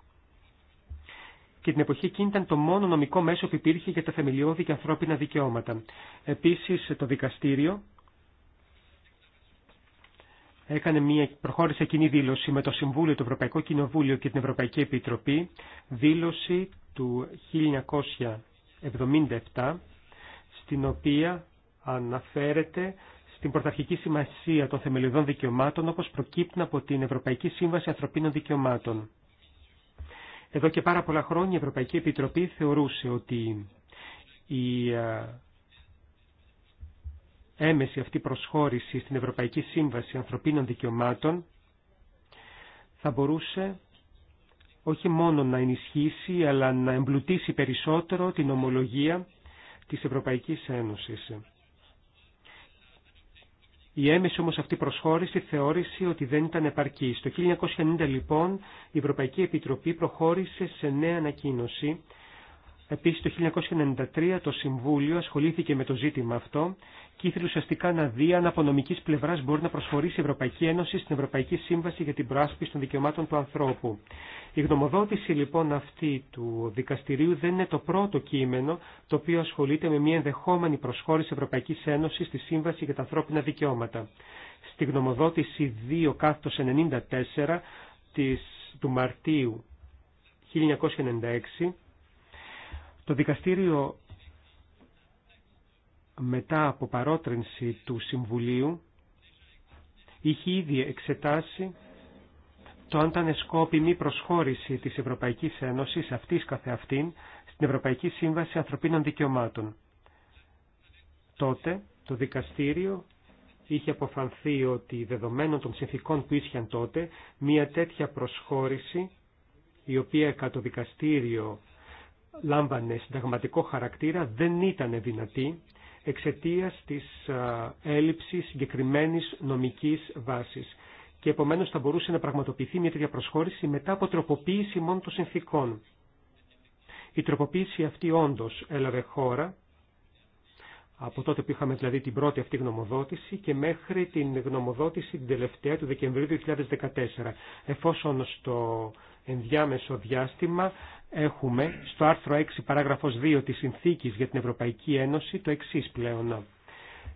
Και την εποχή εκείνη ήταν το μόνο νομικό μέσο που υπήρχε για τα θεμελιώδη και ανθρώπινα δικαιώματα. Επίσης το δικαστήριο έκανε μια, προχώρησε κοινή δήλωση με το Συμβούλιο, το Ευρωπαϊκό Κοινοβούλιο και την Ευρωπαϊκή Επιτροπή, δήλωση του 1977 στην οποία αναφέρεται στην πρωταρχική σημασία των θεμελιωδών δικαιωμάτων όπως προκύπτει από την Ευρωπαϊκή Σύμβαση Ανθρωπίνων Δικαιωμάτων. Εδώ και πάρα πολλά χρόνια η Ευρωπαϊκή Επιτροπή θεωρούσε ότι η ε, έμεση αυτή προσχώρηση στην Ευρωπαϊκή Σύμβαση Ανθρωπίνων Δικαιωμάτων θα μπορούσε όχι μόνο να ενισχύσει αλλά να εμπλουτίσει περισσότερο την ομολογία της Ευρωπαϊκής Ένωσης. Η έμεση όμως αυτή προσχώρηση θεώρησε ότι δεν ήταν επαρκή. Το 1990 λοιπόν η Ευρωπαϊκή Επιτροπή προχώρησε σε νέα ανακοίνωση Επίσης το 1993 το Συμβούλιο ασχολήθηκε με το ζήτημα αυτό και ήθελε ουσιαστικά να δει αν από νομικής πλευράς μπορεί να προσφορήσει η Ευρωπαϊκή Ένωση στην Ευρωπαϊκή Σύμβαση για την Προάσπιση των Δικαιωμάτων του Ανθρώπου. Η γνωμοδότηση λοιπόν αυτή του δικαστηρίου δεν είναι το πρώτο κείμενο το οποίο ασχολείται με μια ενδεχόμενη προσχώρηση Ευρωπαϊκή Ένωση στη Σύμβαση για τα Ανθρώπινα Δικαιώματα. Στη γνωμοδότηση 2 94 της, του Μαρτίου 1996 το δικαστήριο μετά από παρότρινση του Συμβουλίου είχε ήδη εξετάσει το αν ήταν σκόπιμη προσχώρηση της Ευρωπαϊκής Ένωσης αυτής καθεαυτήν στην Ευρωπαϊκή Σύμβαση Ανθρωπίνων Δικαιωμάτων. Τότε το δικαστήριο είχε αποφανθεί ότι δεδομένων των συνθήκων που ίσχυαν τότε, μία τέτοια προσχώρηση, η οποία κατά το δικαστήριο λάμβανε συνταγματικό χαρακτήρα δεν ήταν δυνατή εξαιτίας της έλλειψης συγκεκριμένη νομικής βάσης και επομένως θα μπορούσε να πραγματοποιηθεί μια τέτοια προσχώρηση μετά από τροποποίηση μόνο των συνθήκων. Η τροποποίηση αυτή όντως έλαβε χώρα από τότε που είχαμε δηλαδή την πρώτη αυτή γνωμοδότηση και μέχρι την γνωμοδότηση την τελευταία του Δεκεμβρίου 2014. Εφόσον στο ενδιάμεσο διάστημα έχουμε στο άρθρο 6 παράγραφος 2 της Συνθήκης για την Ευρωπαϊκή Ένωση το εξής πλέον.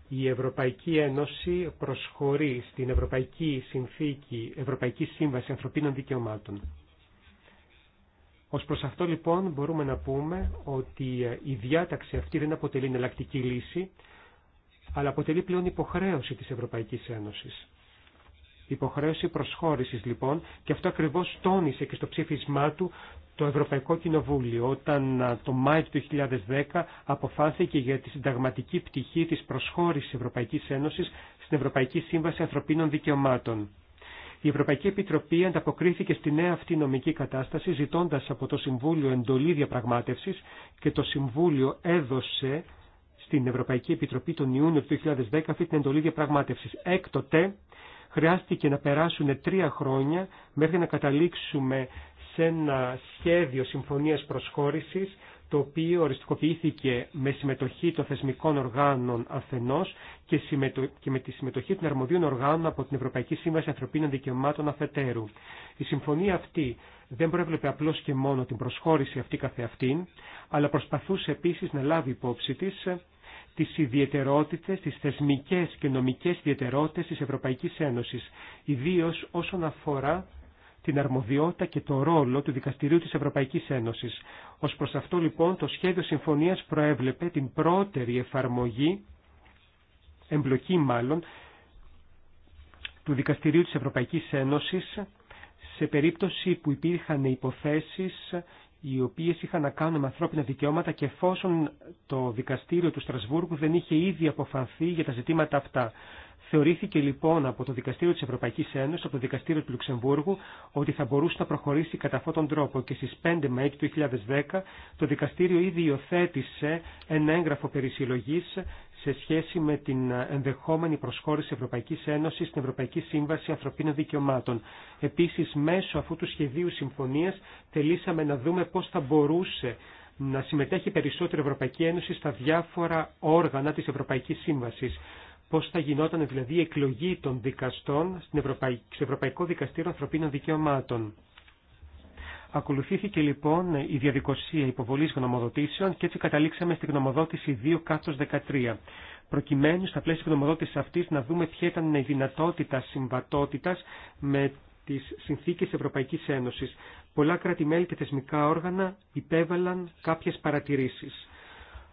Η Ευρωπαϊκή Ένωση προσχωρεί στην Ευρωπαϊκή Συνθήκη, Ευρωπαϊκή Σύμβαση Ανθρωπίνων Δικαιωμάτων. Ως προς αυτό λοιπόν μπορούμε να πούμε ότι η διάταξη αυτή δεν αποτελεί εναλλακτική λύση, αλλά αποτελεί πλέον υποχρέωση της Ευρωπαϊκής Ένωσης. Υποχρέωση προσχώρηση λοιπόν και αυτό ακριβώς τόνισε και στο ψήφισμά του το Ευρωπαϊκό Κοινοβούλιο όταν το Μάιο του 2010 αποφάθηκε για τη συνταγματική πτυχή της προσχώρησης Ευρωπαϊκή Ένωση στην Ευρωπαϊκή Σύμβαση Ανθρωπίνων Δικαιωμάτων. Η Ευρωπαϊκή Επιτροπή ανταποκρίθηκε στη νέα αυτή νομική κατάσταση ζητώντας από το Συμβούλιο εντολή διαπραγμάτευσης και το Συμβούλιο έδωσε στην Ευρωπαϊκή Επιτροπή τον Ιούνιο του 2010 αυτή την εντολή διαπραγμάτευσης. Έκτοτε χρειάστηκε να περάσουν τρία χρόνια μέχρι να καταλήξουμε σε ένα σχέδιο συμφωνίας προσχώρησης το οποίο οριστικοποιήθηκε με συμμετοχή των θεσμικών οργάνων αφενός και, με τη συμμετοχή των αρμοδίων οργάνων από την Ευρωπαϊκή Σύμβαση Ανθρωπίνων Δικαιωμάτων αφετέρου. Η συμφωνία αυτή δεν προέβλεπε απλώς και μόνο την προσχώρηση αυτή καθεαυτήν, αλλά προσπαθούσε επίσης να λάβει υπόψη της τις ιδιαιτερότητες, τις θεσμικές και νομικές ιδιαιτερότητες της Ευρωπαϊκής Ένωσης, ιδίως όσον αφορά την αρμοδιότητα και το ρόλο του Δικαστηρίου της Ευρωπαϊκής Ένωσης. Ως προς αυτό λοιπόν το σχέδιο συμφωνίας προέβλεπε την πρώτερη εφαρμογή, εμπλοκή μάλλον, του Δικαστηρίου της Ευρωπαϊκής Ένωσης σε περίπτωση που υπήρχαν υποθέσεις οι οποίες είχαν να κάνουν με ανθρώπινα δικαιώματα και εφόσον το δικαστήριο του Στρασβούργου δεν είχε ήδη αποφανθεί για τα ζητήματα αυτά. Θεωρήθηκε λοιπόν από το Δικαστήριο της Ευρωπαϊκής Ένωσης, από το Δικαστήριο του Λουξεμβούργου, ότι θα μπορούσε να προχωρήσει κατά αυτόν τον τρόπο και στις 5 Μαΐου του 2010 το Δικαστήριο ήδη υιοθέτησε ένα έγγραφο περισυλλογής σε σχέση με την ενδεχόμενη προσχώρηση Ευρωπαϊκής Ένωσης στην Ευρωπαϊκή Σύμβαση Ανθρωπίνων Δικαιωμάτων. Επίσης, μέσω αυτού του σχεδίου συμφωνίας θελήσαμε να δούμε πώς θα μπορούσε να συμμετέχει περισσότερη η Ευρωπαϊκή Ένωση στα διάφορα όργανα της Ευρωπαϊκής Σύμβασης. Πώς θα γινόταν δηλαδή η εκλογή των δικαστών στο Ευρωπαϊκό Δικαστήριο Ανθρωπίνων Δικαιωμάτων. Ακολουθήθηκε λοιπόν η διαδικασία υποβολή γνωμοδοτήσεων και έτσι καταλήξαμε στη γνωμοδότηση 2 13 προκειμένου στα πλαίσια γνωμοδότησης αυτή να δούμε ποια ήταν η δυνατότητα συμβατότητα με τις συνθηκες Ευρωπαϊκή Ένωση, Ένωσης. Πολλά κράτη-μέλη και θεσμικά όργανα υπέβαλαν κάποιε παρατηρήσει.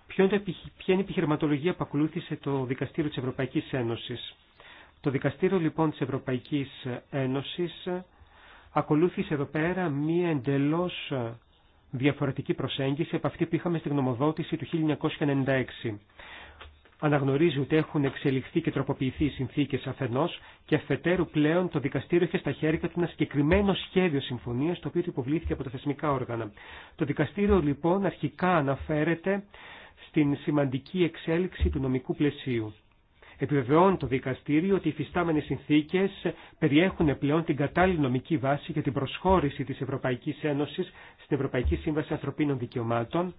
Ποια είναι η επιχειρηματολογία που ακολούθησε το Δικαστήριο τη Ευρωπαϊκή Ένωση, Το Δικαστήριο λοιπόν τη Ευρωπαϊκή Ένωση ακολούθησε εδώ πέρα μία εντελώς ε, διαφορετική προσέγγιση από αυτή που είχαμε στη γνωμοδότηση του 1996. Αναγνωρίζει ότι έχουν εξελιχθεί και τροποποιηθεί οι συνθήκες αφενός και αφετέρου πλέον το δικαστήριο είχε στα χέρια του ένα συγκεκριμένο σχέδιο συμφωνίας το οποίο υποβλήθηκε από τα θεσμικά όργανα. Το δικαστήριο λοιπόν αρχικά αναφέρεται στην σημαντική εξέλιξη του νομικού πλαισίου. Επιβεβαιώνει το δικαστήριο ότι οι φυστάμενες συνθήκες περιέχουν πλέον την κατάλληλη νομική βάση για την προσχώρηση της Ευρωπαϊκής Ένωσης στην Ευρωπαϊκή Σύμβαση Ανθρωπίνων Δικαιωμάτων,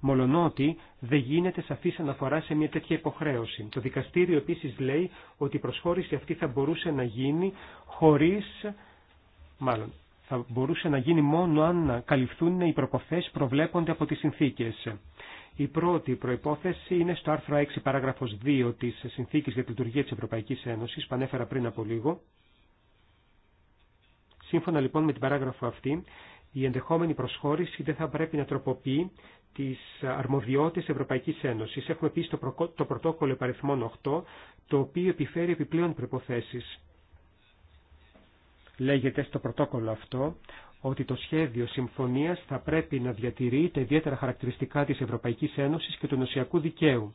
μολονότι δεν γίνεται σαφής αναφορά σε μια τέτοια υποχρέωση. Το δικαστήριο επίσης λέει ότι η προσχώρηση αυτή θα μπορούσε να γίνει χωρίς, μάλλον, θα μπορούσε να γίνει μόνο αν καλυφθούν οι προποθέσεις προβλέπονται από τις συνθήκες. Η πρώτη προϋπόθεση είναι στο άρθρο 6 παράγραφος 2 της Συνθήκης για τη Λειτουργία της Ευρωπαϊκής Ένωσης, που ανέφερα πριν από λίγο. Σύμφωνα λοιπόν με την παράγραφο αυτή, η ενδεχόμενη προσχώρηση δεν θα πρέπει να τροποποιεί τι αρμοδιότητε Ευρωπαϊκή Ένωση. Έχουμε επίση το πρωτόκολλο επαριθμών 8, το οποίο επιφέρει επιπλέον προποθέσει. Λέγεται στο πρωτόκολλο αυτό ότι το σχέδιο συμφωνίας θα πρέπει να διατηρεί τα ιδιαίτερα χαρακτηριστικά της Ευρωπαϊκής Ένωσης και του νοσιακού δικαίου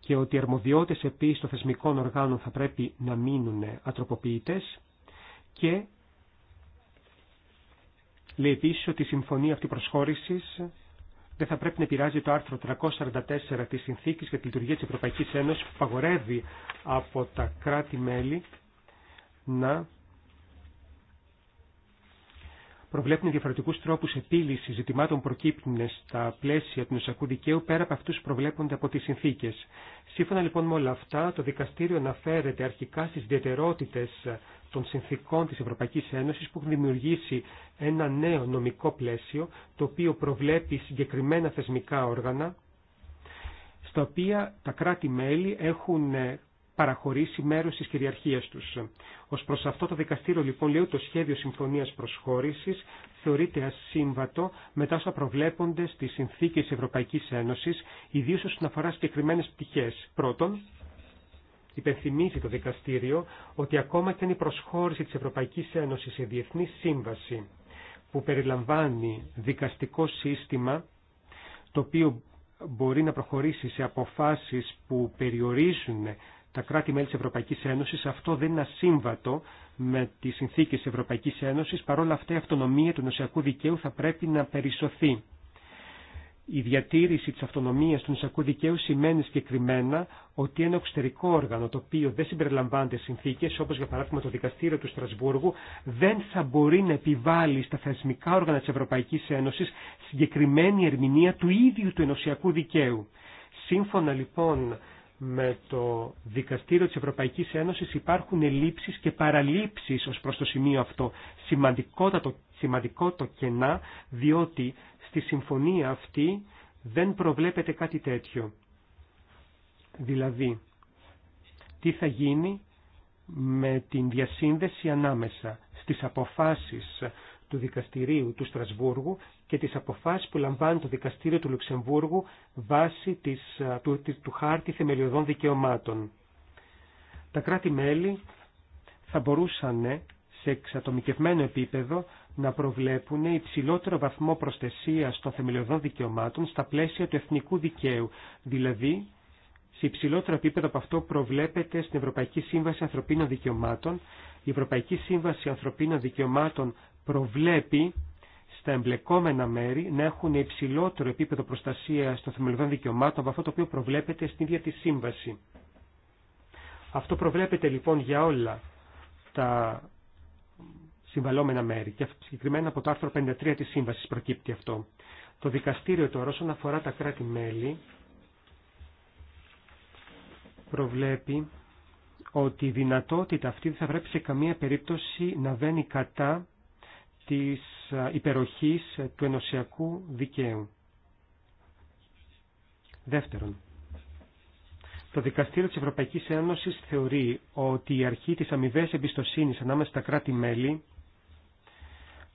και ότι οι αρμοδιότητες επίσης των θεσμικών οργάνων θα πρέπει να μείνουν ατροποποιητές και λέει επίση ότι η συμφωνία αυτή προσχώρησης δεν θα πρέπει να επηρεάζει το άρθρο 344 της Συνθήκης για τη Λειτουργία της Ευρωπαϊκής Ένωσης που παγορεύει από τα κράτη-μέλη να προβλέπουν διαφορετικού τρόπου επίλυση ζητημάτων προκύπτουν στα πλαίσια του νοσιακού δικαίου πέρα από αυτού που προβλέπονται από τι συνθήκε. Σύμφωνα λοιπόν με όλα αυτά, το δικαστήριο αναφέρεται αρχικά στι ιδιαιτερότητε των συνθήκων τη Ευρωπαϊκή Ένωση που έχουν δημιουργήσει ένα νέο νομικό πλαίσιο, το οποίο προβλέπει συγκεκριμένα θεσμικά όργανα, στα οποία τα κράτη-μέλη έχουν παραχωρήσει μέρο τη κυριαρχία του. Ω προ αυτό το δικαστήριο λοιπόν λέει το σχέδιο συμφωνία προσχώρηση θεωρείται ασύμβατο μετά όσα προβλέπονται στι συνθήκες Ευρωπαϊκή Ένωση ιδίω όσον αφορά συγκεκριμένε πτυχέ. Πρώτον, υπενθυμίζει το δικαστήριο ότι ακόμα και αν η προσχώρηση τη Ευρωπαϊκή Ένωση σε διεθνή σύμβαση που περιλαμβάνει δικαστικό σύστημα το οποίο μπορεί να προχωρήσει σε αποφάσεις που περιορίζουν τα κράτη-μέλη της Ευρωπαϊκής Ένωσης. Αυτό δεν είναι ασύμβατο με τις συνθήκες της Ευρωπαϊκής Ένωσης. Παρόλα αυτά η αυτονομία του νοσιακού δικαίου θα πρέπει να περισωθεί. Η διατήρηση της αυτονομίας του νοσιακού δικαίου σημαίνει συγκεκριμένα ότι ένα εξωτερικό όργανο το οποίο δεν συμπεριλαμβάνεται συνθήκες, όπως για παράδειγμα το Δικαστήριο του Στρασβούργου, δεν θα μπορεί να επιβάλλει στα θεσμικά όργανα της Ευρωπαϊκής Ένωσης συγκεκριμένη ερμηνεία του ίδιου του ενωσιακού δικαίου. Σύμφωνα λοιπόν με το Δικαστήριο της Ευρωπαϊκής Ένωσης υπάρχουν ελλείψεις και παραλήψεις ως προς το σημείο αυτό. Σημαντικό το κενά, διότι στη συμφωνία αυτή δεν προβλέπεται κάτι τέτοιο. Δηλαδή, τι θα γίνει με την διασύνδεση ανάμεσα στις αποφάσεις του Δικαστηρίου του Στρασβούργου και τις αποφάσεις που λαμβάνει το Δικαστήριο του Λουξεμβούργου βάσει της, του, του χάρτη θεμελιωδών δικαιωμάτων. Τα κράτη-μέλη θα μπορούσαν ε, σε εξατομικευμένο επίπεδο να προβλέπουν υψηλότερο βαθμό προστασίας των θεμελιωδών δικαιωμάτων στα πλαίσια του εθνικού δικαίου, δηλαδή σε υψηλότερο επίπεδο από αυτό προβλέπεται στην Ευρωπαϊκή Σύμβαση Ανθρωπίνων Δικαιωμάτων η Ευρωπαϊκή Σύμβαση Ανθρωπίνων Δικαιωμάτων προβλέπει στα εμπλεκόμενα μέρη να έχουν υψηλότερο επίπεδο προστασία των θεμελιωδών δικαιωμάτων από αυτό το οποίο προβλέπεται στην ίδια τη Σύμβαση. Αυτό προβλέπεται λοιπόν για όλα τα συμβαλόμενα μέρη και συγκεκριμένα από το άρθρο 53 της Σύμβασης προκύπτει αυτό. Το δικαστήριο τώρα όσον αφορά τα κράτη-μέλη προβλέπει ότι η δυνατότητα αυτή δεν θα πρέπει σε καμία περίπτωση να βαίνει κατά της υπεροχής του ενωσιακού δικαίου. Δεύτερον, το Δικαστήριο της Ευρωπαϊκής Ένωσης θεωρεί ότι η αρχή της αμοιβέ εμπιστοσύνης ανάμεσα στα κράτη-μέλη,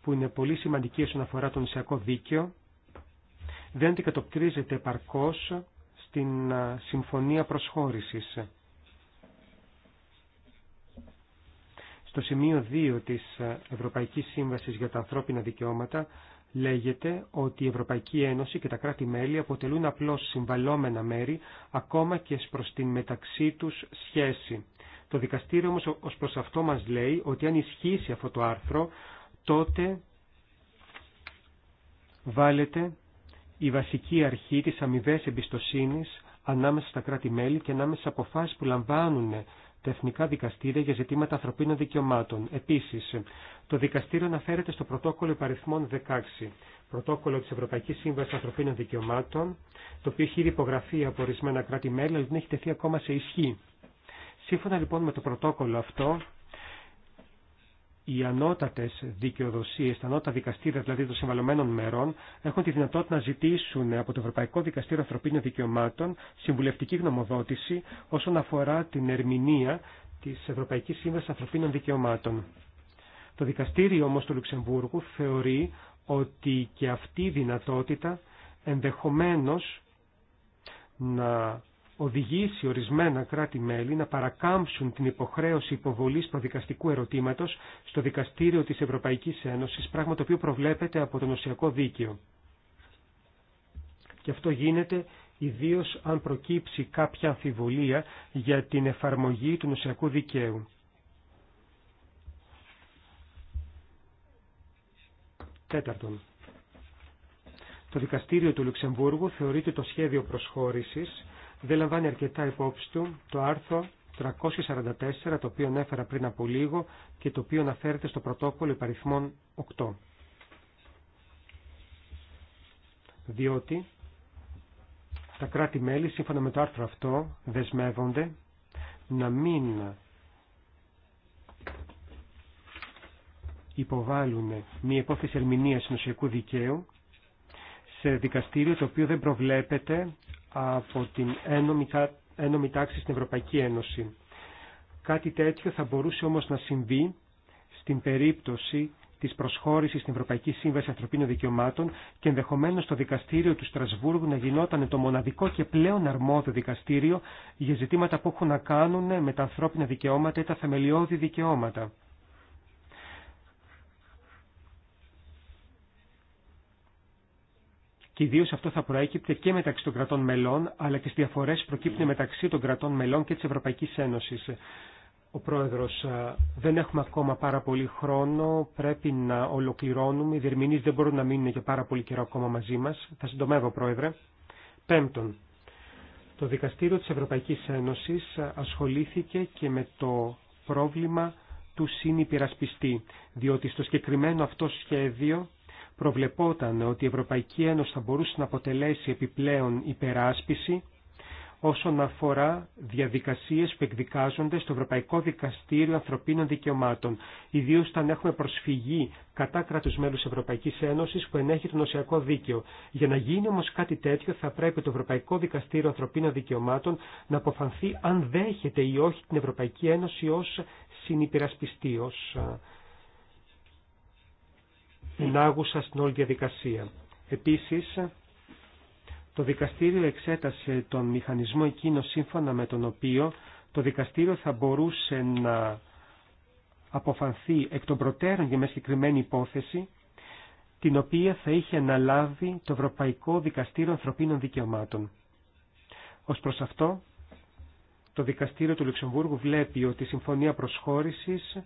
που είναι πολύ σημαντική όσον αφορά το νησιακό δίκαιο, δεν αντικατοπτρίζεται επαρκώς στην Συμφωνία Προσχώρησης. Στο σημείο 2 της ε, Ευρωπαϊκής Σύμβασης για τα Ανθρώπινα Δικαιώματα λέγεται ότι η Ευρωπαϊκή Ένωση και τα κράτη-μέλη αποτελούν απλώς συμβαλόμενα μέρη ακόμα και προς την μεταξύ τους σχέση. Το δικαστήριο όμως ως προς αυτό μας λέει ότι αν ισχύσει αυτό το άρθρο τότε βάλετε η βασική αρχή της αμοιβέ εμπιστοσύνης ανάμεσα στα κράτη-μέλη και ανάμεσα στις αποφάσεις που λαμβάνουν τα εθνικά δικαστήρια για ζητήματα ανθρωπίνων δικαιωμάτων. Επίσης, το δικαστήριο αναφέρεται στο πρωτόκολλο υπαριθμών 16, πρωτόκολλο της Ευρωπαϊκής Σύμβασης Ανθρωπίνων Δικαιωμάτων, το οποίο έχει ήδη υπογραφεί από ορισμένα κράτη-μέλη, αλλά δεν έχει τεθεί ακόμα σε ισχύ. Σύμφωνα λοιπόν με το πρωτόκολλο αυτό, οι ανώτατε δικαιοδοσίες, τα ανώτατα δικαστήρια δηλαδή των συμβαλωμένων μερών έχουν τη δυνατότητα να ζητήσουν από το Ευρωπαϊκό Δικαστήριο Ανθρωπίνων Δικαιωμάτων συμβουλευτική γνωμοδότηση όσον αφορά την ερμηνεία της Ευρωπαϊκής Σύμβαση Ανθρωπίνων Δικαιωμάτων. Το δικαστήριο όμω του Λουξεμβούργου θεωρεί ότι και αυτή η δυνατότητα ενδεχομένω να οδηγήσει ορισμένα κράτη-μέλη να παρακάμψουν την υποχρέωση υποβολής προδικαστικού ερωτήματος στο Δικαστήριο της Ευρωπαϊκής Ένωσης, πράγμα το οποίο προβλέπεται από το νοσιακό δίκαιο. Και αυτό γίνεται ιδίως αν προκύψει κάποια αμφιβολία για την εφαρμογή του νοσιακού δικαίου. Τέταρτον. Το Δικαστήριο του Λουξεμβούργου θεωρείται το σχέδιο προσχώρησης δεν λαμβάνει αρκετά υπόψη του το άρθρο 344, το οποίο έφερα πριν από λίγο και το οποίο αναφέρεται στο πρωτόκολλο υπαριθμών 8. Διότι τα κράτη-μέλη, σύμφωνα με το άρθρο αυτό, δεσμεύονται να μην υποβάλλουν μία υπόθεση ερμηνεία νοσιακού δικαίου σε δικαστήριο το οποίο δεν προβλέπεται από την ένωμη τάξη στην Ευρωπαϊκή Ένωση. Κάτι τέτοιο θα μπορούσε όμως να συμβεί στην περίπτωση της προσχώρησης στην Ευρωπαϊκή Σύμβαση Ανθρωπίνων Δικαιωμάτων και ενδεχομένως το δικαστήριο του Στρασβούργου να γινόταν το μοναδικό και πλέον αρμόδιο δικαστήριο για ζητήματα που έχουν να κάνουν με τα ανθρώπινα δικαιώματα ή τα θεμελιώδη δικαιώματα. και ιδίω αυτό θα προέκυπτε και μεταξύ των κρατών μελών, αλλά και στι διαφορέ προκύπτουν μεταξύ των κρατών μελών και τη Ευρωπαϊκή Ένωση. Ο πρόεδρο, δεν έχουμε ακόμα πάρα πολύ χρόνο, πρέπει να ολοκληρώνουμε. Οι διερμηνεί δεν μπορούν να μείνουν για πάρα πολύ καιρό ακόμα μαζί μα. Θα συντομεύω, Πρόεδρε. Πέμπτον, το Δικαστήριο της Ευρωπαϊκής Ένωσης ασχολήθηκε και με το πρόβλημα του συνυπηρασπιστή, διότι στο συγκεκριμένο αυτό σχέδιο προβλεπόταν ότι η Ευρωπαϊκή Ένωση θα μπορούσε να αποτελέσει επιπλέον υπεράσπιση όσον αφορά διαδικασίες που εκδικάζονται στο Ευρωπαϊκό Δικαστήριο Ανθρωπίνων Δικαιωμάτων, ιδίως όταν έχουμε προσφυγή κατά κράτους μέλους Ευρωπαϊκής Ένωσης που ενέχει το νοσιακό δίκαιο. Για να γίνει όμως κάτι τέτοιο θα πρέπει το Ευρωπαϊκό Δικαστήριο Ανθρωπίνων Δικαιωμάτων να αποφανθεί αν δέχεται ή όχι την Ευρωπαϊκή Ένωση ως συνυπηρασπιστή, συνάγουσα στην όλη διαδικασία. Επίσης, το δικαστήριο εξέτασε τον μηχανισμό εκείνο σύμφωνα με τον οποίο το δικαστήριο θα μπορούσε να αποφανθεί εκ των προτέρων για μια συγκεκριμένη υπόθεση, την οποία θα είχε αναλάβει το Ευρωπαϊκό Δικαστήριο Ανθρωπίνων Δικαιωμάτων. Ως προς αυτό, το Δικαστήριο του Λουξεμβούργου βλέπει ότι η Συμφωνία Προσχώρησης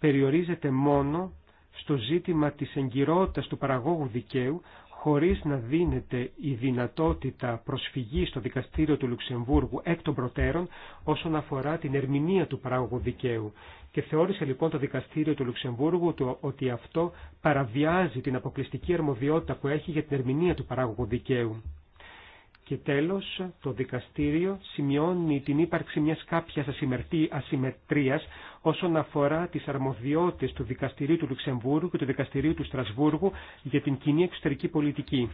περιορίζεται μόνο στο ζήτημα της εγκυρότητας του παραγόγου δικαίου χωρίς να δίνεται η δυνατότητα προσφυγής στο δικαστήριο του Λουξεμβούργου εκ των προτέρων όσον αφορά την ερμηνεία του παράγωγου δικαίου. Και θεώρησε λοιπόν το δικαστήριο του Λουξεμβούργου ότι αυτό παραβιάζει την αποκλειστική αρμοδιότητα που έχει για την ερμηνεία του παράγωγου δικαίου. Και τέλος, το δικαστήριο σημειώνει την ύπαρξη μιας κάποιας ασημετρίας όσον αφορά τις αρμοδιότητες του Δικαστηρίου του Λουξεμβούργου και του Δικαστηρίου του Στρασβούργου για την κοινή εξωτερική πολιτική.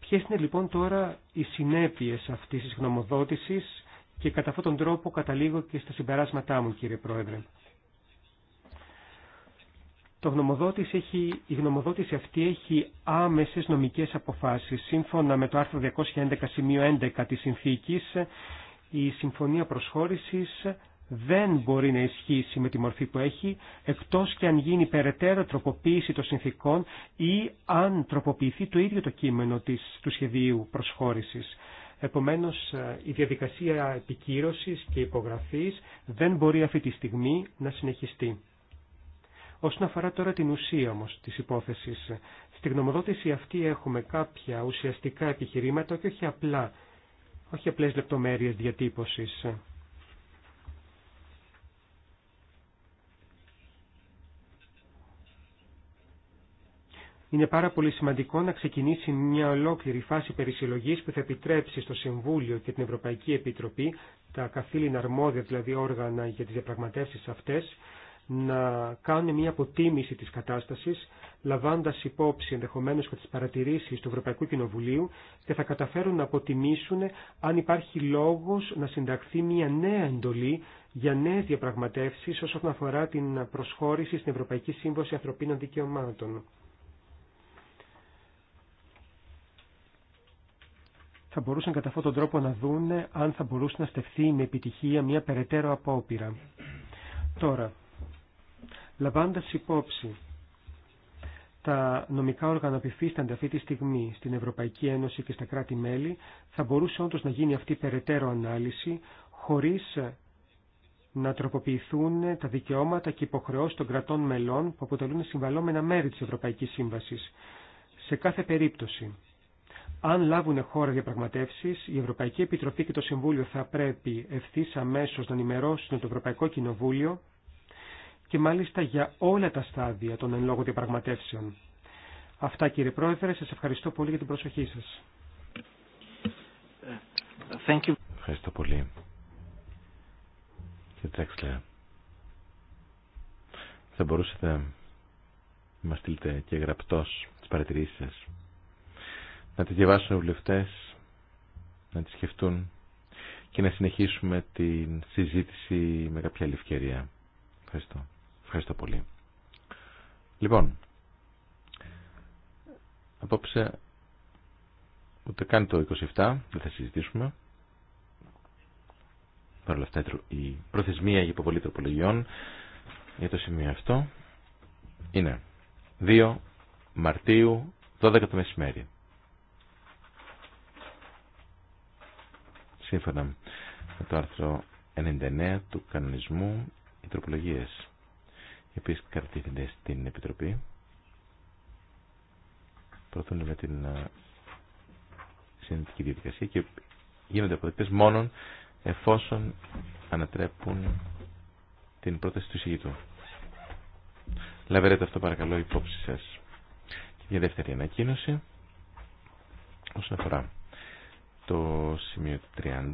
Ποιες είναι λοιπόν τώρα οι συνέπειες αυτής της γνωμοδότησης και κατά αυτόν τον τρόπο καταλήγω και στα συμπεράσματά μου κύριε Πρόεδρε. Το γνωμοδότης έχει, η γνωμοδότηση αυτή έχει άμεσες νομικές αποφάσεις. Σύμφωνα με το άρθρο 211 σημείο 11 της συνθήκης, η συμφωνία προσχώρησης δεν μπορεί να ισχύσει με τη μορφή που έχει, εκτός και αν γίνει περαιτέρω τροποποίηση των συνθήκων ή αν τροποποιηθεί το ίδιο το κείμενο της, του σχεδίου προσχώρησης. Επομένως, η διαδικασία επικύρωσης και υπογραφής δεν μπορεί αυτή τη στιγμή να συνεχιστεί. Όσον αφορά τώρα την ουσία όμως της υπόθεσης, στη γνωμοδότηση αυτή έχουμε κάποια ουσιαστικά επιχειρήματα και όχι απλά, όχι απλές λεπτομέρειες διατύπωσης. Είναι πάρα πολύ σημαντικό να ξεκινήσει μια ολόκληρη φάση περισυλλογής που θα επιτρέψει στο Συμβούλιο και την Ευρωπαϊκή Επιτροπή, τα καθήλυνα αρμόδια δηλαδή όργανα για τις διαπραγματεύσεις αυτές, να κάνουν μια αποτίμηση της κατάστασης, λαμβάνοντας υπόψη ενδεχομένως και τις παρατηρήσεις του Ευρωπαϊκού Κοινοβουλίου και θα καταφέρουν να αποτιμήσουν αν υπάρχει λόγος να συνταχθεί μια νέα εντολή για νέες διαπραγματεύσεις όσον αφορά την προσχώρηση στην Ευρωπαϊκή Σύμβαση Ανθρωπίνων Δικαιωμάτων. θα μπορούσαν κατά αυτόν τον τρόπο να δούνε αν θα μπορούσε να στεφθεί με επιτυχία μια περαιτέρω απόπειρα. Τώρα, Λαμβάνοντα υπόψη τα νομικά όργανα που υφίστανται αυτή τη στιγμή στην Ευρωπαϊκή Ένωση και στα κράτη-μέλη, θα μπορούσε όντω να γίνει αυτή η περαιτέρω ανάλυση χωρί να τροποποιηθούν τα δικαιώματα και υποχρεώσει των κρατών μελών που αποτελούν συμβαλόμενα μέρη τη Ευρωπαϊκή Σύμβαση Σε κάθε περίπτωση, αν λάβουν χώρα διαπραγματεύσει, η Ευρωπαϊκή Επιτροπή και το Συμβούλιο θα πρέπει ευθύ αμέσω να ενημερώσουν το Ευρωπαϊκό Κοινοβούλιο και μάλιστα για όλα τα στάδια των εν λόγω διαπραγματεύσεων. Αυτά κύριε Πρόεδρε, σας ευχαριστώ πολύ για την προσοχή σας. Thank you. Ευχαριστώ πολύ. Κύριε Τρέξλε, θα μπορούσατε να μας στείλετε και γραπτός τις παρατηρήσεις σας. Να τις διαβάσουν οι βουλευτές, να τις σκεφτούν και να συνεχίσουμε την συζήτηση με κάποια άλλη ευκαιρία. Ευχαριστώ. Ευχαριστώ πολύ. Λοιπόν, απόψε ούτε καν το 27, δεν θα συζητήσουμε. Παρ' όλα αυτά η προθεσμία για υποβολή τροπολογιών για το σημείο αυτό είναι 2 Μαρτίου 12 το μεσημέρι. Σύμφωνα με το άρθρο 99 του κανονισμού οι τροπολογίες επίσης κατατίθενται στην Επιτροπή. Προωθούν με την ε, συνεντική διαδικασία και γίνονται αποδεκτές μόνον εφόσον ανατρέπουν την πρόταση του εισηγητού. Λαβερέτε αυτό παρακαλώ υπόψη σας. Και μια δεύτερη ανακοίνωση όσον αφορά το σημείο 30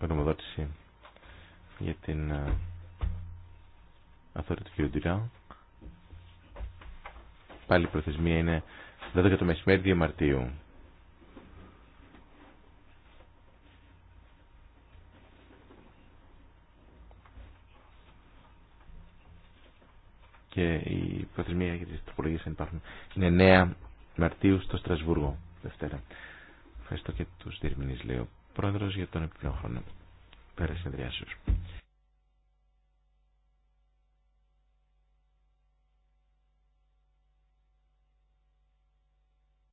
γνωμοδότηση για την ε, αυτό του κ. Ντυρά. Πάλι η προθεσμία είναι 12 το μεσημέρι 2 Μαρτίου. Και η προθεσμία για τις τροπολογίες αν υπάρχουν είναι 9 Μαρτίου στο Στρασβούργο, Δευτέρα. Ευχαριστώ και τους διερμηνείς, λέει ο Πρόεδρος, για τον επιπλέον χρόνο. Πέρασε συνδυάσεως.